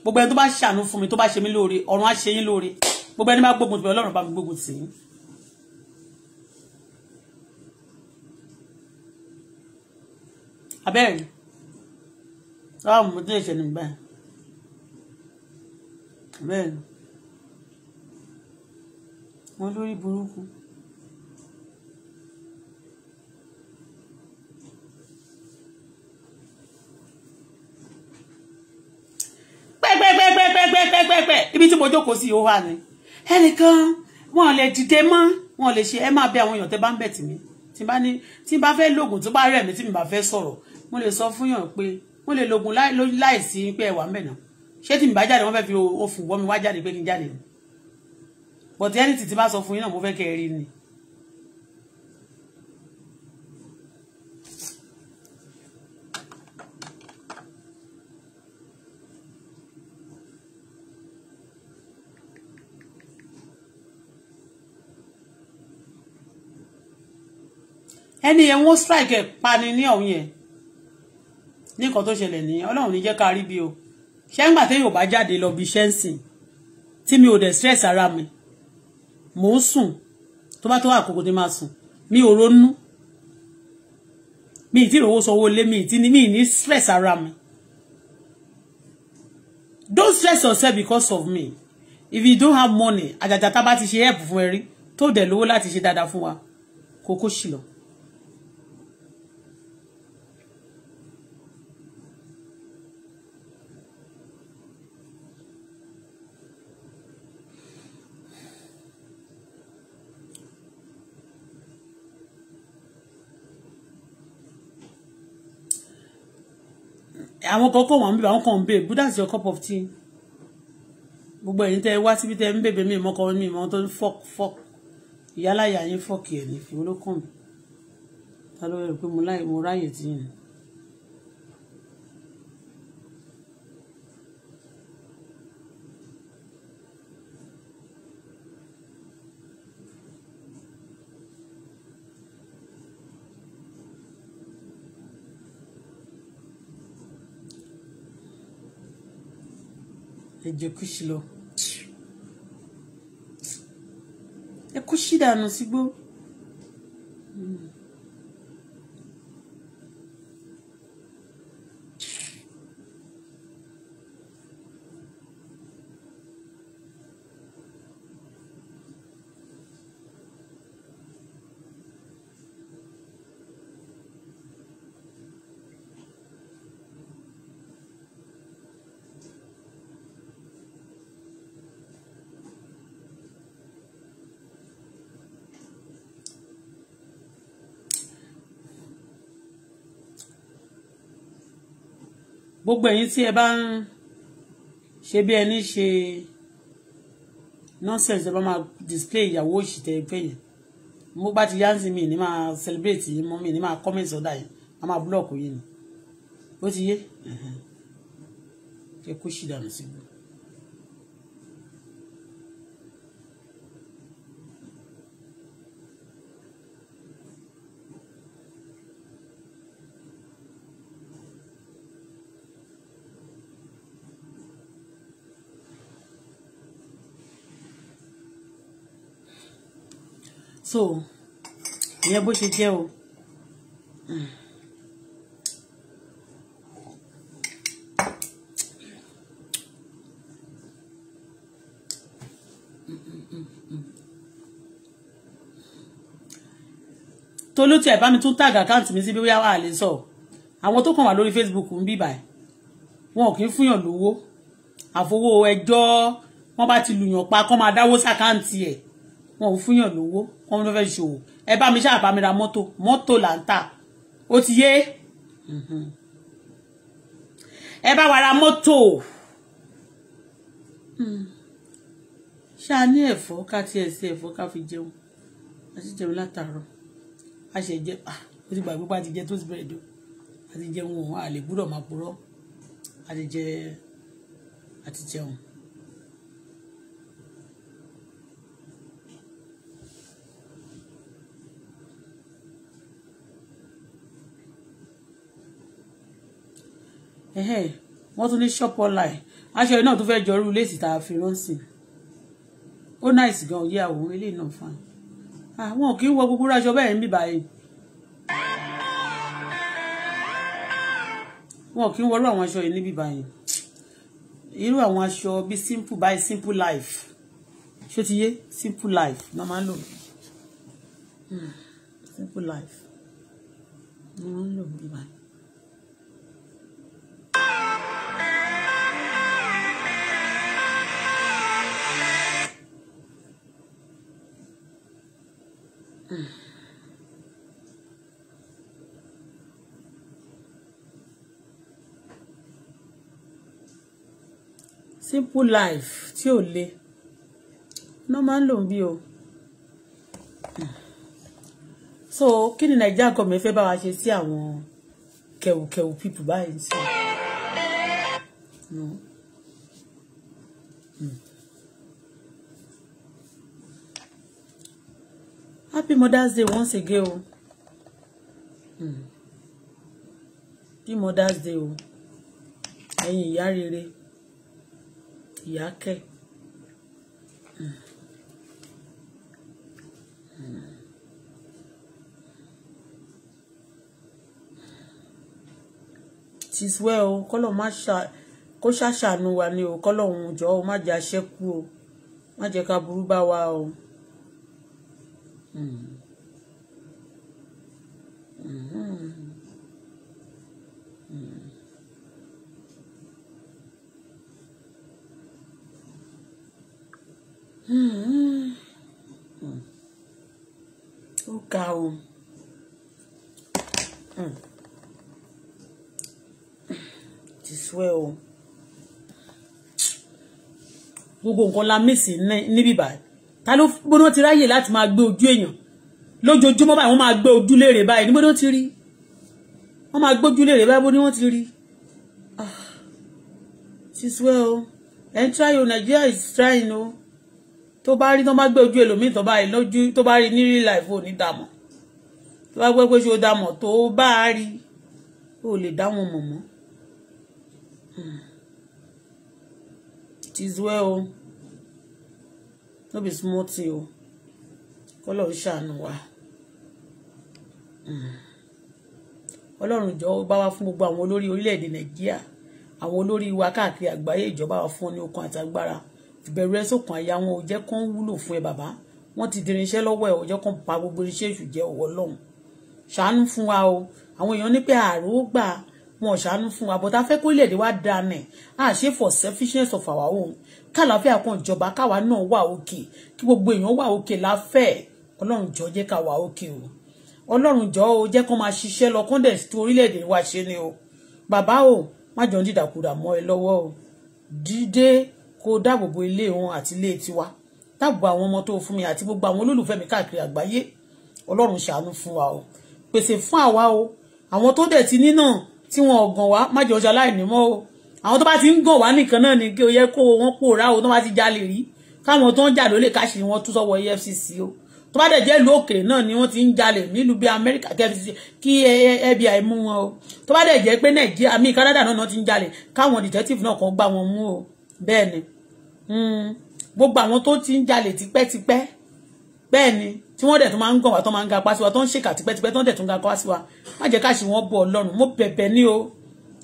B: gbogbo ẹni tó bá ṣàánú fún mi tó bá ṣe mí lóore ọ̀run á ṣe yín lóore gbogbo ẹni bá gbógun tì mí ọlọ́run bá mi gbógun tì yín. abẹ́rẹ́ ọ̀rọ̀ mo tún lè ṣe nígbà abẹ́rẹ́ mo lórí burúkú. pẹ́pẹ́pẹ́pẹ́pẹ́pẹ́pẹ́pẹ́ ibi tí mo jókòó sí ó wà ní ẹnìkan wọn lè dìde mọ́ wọn lè ṣe ẹ máa bẹ àwọn èèyàn tẹ́ bá ń bẹ̀ tì mí tí bá ní tí bá fẹ́ lògùn tó bá rẹ̀ mí tí mi bá fẹ́ sọ̀rọ̀ mo lè sọ fún yàn pé mo lè lògùn láìsí pé ẹ̀wà ń bẹ̀ náà ṣé tí mi bá jáde wọ́n fẹ́ fi òfin wọ́ mi wá jáde pé kí n jáde ni but anything tí bá sọ fún yín náà mo fẹ́ kẹ́ ẹ rí ni ẹni yẹn wọ́n strike ẹ̀ pani ní ọ̀hún yẹn ní nǹkan tó ṣẹlẹ̀ nìyẹn ọlọ́run ní jẹ́ ká rí bí o ṣé ń gbà tí yóò bá jáde lọ bí iṣẹ́ ń sìn tí mi ò dẹ̀ stress ara mi mò ń sùn tó bá tó àkókò tí máa sùn mi ò ronú mi ì tí ìrówó sanwó lé mi ì tí mi ní stress ara mi don't stress yourself because of me if you don't have money àjàjà tá a bá ti ṣe help fún ẹ rí tó dẹ̀ lówó láti ṣe dáadáa fún wa kókó ṣìlọ. àwọn kan kò wọ́n bíbá àwọn kan ń bèbú that's your cup of tea gbogbo ẹ̀yin tẹ́ wá síbi tẹ́ ń bèbè mí ìmọ̀ kan ní ìmọ̀ tó ń fọ́k fọ́k ìyálàyà yín fọ́ọ̀kì ẹ̀ ní fi olókùn mi ta ló rẹ̀ pé mo láì mo ráyè tí yìí ẹjẹkúṣi lọ ẹkúṣi dànù sígbó. Mm. gbogbo ẹ̀yin tí ẹ bá ń ṣe bí ẹni ṣe nonsense ẹ bá máa display ìyàwó òṣìṣẹ́ ẹgbẹ́ yẹn mo bá ti yá sí mi ní máa celebrate yín mọ́ mi ní máa comment ọ̀dà yẹn a máa block yín ni ó ti yé ẹ kó ṣì dànù síbi. so ìyẹn bó ṣe jẹ́ o. tolú tí ẹ bá mi tún tag àkáǹtì mi sí bí wíyá wà lè sọ àwọn tó kàn wá lórí Facebook ń bíbà wọn kì í fúnyàn lówó àfowó ẹjọ́ wọn bá ti lùyàn pa kọ́ máa dáwó sàkáǹtì ẹ̀ wọn ò fúnyàn lówó wọn ló fẹ́ ṣòwò ẹ bá mi ṣáà bá mi ra mọ́tò mọ́tò là ń tà ó ti yé mhm. ẹ bá wa ra mọ́tò hmm. ṣáà ní ẹ̀fọ́ ká tiẹ̀ sí ẹ̀fọ́ ká fi jẹun àti jẹun látàárọ̀ a ṣe jẹ ah, ó ti gbàgbé pa ti jẹ tó ti bẹ̀rẹ̀ dùn àti jẹun òun àlè gbúdọ̀ máa purọ́ àti jẹ àti jẹun. wọ́n tún ní shop online aṣọ yìí náà tún fẹ́ẹ́ jọrú léèsì tá a fi ránṣì ó náìsì gan òye àwòrán eléyìí náà fún wa àwọn ò kí ń wọ gbogbo aṣọ bẹ́ẹ̀ ń bì báyìí wọn ò kí ń wọrú àwọn aṣọ yìí níbì báyìí irú àwọn aṣọ bíi simple by simple life ṣé ti yé simple life náà máa ń lò hmm, simple life ni wọ́n ń lò níbì báyìí. simple life tí ò le náà máa ń lò bí o so kí ni nàìjíríà gọọmẹ̀ntì fẹ́ bá wa ṣe sí àwọn kẹ̀wùkẹ̀wù pípù báyìí sí i. happy mother's day once again o hmm. happy mother's day o ẹ̀yin ìyá rere ìyá kẹ́ hmm. hmm. well o kọ́lọ̀ má ṣá kó ṣàṣàánú wa ni o kọ́lọ̀ òun jọ o má jẹ́ àṣẹ́kù o má jẹ́ ká burú bá wa o.
A: Mm. Mm-hmm. Mm.
B: Mm-hmm. Mm. Ó ga o. Ti swear o. Gbogbo nǹkan la mí sí níbí báyìí ta ló gbóná ti ráyè láti máa gbé ojú èèyàn lójoojúmọ́ báyìí wọ́n máa gbé ojú léèrè báyìí níbo ni wọ́n ti rí wọ́n máa gbójú léèrè báyìí bó ni wọ́n ti rí ah tis well ẹ̀ ń try o Nigeria is trying o tó bá rí tó bá gbé ojú ẹlòmíì tó bá rí lójú tó bá rí ní real life ò ní dààmú tó bá gbé pé ṣe ó dààmú tó bá rí ó lè dá wọn mọ̀ hmm. well o no be small thing o kọ́lọ̀ ń ṣàánú wa hmm. ọlọ́run jọ bá wa fún gbogbo àwọn olórí orílẹ̀-èdè nàìjíríà àwọn olórí wa káàkiri àgbáyé ìjọba wa fún ọ ní okun àti agbára ìbẹ̀rù ẹ sókun àyà wọn ò jẹ́ kán wúlò fún ẹ bàbá wọ́n ti dirin iṣẹ́ lọ́wọ́ ẹ ò jẹ́ kán pa gbogbo iṣẹ́ èṣù jẹ́ ọ̀wọ́ ọlọ́run ṣàánú fún wa o àwọn èèyàn ní pé ààrò gbà wọn ò ṣàánú fún wa bọ́tà fẹ́ kó ilẹ̀ èdè wa dáa nẹ̀ àṣẹ for selfishness of our own kàlàáfíà kan jọba káwa náà wà òkè kí gbogbo èèyàn wà òkè láfẹ́ ọlọ́run jọ jẹ́ ká wà òkè o ọlọ́run jọ o jẹ́ kó máa ṣiṣẹ́ lọ kọ́ńdẹ̀ tó orílẹ̀-èdè wa ṣe ni o bàbá o má jọ ń dìdàkudà mọ́ ẹ lọ́wọ́ o dídé kó dáàbòbò ilé wọn àti ilé tiwa dáàbò àwọn ọmọ tó fún mi àti gbogbo àwọn olólùfẹ́ mi káàkiri àgbáyé ọlọ́run ṣàánú fún wa o pèsè fún àwa o àwọn tó dẹ̀ ti ní náà tí wọn ọ̀gàn wa má jọ ṣaláìní mọ́ o àwọn tó bá ti ń gàn wá nìkan náà ni kí o yẹ kó wọn pòórá o tó bá ti jalè rí káwọn tó ń jà lólè káṣí wọn tún sọ́wọ́ EFCC o tó bá dẹ̀ jẹ́ ìlú òkèèrè náà ni wọ́n ti ń jalè nílùú bí amẹ́ríkà kí e FBI e, e, mú wọn o tó bá dẹ̀ jẹ́ pé nàìjíríà àmì Canada náà ti ń jalè káwọn detective náà kan gbá wọn mú o bẹ́ẹ̀ ni hmm. gbogbo àwọn tó ti ń jalè tipẹ́tipẹ́ bẹ́ẹ̀ ni tí wọ́n dẹ̀ tún máa ń gàn wá tó máa ń ga pa sí wa tó ń ṣèkà tipẹ́tipẹ́ tó ń dẹ̀ tún ga pa sí wa má jẹ́ káṣí wọn bọ̀ ọlọ́run mo bẹ̀bẹ̀ ní o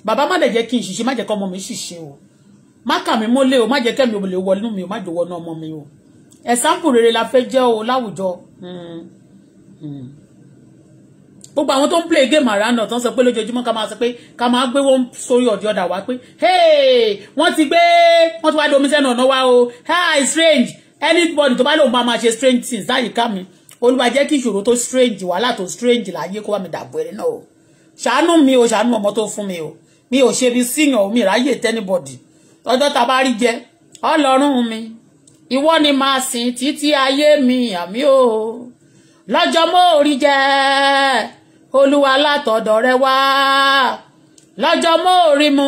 B: bàbá má lè jẹ́ kí n ṣìṣe má jẹ́ kọ́ ọmọ mi ṣìṣe o má kà mí mọ́lé o má jẹ́ kẹ́mi òbí lè wọnú mi o má jò wọnú ọmọ mi o ẹ̀sánpù rere la fẹ́ jẹ́ o láwùjọ
A: hmm. Hmm.
B: gbogbo àwọn tó ń play game around náà tó ń sọ pé lójoojúmọ́ ká máa sọ pé ká máa gbé wọn sórí ọ̀dí ọ̀dà wá pé hey wọ́n ti gbé wọ́n ti wá domi sẹ́nu ọ̀nà wa o hi strange anybody tó bá lóun máa máa ṣe strange things láyìíká mi olúwa jẹ́ kí ìṣòro tó strange wàhálà tó strange láyé kó wá mi dàbọ̀ ẹ̀rẹ́ náà o ṣàánú mi o ṣàánú ọmọ tó fún mi o mi ò ṣe bí síyàn omi ráyè tẹ́nibọ̀dì ọjọ́ ta bá rí jẹ ọlọ́run mi ìwọ ni màá sìn títí ayé mi àmì o lọ́jọ́ mo rí jẹ olúwa látọ̀dọ̀ rẹ wá lọ́jọ́ mo mu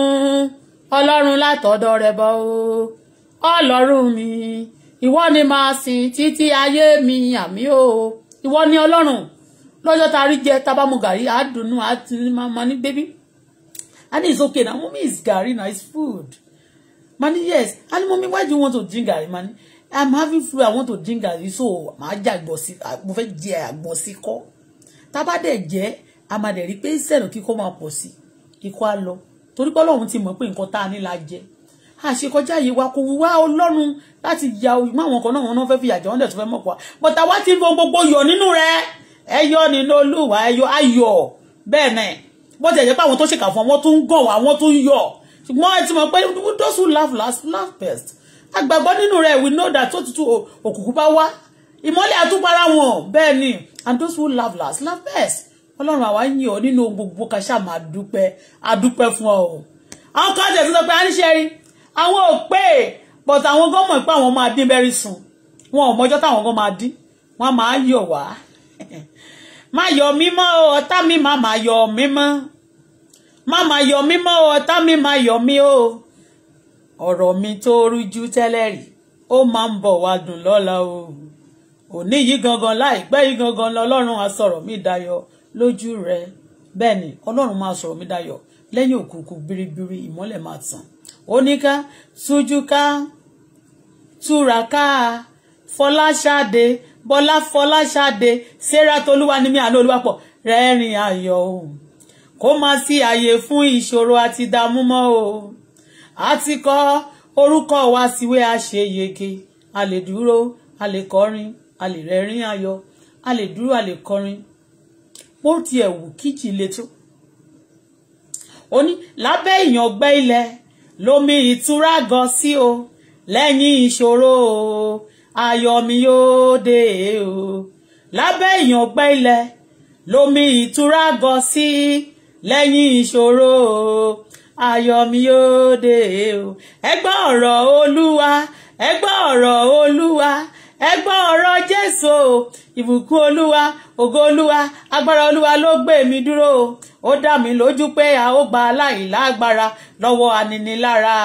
B: ọlọ́run látọ̀dọ̀ rẹ bọ̀ o ọlọ́run mi ìwọ ni màá sìn títí ayé mi àmì o ìwọ ni ọlọ́run lọ́jọ́ ta rí jẹ tábàmù gàrí àdùnnú àti màmá ní bébí. And it's okay now. Mommy is gari now. It's food. Money, yes. And mommy, why do you want to drink gari, money? I'm having flu. I want to drink gari. So, my jack bossy. mo fẹ́ jẹ àgbọ̀nsí kọ́. Tá a bá dẹ̀ jẹ, a máa dẹ̀ rí pé sẹ́nu kíkọ́ máa pọ̀ sí. Ikọ́ á lọ. Torí pé Ọlọ́run ti mọ̀ pé nǹkan tá a ní la jẹ. Àṣekọjá yìí wa kò wá Ọlọ́run láti ya ìmọ̀ àwọn kan náà wọn náà fẹ́ fi àjọ wọn dẹ̀ tó fẹ́ mọ̀ pa. Bọ̀tà wá ti ń gbogbo yọ̀ nínú rẹ̀. Ẹyọ nínú Olúwa, ẹyọ ayọ̀. Bẹ́ẹ̀ náà bó ti ẹ̀ jẹ́ pé àwọn tó ṣèkà fún wọn tó ń gọ̀ àwọn tó ń yọ̀ ṣùgbọ́n ẹ ti mọ̀ pé those who laugh last laugh best agbàgbọ́ nínú rẹ̀ we know that tó tutù òkùnkùn bá wá ìmọ́lẹ̀ àtúpara wọn bẹ́ẹ̀ ni and those who laugh last laugh best ọlọ́run àwa ń yìn ọ́ nínú gbogbo kàṣà máa dúpẹ́ adúpẹ́ fún ọ o àwọn kan tẹ̀sí sọ pé à ń ṣe rí àwọn ò pé but àwọn gan mọ̀ pé àwọn máa dín bẹ́rí sùn wọn ò mọjọ́ táwọn gan máa dín wọn máa yọ̀ wá má yọ mí o ọ̀tá mi má má yọ mí mọ́ má má yọ mí mọ́ o ọ̀tá mi má yọ mí o ọ̀rọ̀ mi tó rújú tẹ́lẹ̀ rí ó máa ń bọ̀ wá dùn lọ́la o òní yìí gangan láìpẹ́ yìí gangan lọ́lọ́run á sọ̀rọ̀ mi dayọ̀ lójú rẹ bẹ́ẹ̀ ni ọlọ́run máa sọ̀rọ̀ mi dayọ̀ lẹ́yìn òkùnkùn biribiri ìmọ́lẹ̀ máa tàn ó ní ká tújú ká túraká bọ́lá fọláṣadé sarah tolúwanimi àná olúwapọ̀ rẹ́rìn ayọ̀ o kó má sí àyè fún ìṣòro àti ìdààmú mọ́ o a ti kọ orúkọ wa síwé àṣeyege a lè dúró a lè kọrin a lè rẹ́rìn ayọ̀ a lè dúró a lè kọrin bó tiẹ̀ wù kíjì le tó ó ní lábẹ́ ìyàngbẹ́ ilẹ̀ lomi ìtura gọ sí o lẹ́yìn ìṣòro o ayọ̀ mi yóò dé o lábẹ́ ìyànpẹ́ ilẹ̀ lomi ìtura gọ sí lẹ́yìn ìṣòro ayọ̀ mi yóò dé o ẹ gbọ́ ọ̀rọ̀ olúwa ẹ gbọ́ ọ̀rọ̀ olúwa ẹ gbọ́ ọ̀rọ̀ jésù o ìbùkún olúwa ògo olúwa agbára olúwa ló gbé mi dúró o ó dá mi lójú pé a ó gba aláìlágbára lọ́wọ́ aninilára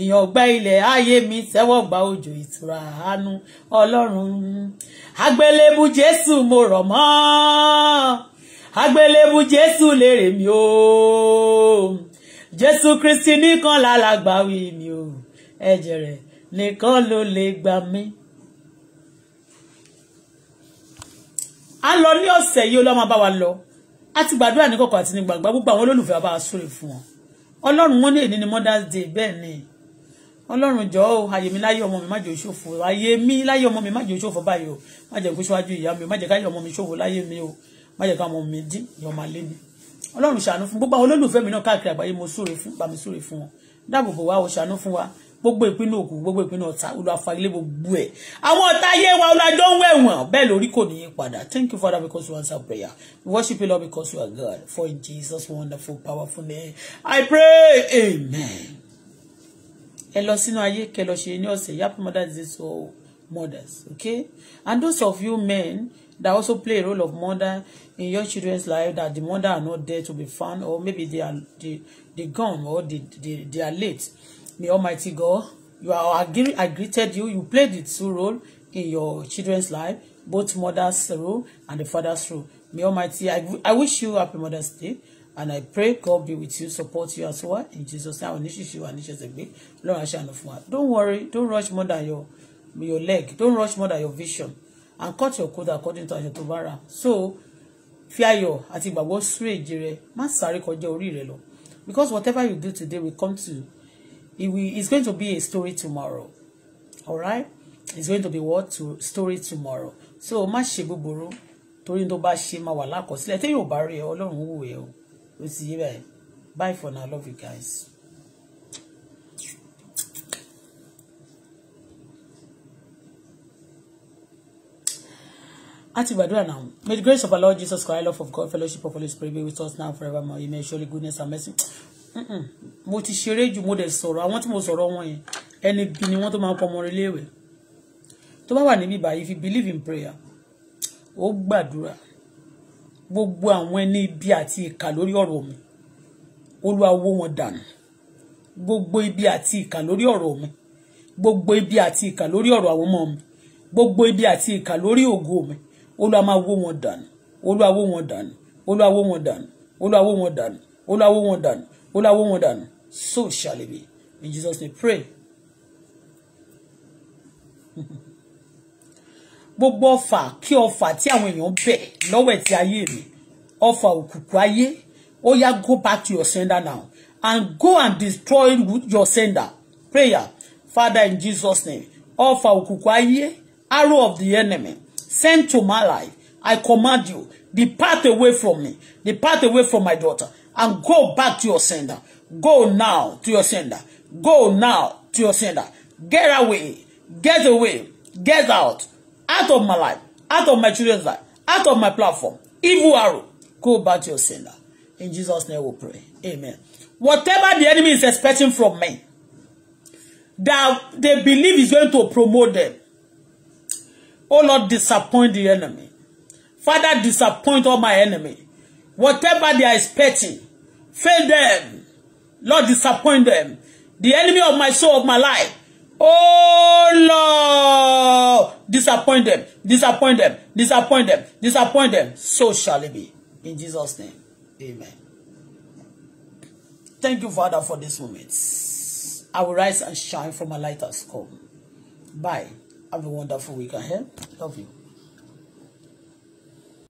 B: ìyàngbẹ ilẹ̀ ayé mi tẹ́wọ́ gba òjò ìtura àánú ọlọ́run agbélébu jésù mo rọ̀ mọ́ agbélébu jésù lèrè mi o jésù kristi nìkan lálàgbà wí mi o ẹ̀jẹ̀ rẹ̀ nìkan ló lè gbà mí. a lọ ní ọ̀sẹ̀ yìí Ọlọ́run bá wa lọ a ti gbàdúrà ní kọ̀kọ̀ àti ní gbàgbà gbogbo àwọn olólùfẹ́ bá a súre fún wọn Ọlọ́run wọn ní èdè ní Mother's Day bẹ́ẹ̀ ni Ọlọ́run jọ̀ọ́ o ayé mi láyé ọmọ mi má jẹ́ òṣòfò ayé mi láyé ọmọ mi má jẹ́ òṣòfò báyìí o má jẹ́ kó síwájú ìyá mi má jẹ́ káyé ọmọ mi ṣòfò láyé mi o má jẹ́ káwọn ọmọ mi dín ìyọ̀mà lé mi Ọlọ́run ṣàánú fún gbogbo àwọn olólùfẹ́ mi náà káàkiri àgbáyé mo súre fún bá mi súre fún wọn dáàbòbò wa o ṣàánú fún wa gbogbo ìpinnu òkú gbogbo ìpinnu ọ̀tá olùwàfàgilé gbogbo ẹ̀ àwọn ọ̀tá ayé wa olùwàjọ ń wẹ̀wọ̀n bẹ́ẹ̀ lórí kò ní í padà thank you father because you answer prayer we worship you lord because you are God for in Jesus wonderful powerful name I pray amen. ẹ lọ sínú ayé kẹ lọ ṣe ní ọ̀sẹ̀ yap mothers is for mothers okay and those of you men that also play a role of mother in your children's life that the mother are not there to be found or maybe they are they, they gone or they, they, they are late. May Almighty God, you are I, I greeted you. You played the two role in your children's life, both mother's role and the father's role. May Almighty, I, I wish you happy Mother's Day. And I pray God be with you, support you as well. In Jesus' name, oníṣìṣì oníṣẹ́sẹ̀gbé lọ́run aṣáánu fún wa. Don't worry, don't rush more than your your leg, don't rush more than your vision and cut your coat according to aṣọ tó So fi ayọ̀ àti ìgbàgbọ́ súré ìjì rẹ má sáré kọjá orí because whatever you do today will come to you It will, it's going to be a story tomorrow. All right? It's going to be what? To, story tomorrow. So, má ṣe búburú. Torí tó bá ṣe máa wà lákọsílẹ̀. Tẹ́yìn ò bá rí ẹ, Ọlọ́run wò ẹ́ o. ti yé Bye for now. Love you guys. Ati gbàdúrà now. May the grace of our Lord Jesus Christ, love of God, fellowship of Holy Spirit be with us now forevermore. You may surely goodness and mercy mo ti ṣeré jù mo dẹ̀ sọ̀rọ̀ àwọn tí mo sọ̀rọ̀ wọn yẹn ẹni bí ni wọ́n tó máa ń pọmọ reléèwé tó bá wà níbí báyìí if you believe in prayer ó gbàdúrà gbogbo àwọn ẹni ibi àti ìkà lórí ọ̀rọ̀ mi Olúwa wó wọn dànù gbogbo ibi àti ìkà lórí ọ̀rọ̀ mi gbogbo ibi àti ìkà lórí ọ̀rọ̀ àwọn ọmọ mi gbogbo ibi àti ìkà lórí ògo mi Olúwa máa wó wọn dànù Olúwa wó wọn dànù Olúwa wó wọn dànù Olúwa wó wọn dànù Olúwa wọn dànù ó láwó wọn dànù so shall it be in Jesus name pray. gbogbo ọfà kí ọfà tí àwọn èèyàn bẹ̀ lọ́wọ́ ti ayé mi ọfà òkùnkùn ayé ó yá go back to your sender now and go and destroy your sender prayer father in Jesus name ọfà òkùnkùn ayé arrow of the enemy sent to my life I command you depart away from me depart away from my daughter and go back to your sender. Go now to your sender. Go now to your sender. Get away. Get away. Get out. Out of my life. Out of my children's life. Out of my platform. Evil arrow. Go back to your sender. In Jesus' name we pray. Amen. Whatever the enemy is expecting from me, that they believe is going to promote them. Oh Lord, disappoint the enemy. Father, disappoint all my enemies. Whatever they are expecting, fail them. Lord, disappoint them. The enemy of my soul, of my life. Oh, Lord, disappoint them, disappoint them, disappoint them, disappoint them. So shall it be. In Jesus' name, amen. Thank you, Father, for this moment. I will rise and shine for my light has come. Bye. Have a wonderful week ahead. Love you.